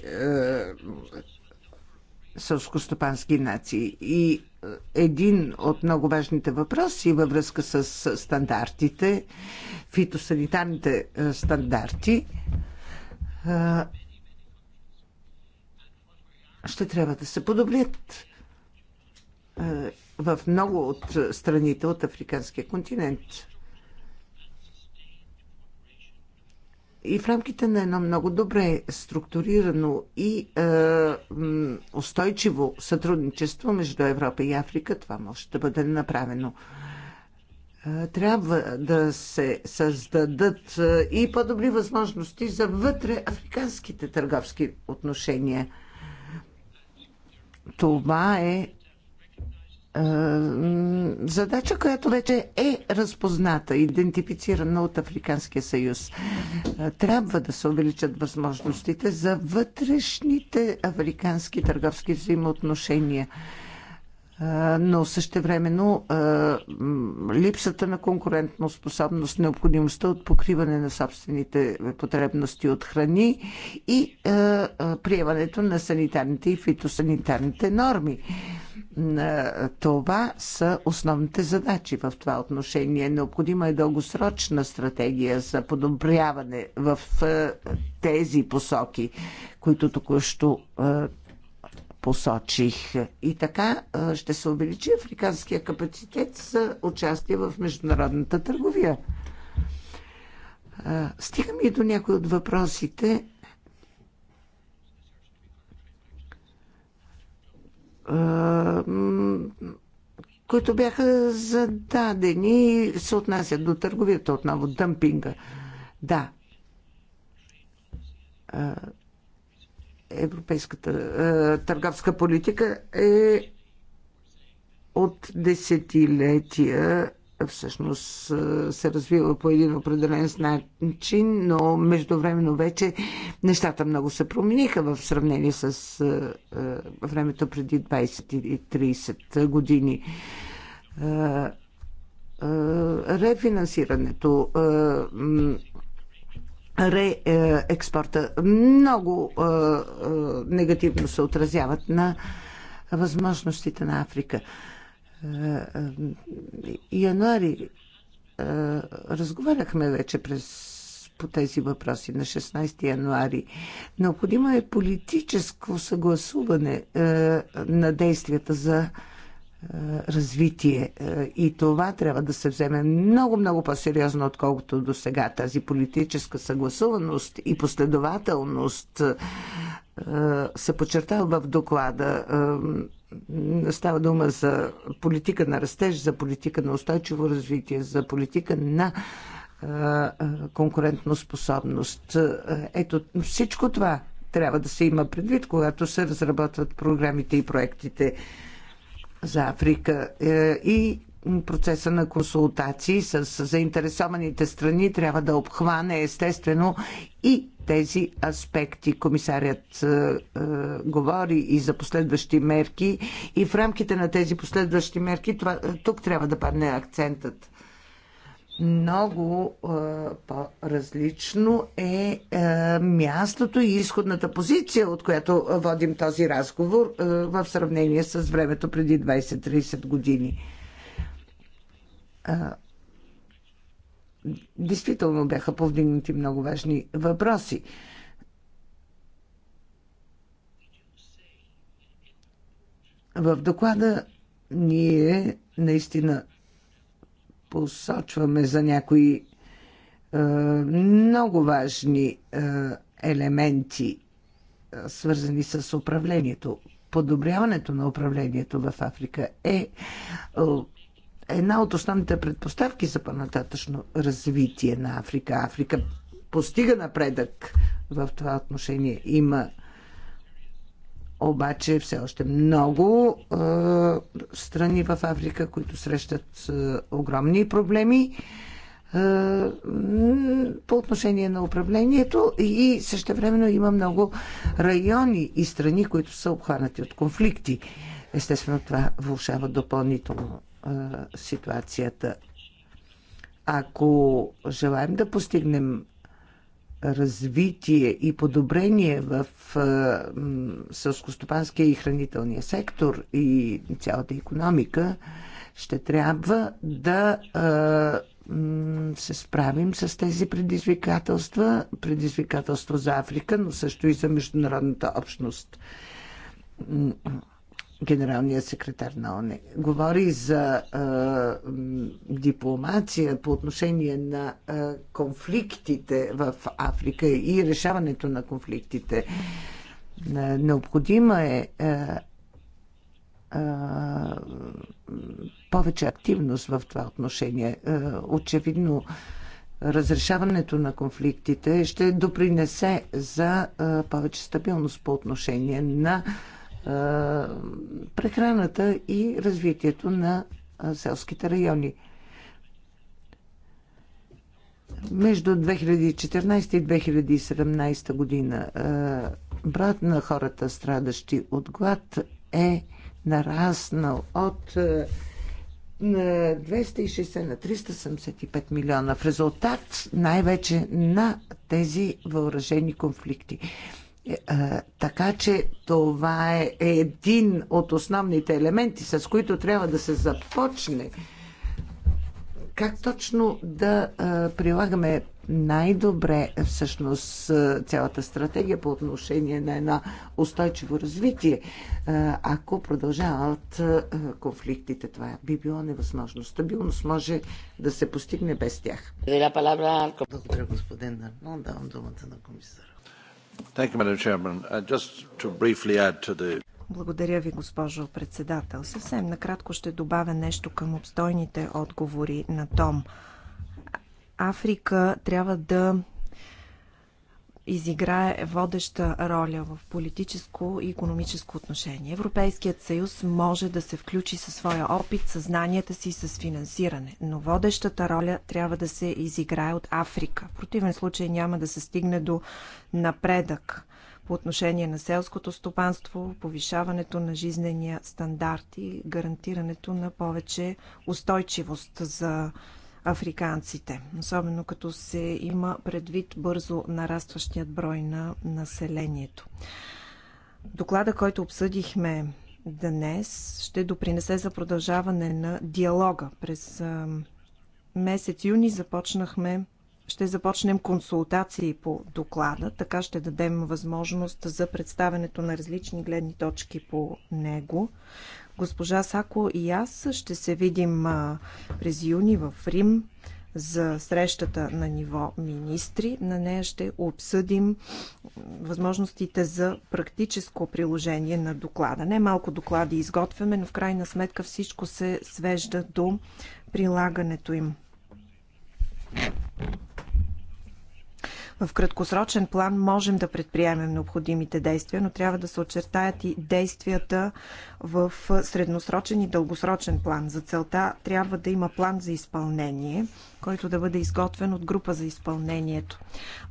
сълскостопански нации. И един от много важните въпроси във връзка с стандартите, фитосанитарните стандарти, ще трябва да се подобрят в много от страните от африканския континент. и в рамките на едно много добре структурирано и е, устойчиво сътрудничество между Европа и Африка това може да бъде направено. Е, трябва да се създадат е, и по-добри възможности за вътре африканските търговски отношения. Това е е, задача, която вече е разпозната, идентифицирана от Африканския съюз. Е, трябва да се увеличат възможностите за вътрешните африкански търговски взаимоотношения но същевременно липсата на конкурентно способност, необходимостта от покриване на собствените потребности от храни и приемането на санитарните и фитосанитарните норми. Това са основните задачи в това отношение. Необходима е дългосрочна стратегия за подобряване в тези посоки, които току-що посочих. И така ще се увеличи африканския капацитет за участие в международната търговия. Стигам и до някои от въпросите. които бяха зададени и се отнасят до търговията отново, дъмпинга. Да, европейската е, търговска политика е от десетилетия всъщност е, се развива по един определен начин, но междувременно вече нещата много се промениха в сравнение с е, е, времето преди 20 и 30 години. Рефинансирането реекспорта. Много е, е, негативно се отразяват на възможностите на Африка. Е, януари разговаряхме вече през по тези въпроси на 16 януари. Необходимо е политическо съгласуване на действията за развитие. И това трябва да се вземе много, много по-сериозно, отколкото до сега. Тази политическа съгласуваност и последователност се подчертава в доклада. Става дума за политика на растеж, за политика на устойчиво развитие, за политика на конкурентноспособност. Ето всичко това трябва да се има предвид, когато се разработват програмите и проектите за Африка е, и процеса на консултации с заинтересованите страни трябва да обхване естествено и тези аспекти. Комисарят е, е, говори и за последващи мерки и в рамките на тези последващи мерки това, тук трябва да падне акцентът много е, по-различно е, е мястото и изходната позиция, от която водим този разговор е, в сравнение с времето преди 20-30 години. Е, действително бяха повдигнати много важни въпроси. В доклада ние наистина посочваме за някои е, много важни е, елементи, е, свързани с управлението. Подобряването на управлението в Африка е, е една от основните предпоставки за по-нататъчно развитие на Африка. Африка постига напредък в това отношение. Има обаче все още много е, страни в Африка, които срещат е, огромни проблеми е, по отношение на управлението и същевременно има много райони и страни, които са обхванати от конфликти. Естествено, това влушава допълнително е, ситуацията. Ако желаем да постигнем развитие и подобрение в сълскостопанския и хранителния сектор и цялата економика, ще трябва да се справим с тези предизвикателства, предизвикателство за Африка, но също и за международната общност генералния секретар на ОНЕ. Говори за а, дипломация по отношение на а, конфликтите в Африка и решаването на конфликтите. необходима е а, а, повече активност в това отношение. А, очевидно, разрешаването на конфликтите ще допринесе за а, повече стабилност по отношение на а, прехраната и развитието на селските райони. Между 2014 и 2017 година брат на хората, страдащи от глад, е нараснал от на 260 на 375 милиона в резултат най-вече на тези въоръжени конфликти. Е, така че това е един от основните елементи, с които трябва да се започне. Как точно да прилагаме най-добре е, всъщност цялата стратегия по отношение на едно устойчиво развитие, ако продължават конфликтите. Това би било невъзможно. Стабилност може да се постигне без тях. Благодаря, господин Дарно. Давам думата на комисар. Uh, Благодаря ви, госпожо председател. Съвсем накратко ще добавя нещо към обстойните отговори на Том. Африка трябва да изиграе водеща роля в политическо и економическо отношение. Европейският съюз може да се включи със своя опит, съзнанията си и с финансиране, но водещата роля трябва да се изиграе от Африка. В противен случай няма да се стигне до напредък по отношение на селското стопанство, повишаването на жизнения стандарт и гарантирането на повече устойчивост за африканците, особено като се има предвид бързо нарастващият брой на населението. Доклада, който обсъдихме днес, ще допринесе за продължаване на диалога. През месец юни започнахме ще започнем консултации по доклада, така ще дадем възможност за представенето на различни гледни точки по него. Госпожа Сако и аз ще се видим през юни в Рим за срещата на ниво министри. На нея ще обсъдим възможностите за практическо приложение на доклада. Не малко доклади изготвяме, но в крайна сметка всичко се свежда до прилагането им. В краткосрочен план можем да предприемем необходимите действия, но трябва да се очертаят и действията в средносрочен и дългосрочен план. За целта трябва да има план за изпълнение, който да бъде изготвен от група за изпълнението.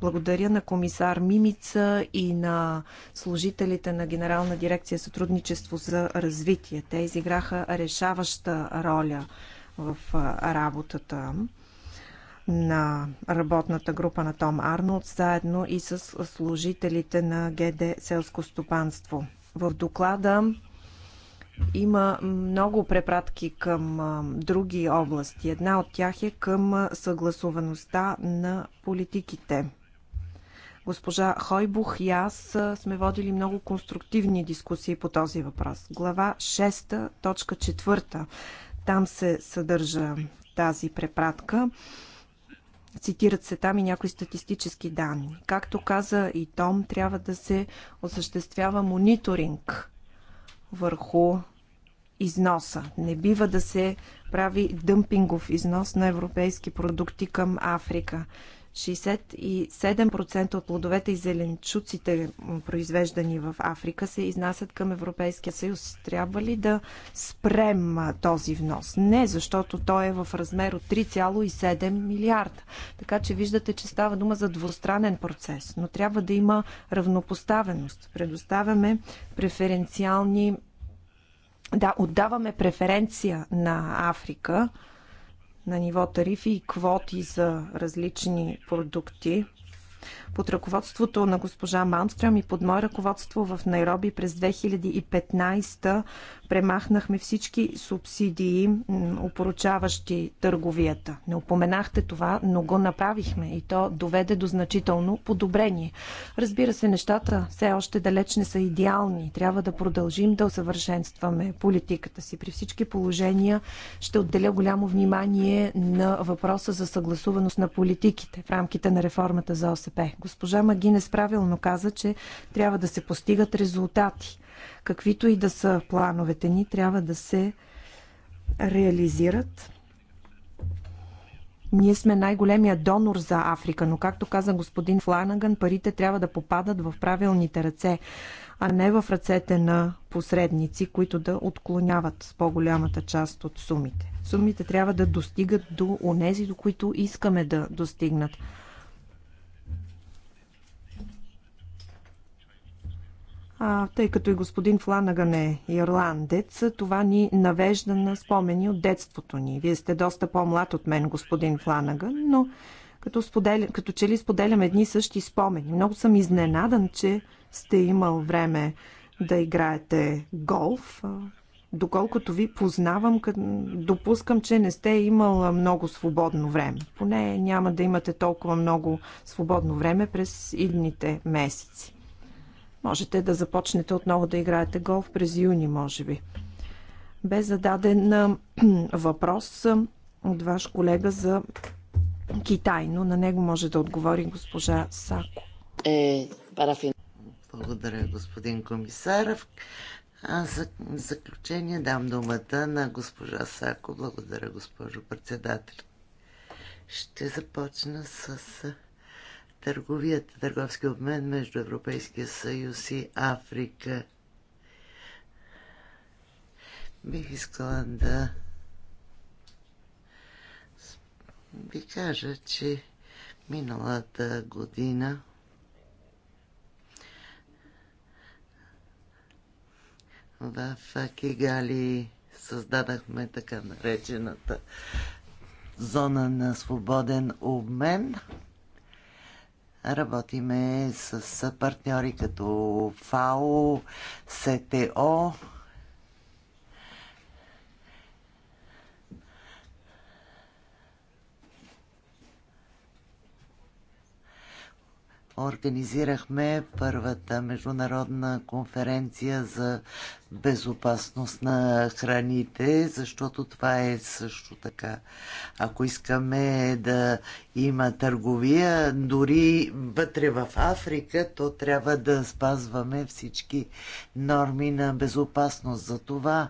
Благодаря на комисар Мимица и на служителите на Генерална дирекция сътрудничество за развитие. Те изиграха решаваща роля в работата на работната група на Том Арнолд, заедно и с служителите на ГД Селско стопанство. В доклада има много препратки към други области. Една от тях е към съгласуваността на политиките. Госпожа Хойбух и аз сме водили много конструктивни дискусии по този въпрос. Глава 6, точка 4. Там се съдържа тази препратка. Цитират се там и някои статистически данни. Както каза и Том, трябва да се осъществява мониторинг върху износа. Не бива да се прави дъмпингов износ на европейски продукти към Африка. 67% от плодовете и зеленчуците, произвеждани в Африка, се изнасят към Европейския съюз. Трябва ли да спрем този внос? Не, защото той е в размер от 3,7 милиарда. Така че виждате, че става дума за двустранен процес, но трябва да има равнопоставеност. Предоставяме преференциални. Да, отдаваме преференция на Африка, на ниво тарифи и квоти за различни продукти. Под ръководството на госпожа Малмстрем и под мое ръководство в Найроби през 2015 премахнахме всички субсидии, опоручаващи търговията. Не упоменахте това, но го направихме и то доведе до значително подобрение. Разбира се, нещата все още далеч не са идеални. Трябва да продължим да усъвършенстваме политиката си. При всички положения ще отделя голямо внимание на въпроса за съгласуваност на политиките в рамките на реформата за 8 БСП. Е. Госпожа Магинес правилно каза, че трябва да се постигат резултати. Каквито и да са плановете ни, трябва да се реализират. Ние сме най-големия донор за Африка, но както каза господин Фланаган, парите трябва да попадат в правилните ръце, а не в ръцете на посредници, които да отклоняват с по-голямата част от сумите. Сумите трябва да достигат до онези, до които искаме да достигнат. а, тъй като и господин Фланаган е ирландец, това ни навежда на спомени от детството ни. Вие сте доста по-млад от мен, господин Фланаган, но като, споделя, като че ли споделям едни същи спомени. Много съм изненадан, че сте имал време да играете голф. Доколкото ви познавам, допускам, че не сте имал много свободно време. Поне няма да имате толкова много свободно време през идните месеци. Можете да започнете отново да играете голф през юни, може би. Бе зададен въпрос от ваш колега за Китай, но на него може да отговори госпожа Сако. Е, парафин. Благодаря, господин комисар. А за заключение дам думата на госпожа Сако. Благодаря, госпожо председател. Ще започна с търговията, търговски обмен между Европейския съюз и Африка. Бих искала да ви кажа, че миналата година в Кигали създадахме така наречената зона на свободен обмен – Работиме с партньори като ФАО, СТО, организирахме първата международна конференция за безопасност на храните, защото това е също така. Ако искаме да има търговия, дори вътре в Африка, то трябва да спазваме всички норми на безопасност. За това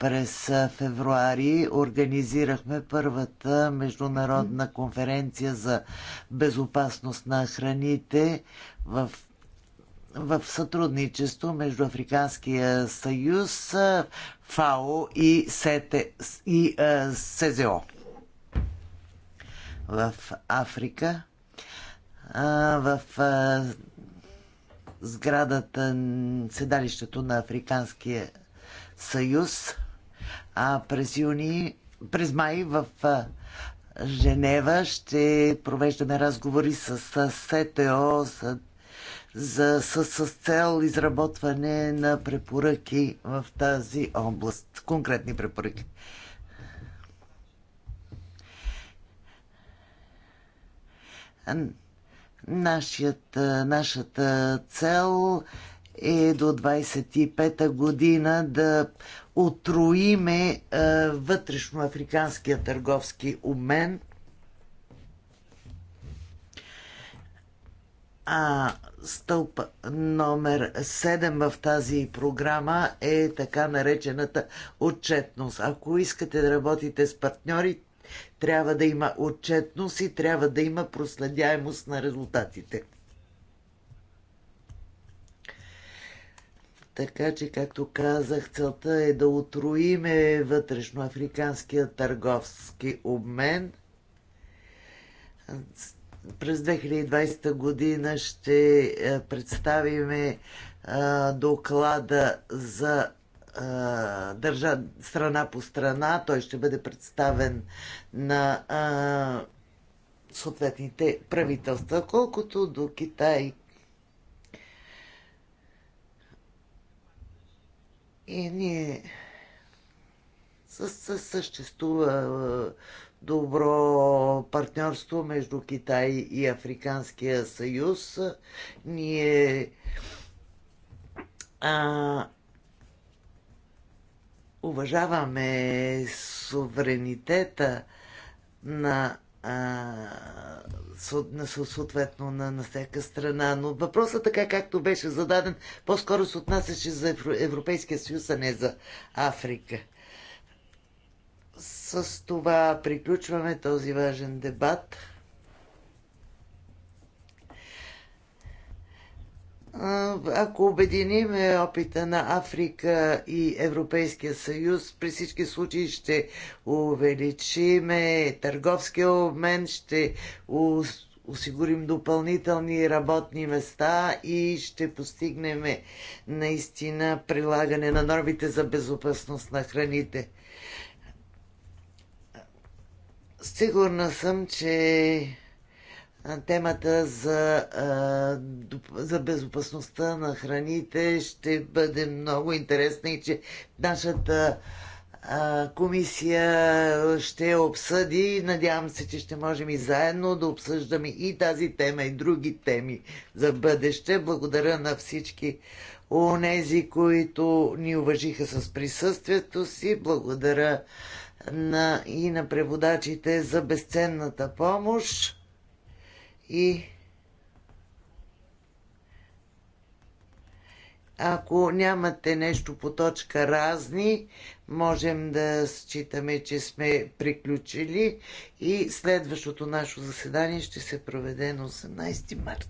през февруари организирахме първата международна конференция за безопасност на храните в в сътрудничество между Африканския съюз, ФАО и, СЕТЕ, и СЗО в Африка, в сградата, седалището на Африканския съюз. А през юни, през май в Женева ще провеждаме разговори с СТО за, за, с, с цел изработване на препоръки в тази област. Конкретни препоръки. Нашият, нашата цел е до 25-та година да отруиме е, вътрешноафриканския търговски обмен. А стълб номер 7 в тази програма е така наречената отчетност. Ако искате да работите с партньори, трябва да има отчетност и трябва да има проследяемост на резултатите. Така че, както казах, целта е да отроиме вътрешноафриканския търговски обмен. През 2020 година ще е, представиме е, доклада за е, държа страна по страна. Той ще бъде представен на съответните правителства. Колкото до Китай И е, ние съществува е, добро партньорство между Китай и Африканския съюз. Ние а, уважаваме суверенитета на на съответно на, на всяка страна. Но въпросът така както беше зададен, по-скоро се отнасяше за Европейския съюз, а не за Африка. С това приключваме този важен дебат. Ако обединим е, опита на Африка и Европейския съюз, при всички случаи ще увеличиме търговския обмен, ще осигурим допълнителни работни места и ще постигнем е, наистина прилагане на нормите за безопасност на храните. Сигурна съм, че темата за, за безопасността на храните ще бъде много интересна и че нашата комисия ще обсъди. Надявам се, че ще можем и заедно да обсъждаме и тази тема, и други теми за бъдеще. Благодаря на всички онези, които ни уважиха с присъствието си. Благодаря на, и на преводачите за безценната помощ. И ако нямате нещо по точка разни, можем да считаме, че сме приключили и следващото наше заседание ще се проведе на 18 март.